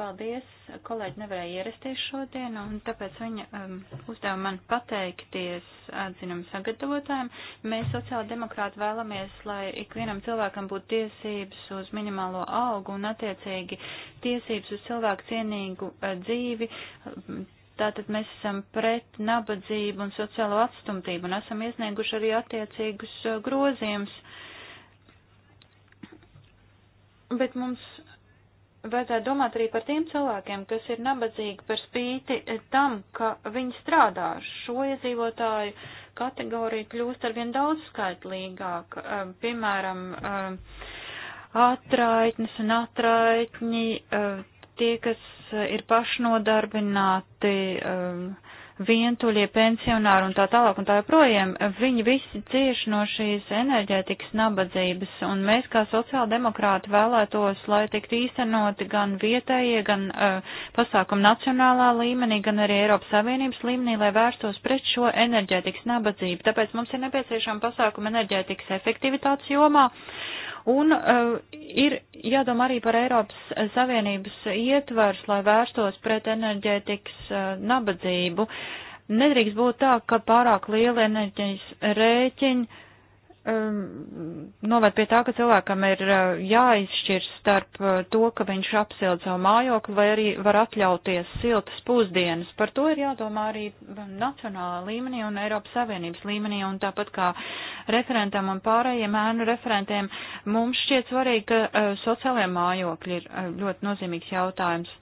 B: paldies. Kolēģi nevarēja ierasties šodien, un tāpēc viņa um, uzdeva man pateikties atzinumu sagatavotājiem. Mēs sociāldemokrāti vēlamies, lai ikvienam cilvēkam būtu tiesības uz minimālo algu un attiecīgi tiesības uz cilvēku cienīgu uh, dzīvi. Um, Tātad mēs esam pret nabadzību un sociālo atstumtību un esam iesnieguši arī attiecīgus uh, grozījumus. Bet mums vajadzētu domāt arī par tiem cilvēkiem, kas ir nabadzīgi par spīti eh, tam, ka viņi strādā. Šo iedzīvotāju kategorija kļūst arvien daudz skaitlīgāk. Eh, piemēram, eh, atraitnes un atraitņi, tie, kas ir pašnodarbināti, vientuļie pensionāri un tā tālāk un tā joprojām, viņi visi cieši no šīs enerģētikas nabadzības, un mēs kā sociāldemokrāti vēlētos, lai tiktu īstenoti gan vietējie, gan uh, pasākumi nacionālā līmenī, gan arī Eiropas Savienības līmenī, lai vērstos pret šo enerģētikas nabadzību. Tāpēc mums ir nepieciešama pasākuma enerģētikas efektivitātes jomā, Un uh, ir jādomā arī par Eiropas Savienības ietvars, lai vērstos pret enerģētikas uh, nabadzību. Nedrīkst būt tā, ka pārāk liela enerģijas rēķina um, novērt pie tā, ka cilvēkam ir uh, jāizšķir starp uh, to, ka viņš apsild savu mājokli vai arī var atļauties siltas pusdienas. Par to ir jādomā arī um, nacionālā līmenī un Eiropas Savienības līmenī un tāpat kā referentam un pārējiem ēnu referentiem mums šķiet svarīgi, ka uh, sociālajie mājokļi ir uh, ļoti nozīmīgs jautājums.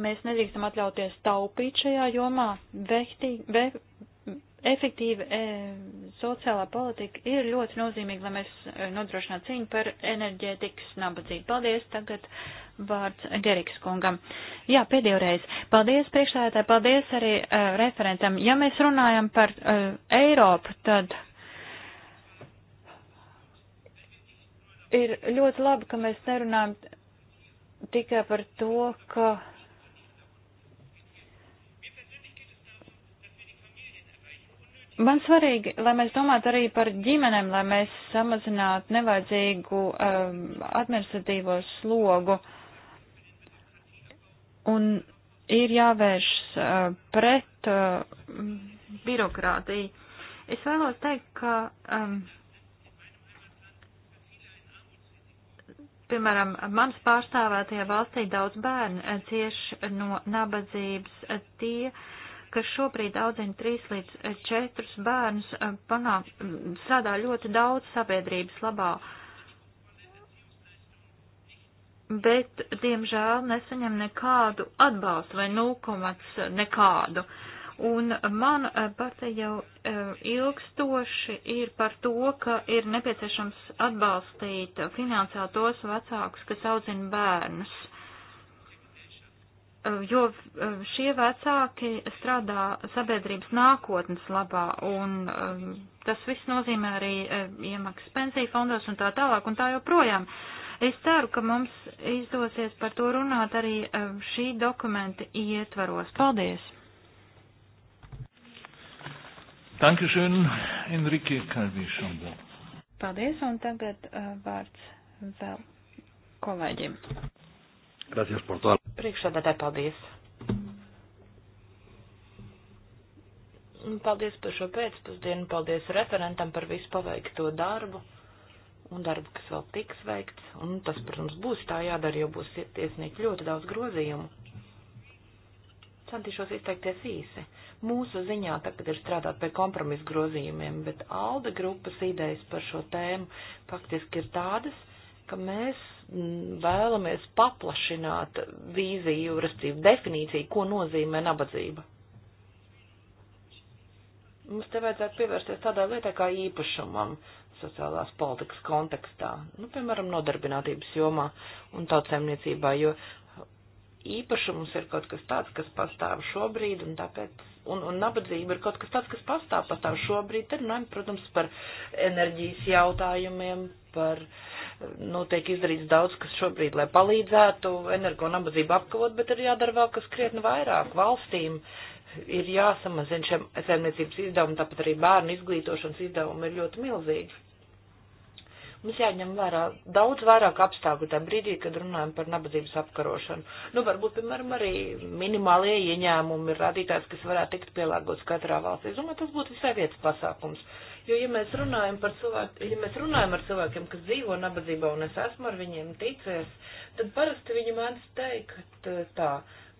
B: Mēs nedrīkstam atļauties taupīt šajā jomā, vehtīgi, ve, efektīva e, sociālā politika ir ļoti nozīmīga, lai mēs e, nodrošinātu cīņu par enerģētikas nabadzību. Paldies, tagad vārds Geriks kungam. Jā, pēdējo reizi. Paldies priekšsēdētāji, paldies arī e, referentam. Ja mēs runājam par e, Eiropu, tad ir ļoti labi, ka mēs nerunājam tikai par to, ka Man svarīgi, lai mēs domātu arī par ģimenēm, lai mēs samazinātu nevajadzīgu um, administratīvo slogu. Un ir jāvēršas uh, pret uh, birokrātiju. Es vēlos teikt, ka, um, piemēram, mans pārstāvētajā valstī daudz bērnu cieši no nabadzības. Tie, uh, kas šobrīd audzina 3 līdz 4 eh, bērnus, eh, panāk, mm, strādā ļoti daudz sabiedrības labā, bet, diemžēl, nesaņem nekādu atbalstu vai 0, eh, nekādu. Un man partija jau ilgstoši ir par to, ka ir nepieciešams atbalstīt finansā tos vecākus, kas audzina bērnus. Uh, Eh, jo eh, šie vecāki strādā sabiedrības nākotnes labā, un eh, tas viss nozīmē arī iemaksas pensiju fondos un tā tālāk un tā joprojām. Es ceru, ka mums izdosies par to runāt arī šī dokumenta ietvaros. Paldies!
A: Dankeschön, Enrique Kalvišambo.
B: Paldies, un tagad uh, vārds vēl kolēģiem.
A: Gracias por to.
C: Priekšsēdētāji, paldies. Paldies par šo pēcpusdienu, paldies referentam par visu paveikto darbu un darbu, kas vēl tiks veikts. Un tas, protams, būs tā jādara, jo būs iesniegt ļoti daudz grozījumu. Centīšos izteikties īsi. Mūsu ziņā tagad ir strādāt pie kompromisu grozījumiem, bet Alda grupas idejas par šo tēmu faktiski ir tādas, ka mēs vēlamies paplašināt vīziju, respektīvi definīciju, ko nozīmē nabadzība. Mums te vajadzētu pievērsties tādā lietā kā īpašumam sociālās politikas kontekstā, nu, piemēram, nodarbinātības jomā un tautsēmniecībā, jo īpašums ir kaut kas tāds, kas pastāv šobrīd, un tāpēc, un, un nabadzība ir kaut kas tāds, kas pastāv, pastāv šobrīd, tad runājam, protams, par enerģijas jautājumiem, par uh, nu, tiek izdarīts daudz, kas šobrīd, lai palīdzētu energo nabadzību apkavot, bet ir jādara vēl kas krietni vairāk valstīm. Ir jāsamazina šiem saimniecības izdevumi, tāpat arī bērnu izglītošanas izdevumi ir ļoti milzīgi. Mums jāņem vērā daudz vairāk apstākļu tajā brīdī, kad runājam par nabadzības apkarošanu. Nu, varbūt, piemēram, arī minimālie ieņēmumi ir rādītājs, kas varētu tikt pielāgots katrā valstī. Es domāju, tas būtu visai vietas pasākums. Uh, Jo, ja mēs runājam, par cilvēku, ja mēs runājam ar cilvēkiem, kas dzīvo nabadzībā, un es esmu ar viņiem ticies, tad parasti viņi mēdz teikt tā,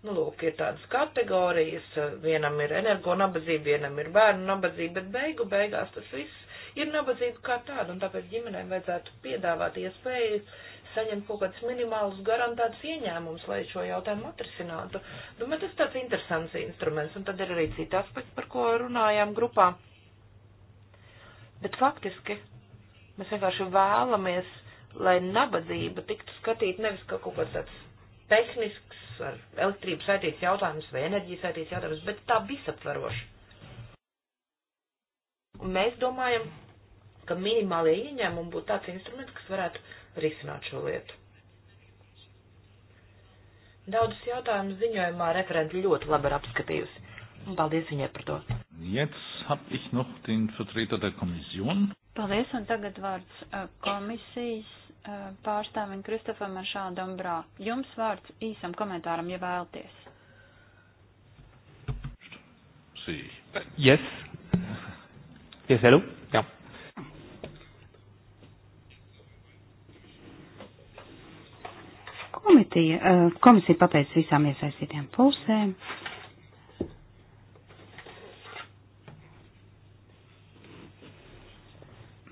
C: nu, lūk, ir tādas kategorijas, vienam ir energo nabadzība, vienam ir bērnu nabadzība, bet beigu beigās tas viss ir nabadzība kā tāda, un tāpēc ģimenēm vajadzētu piedāvāt iespējas saņemt kaut kādus minimālus garantētus ieņēmumus, lai šo jautājumu atrisinātu. Domāju, nu, tas tāds interesants instruments, un tad ir arī citi aspekti, par ko runājām grupā. Bet faktiski mēs vienkārši vēlamies, lai nabadzība tiktu skatīta nevis kā kaut kāds tāds tehnisks, ar elektrības saistīts jautājums vai enerģijas saistīts jautājums, bet tā visaptvaroši. Un mēs domājam, ka minimālie ieņēmumi būtu tāds instruments, kas varētu risināt šo lietu. Daudzus jautājumus ziņojumā referenti ļoti labi ir apskatījusi. Un paldies viņai par
A: to. Jetzt hab ich noch den Vertreter der Kommission.
C: Paldies, un tagad
B: vārds komisijas pārstāvim Kristofam Maršālu Dombrā. Jums vārds īsam komentāram, ja vēlties.
A: See. Yes. Yes, hello. Yeah.
B: Komitija,
D: komisija papēc visām iesaistītiem pusēm. Uh,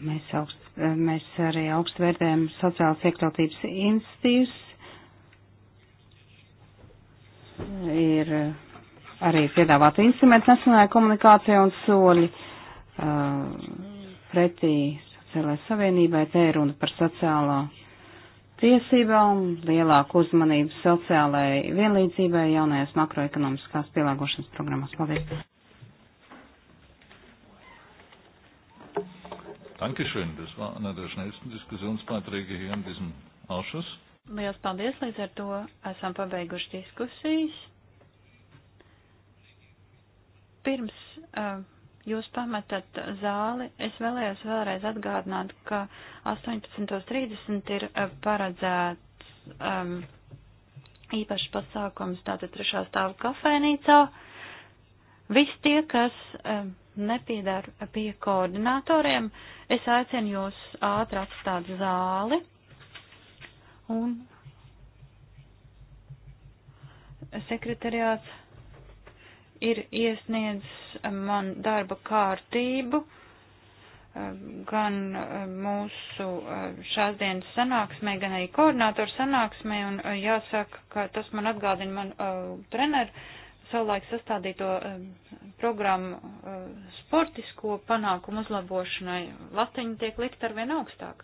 D: Mēs, augst, mēs arī augstu vērtējam sociālas iekļautības institīvs. Ir arī piedāvāti instrumenti nacionālajai komunikācijai un soļi uh, pretī sociālajai savienībai. Te ir runa par sociālo tiesībām, lielāku uzmanību sociālajai vienlīdzībai jaunajās makroekonomiskās pielāgošanas programmas. Paldies!
A: Dankeschön, das war einer der schnellsten Diskussionsbeiträge hier in diesem Ausschuss.
B: Lielas paldies, līdz ar to esam pabeiguši diskusijas. Pirms uh, jūs pametat zāli, es vēlējos vēlreiz atgādināt, ka 18.30 ir eh, paredzēts um, īpašs pasākums tātad trešā stāva kafēnīcā. Visi tie, kas um, nepiedar pie koordinatoriem, uh, Es aicinu jūs ātri atstāt zāli un sekretariāts ir iesniedzis man darba kārtību um, gan um, mūsu um, šās dienas sanāksmē, gan arī koordinātoru sanāksmē, un uh, jāsaka, ka tas man atgādina man uh, treneru savulaik sastādīto programmu sportisko panākumu uzlabošanai latiņa tiek likt arvien augstāk.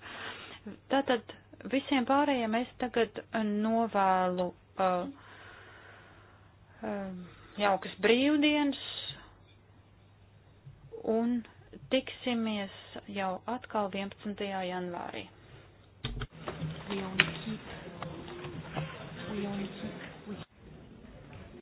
B: Tātad visiem pārējiem es tagad novēlu uh, uh, jaukas brīvdienas un tiksimies jau atkal 11. janvārī. We only keep,
A: we only keep.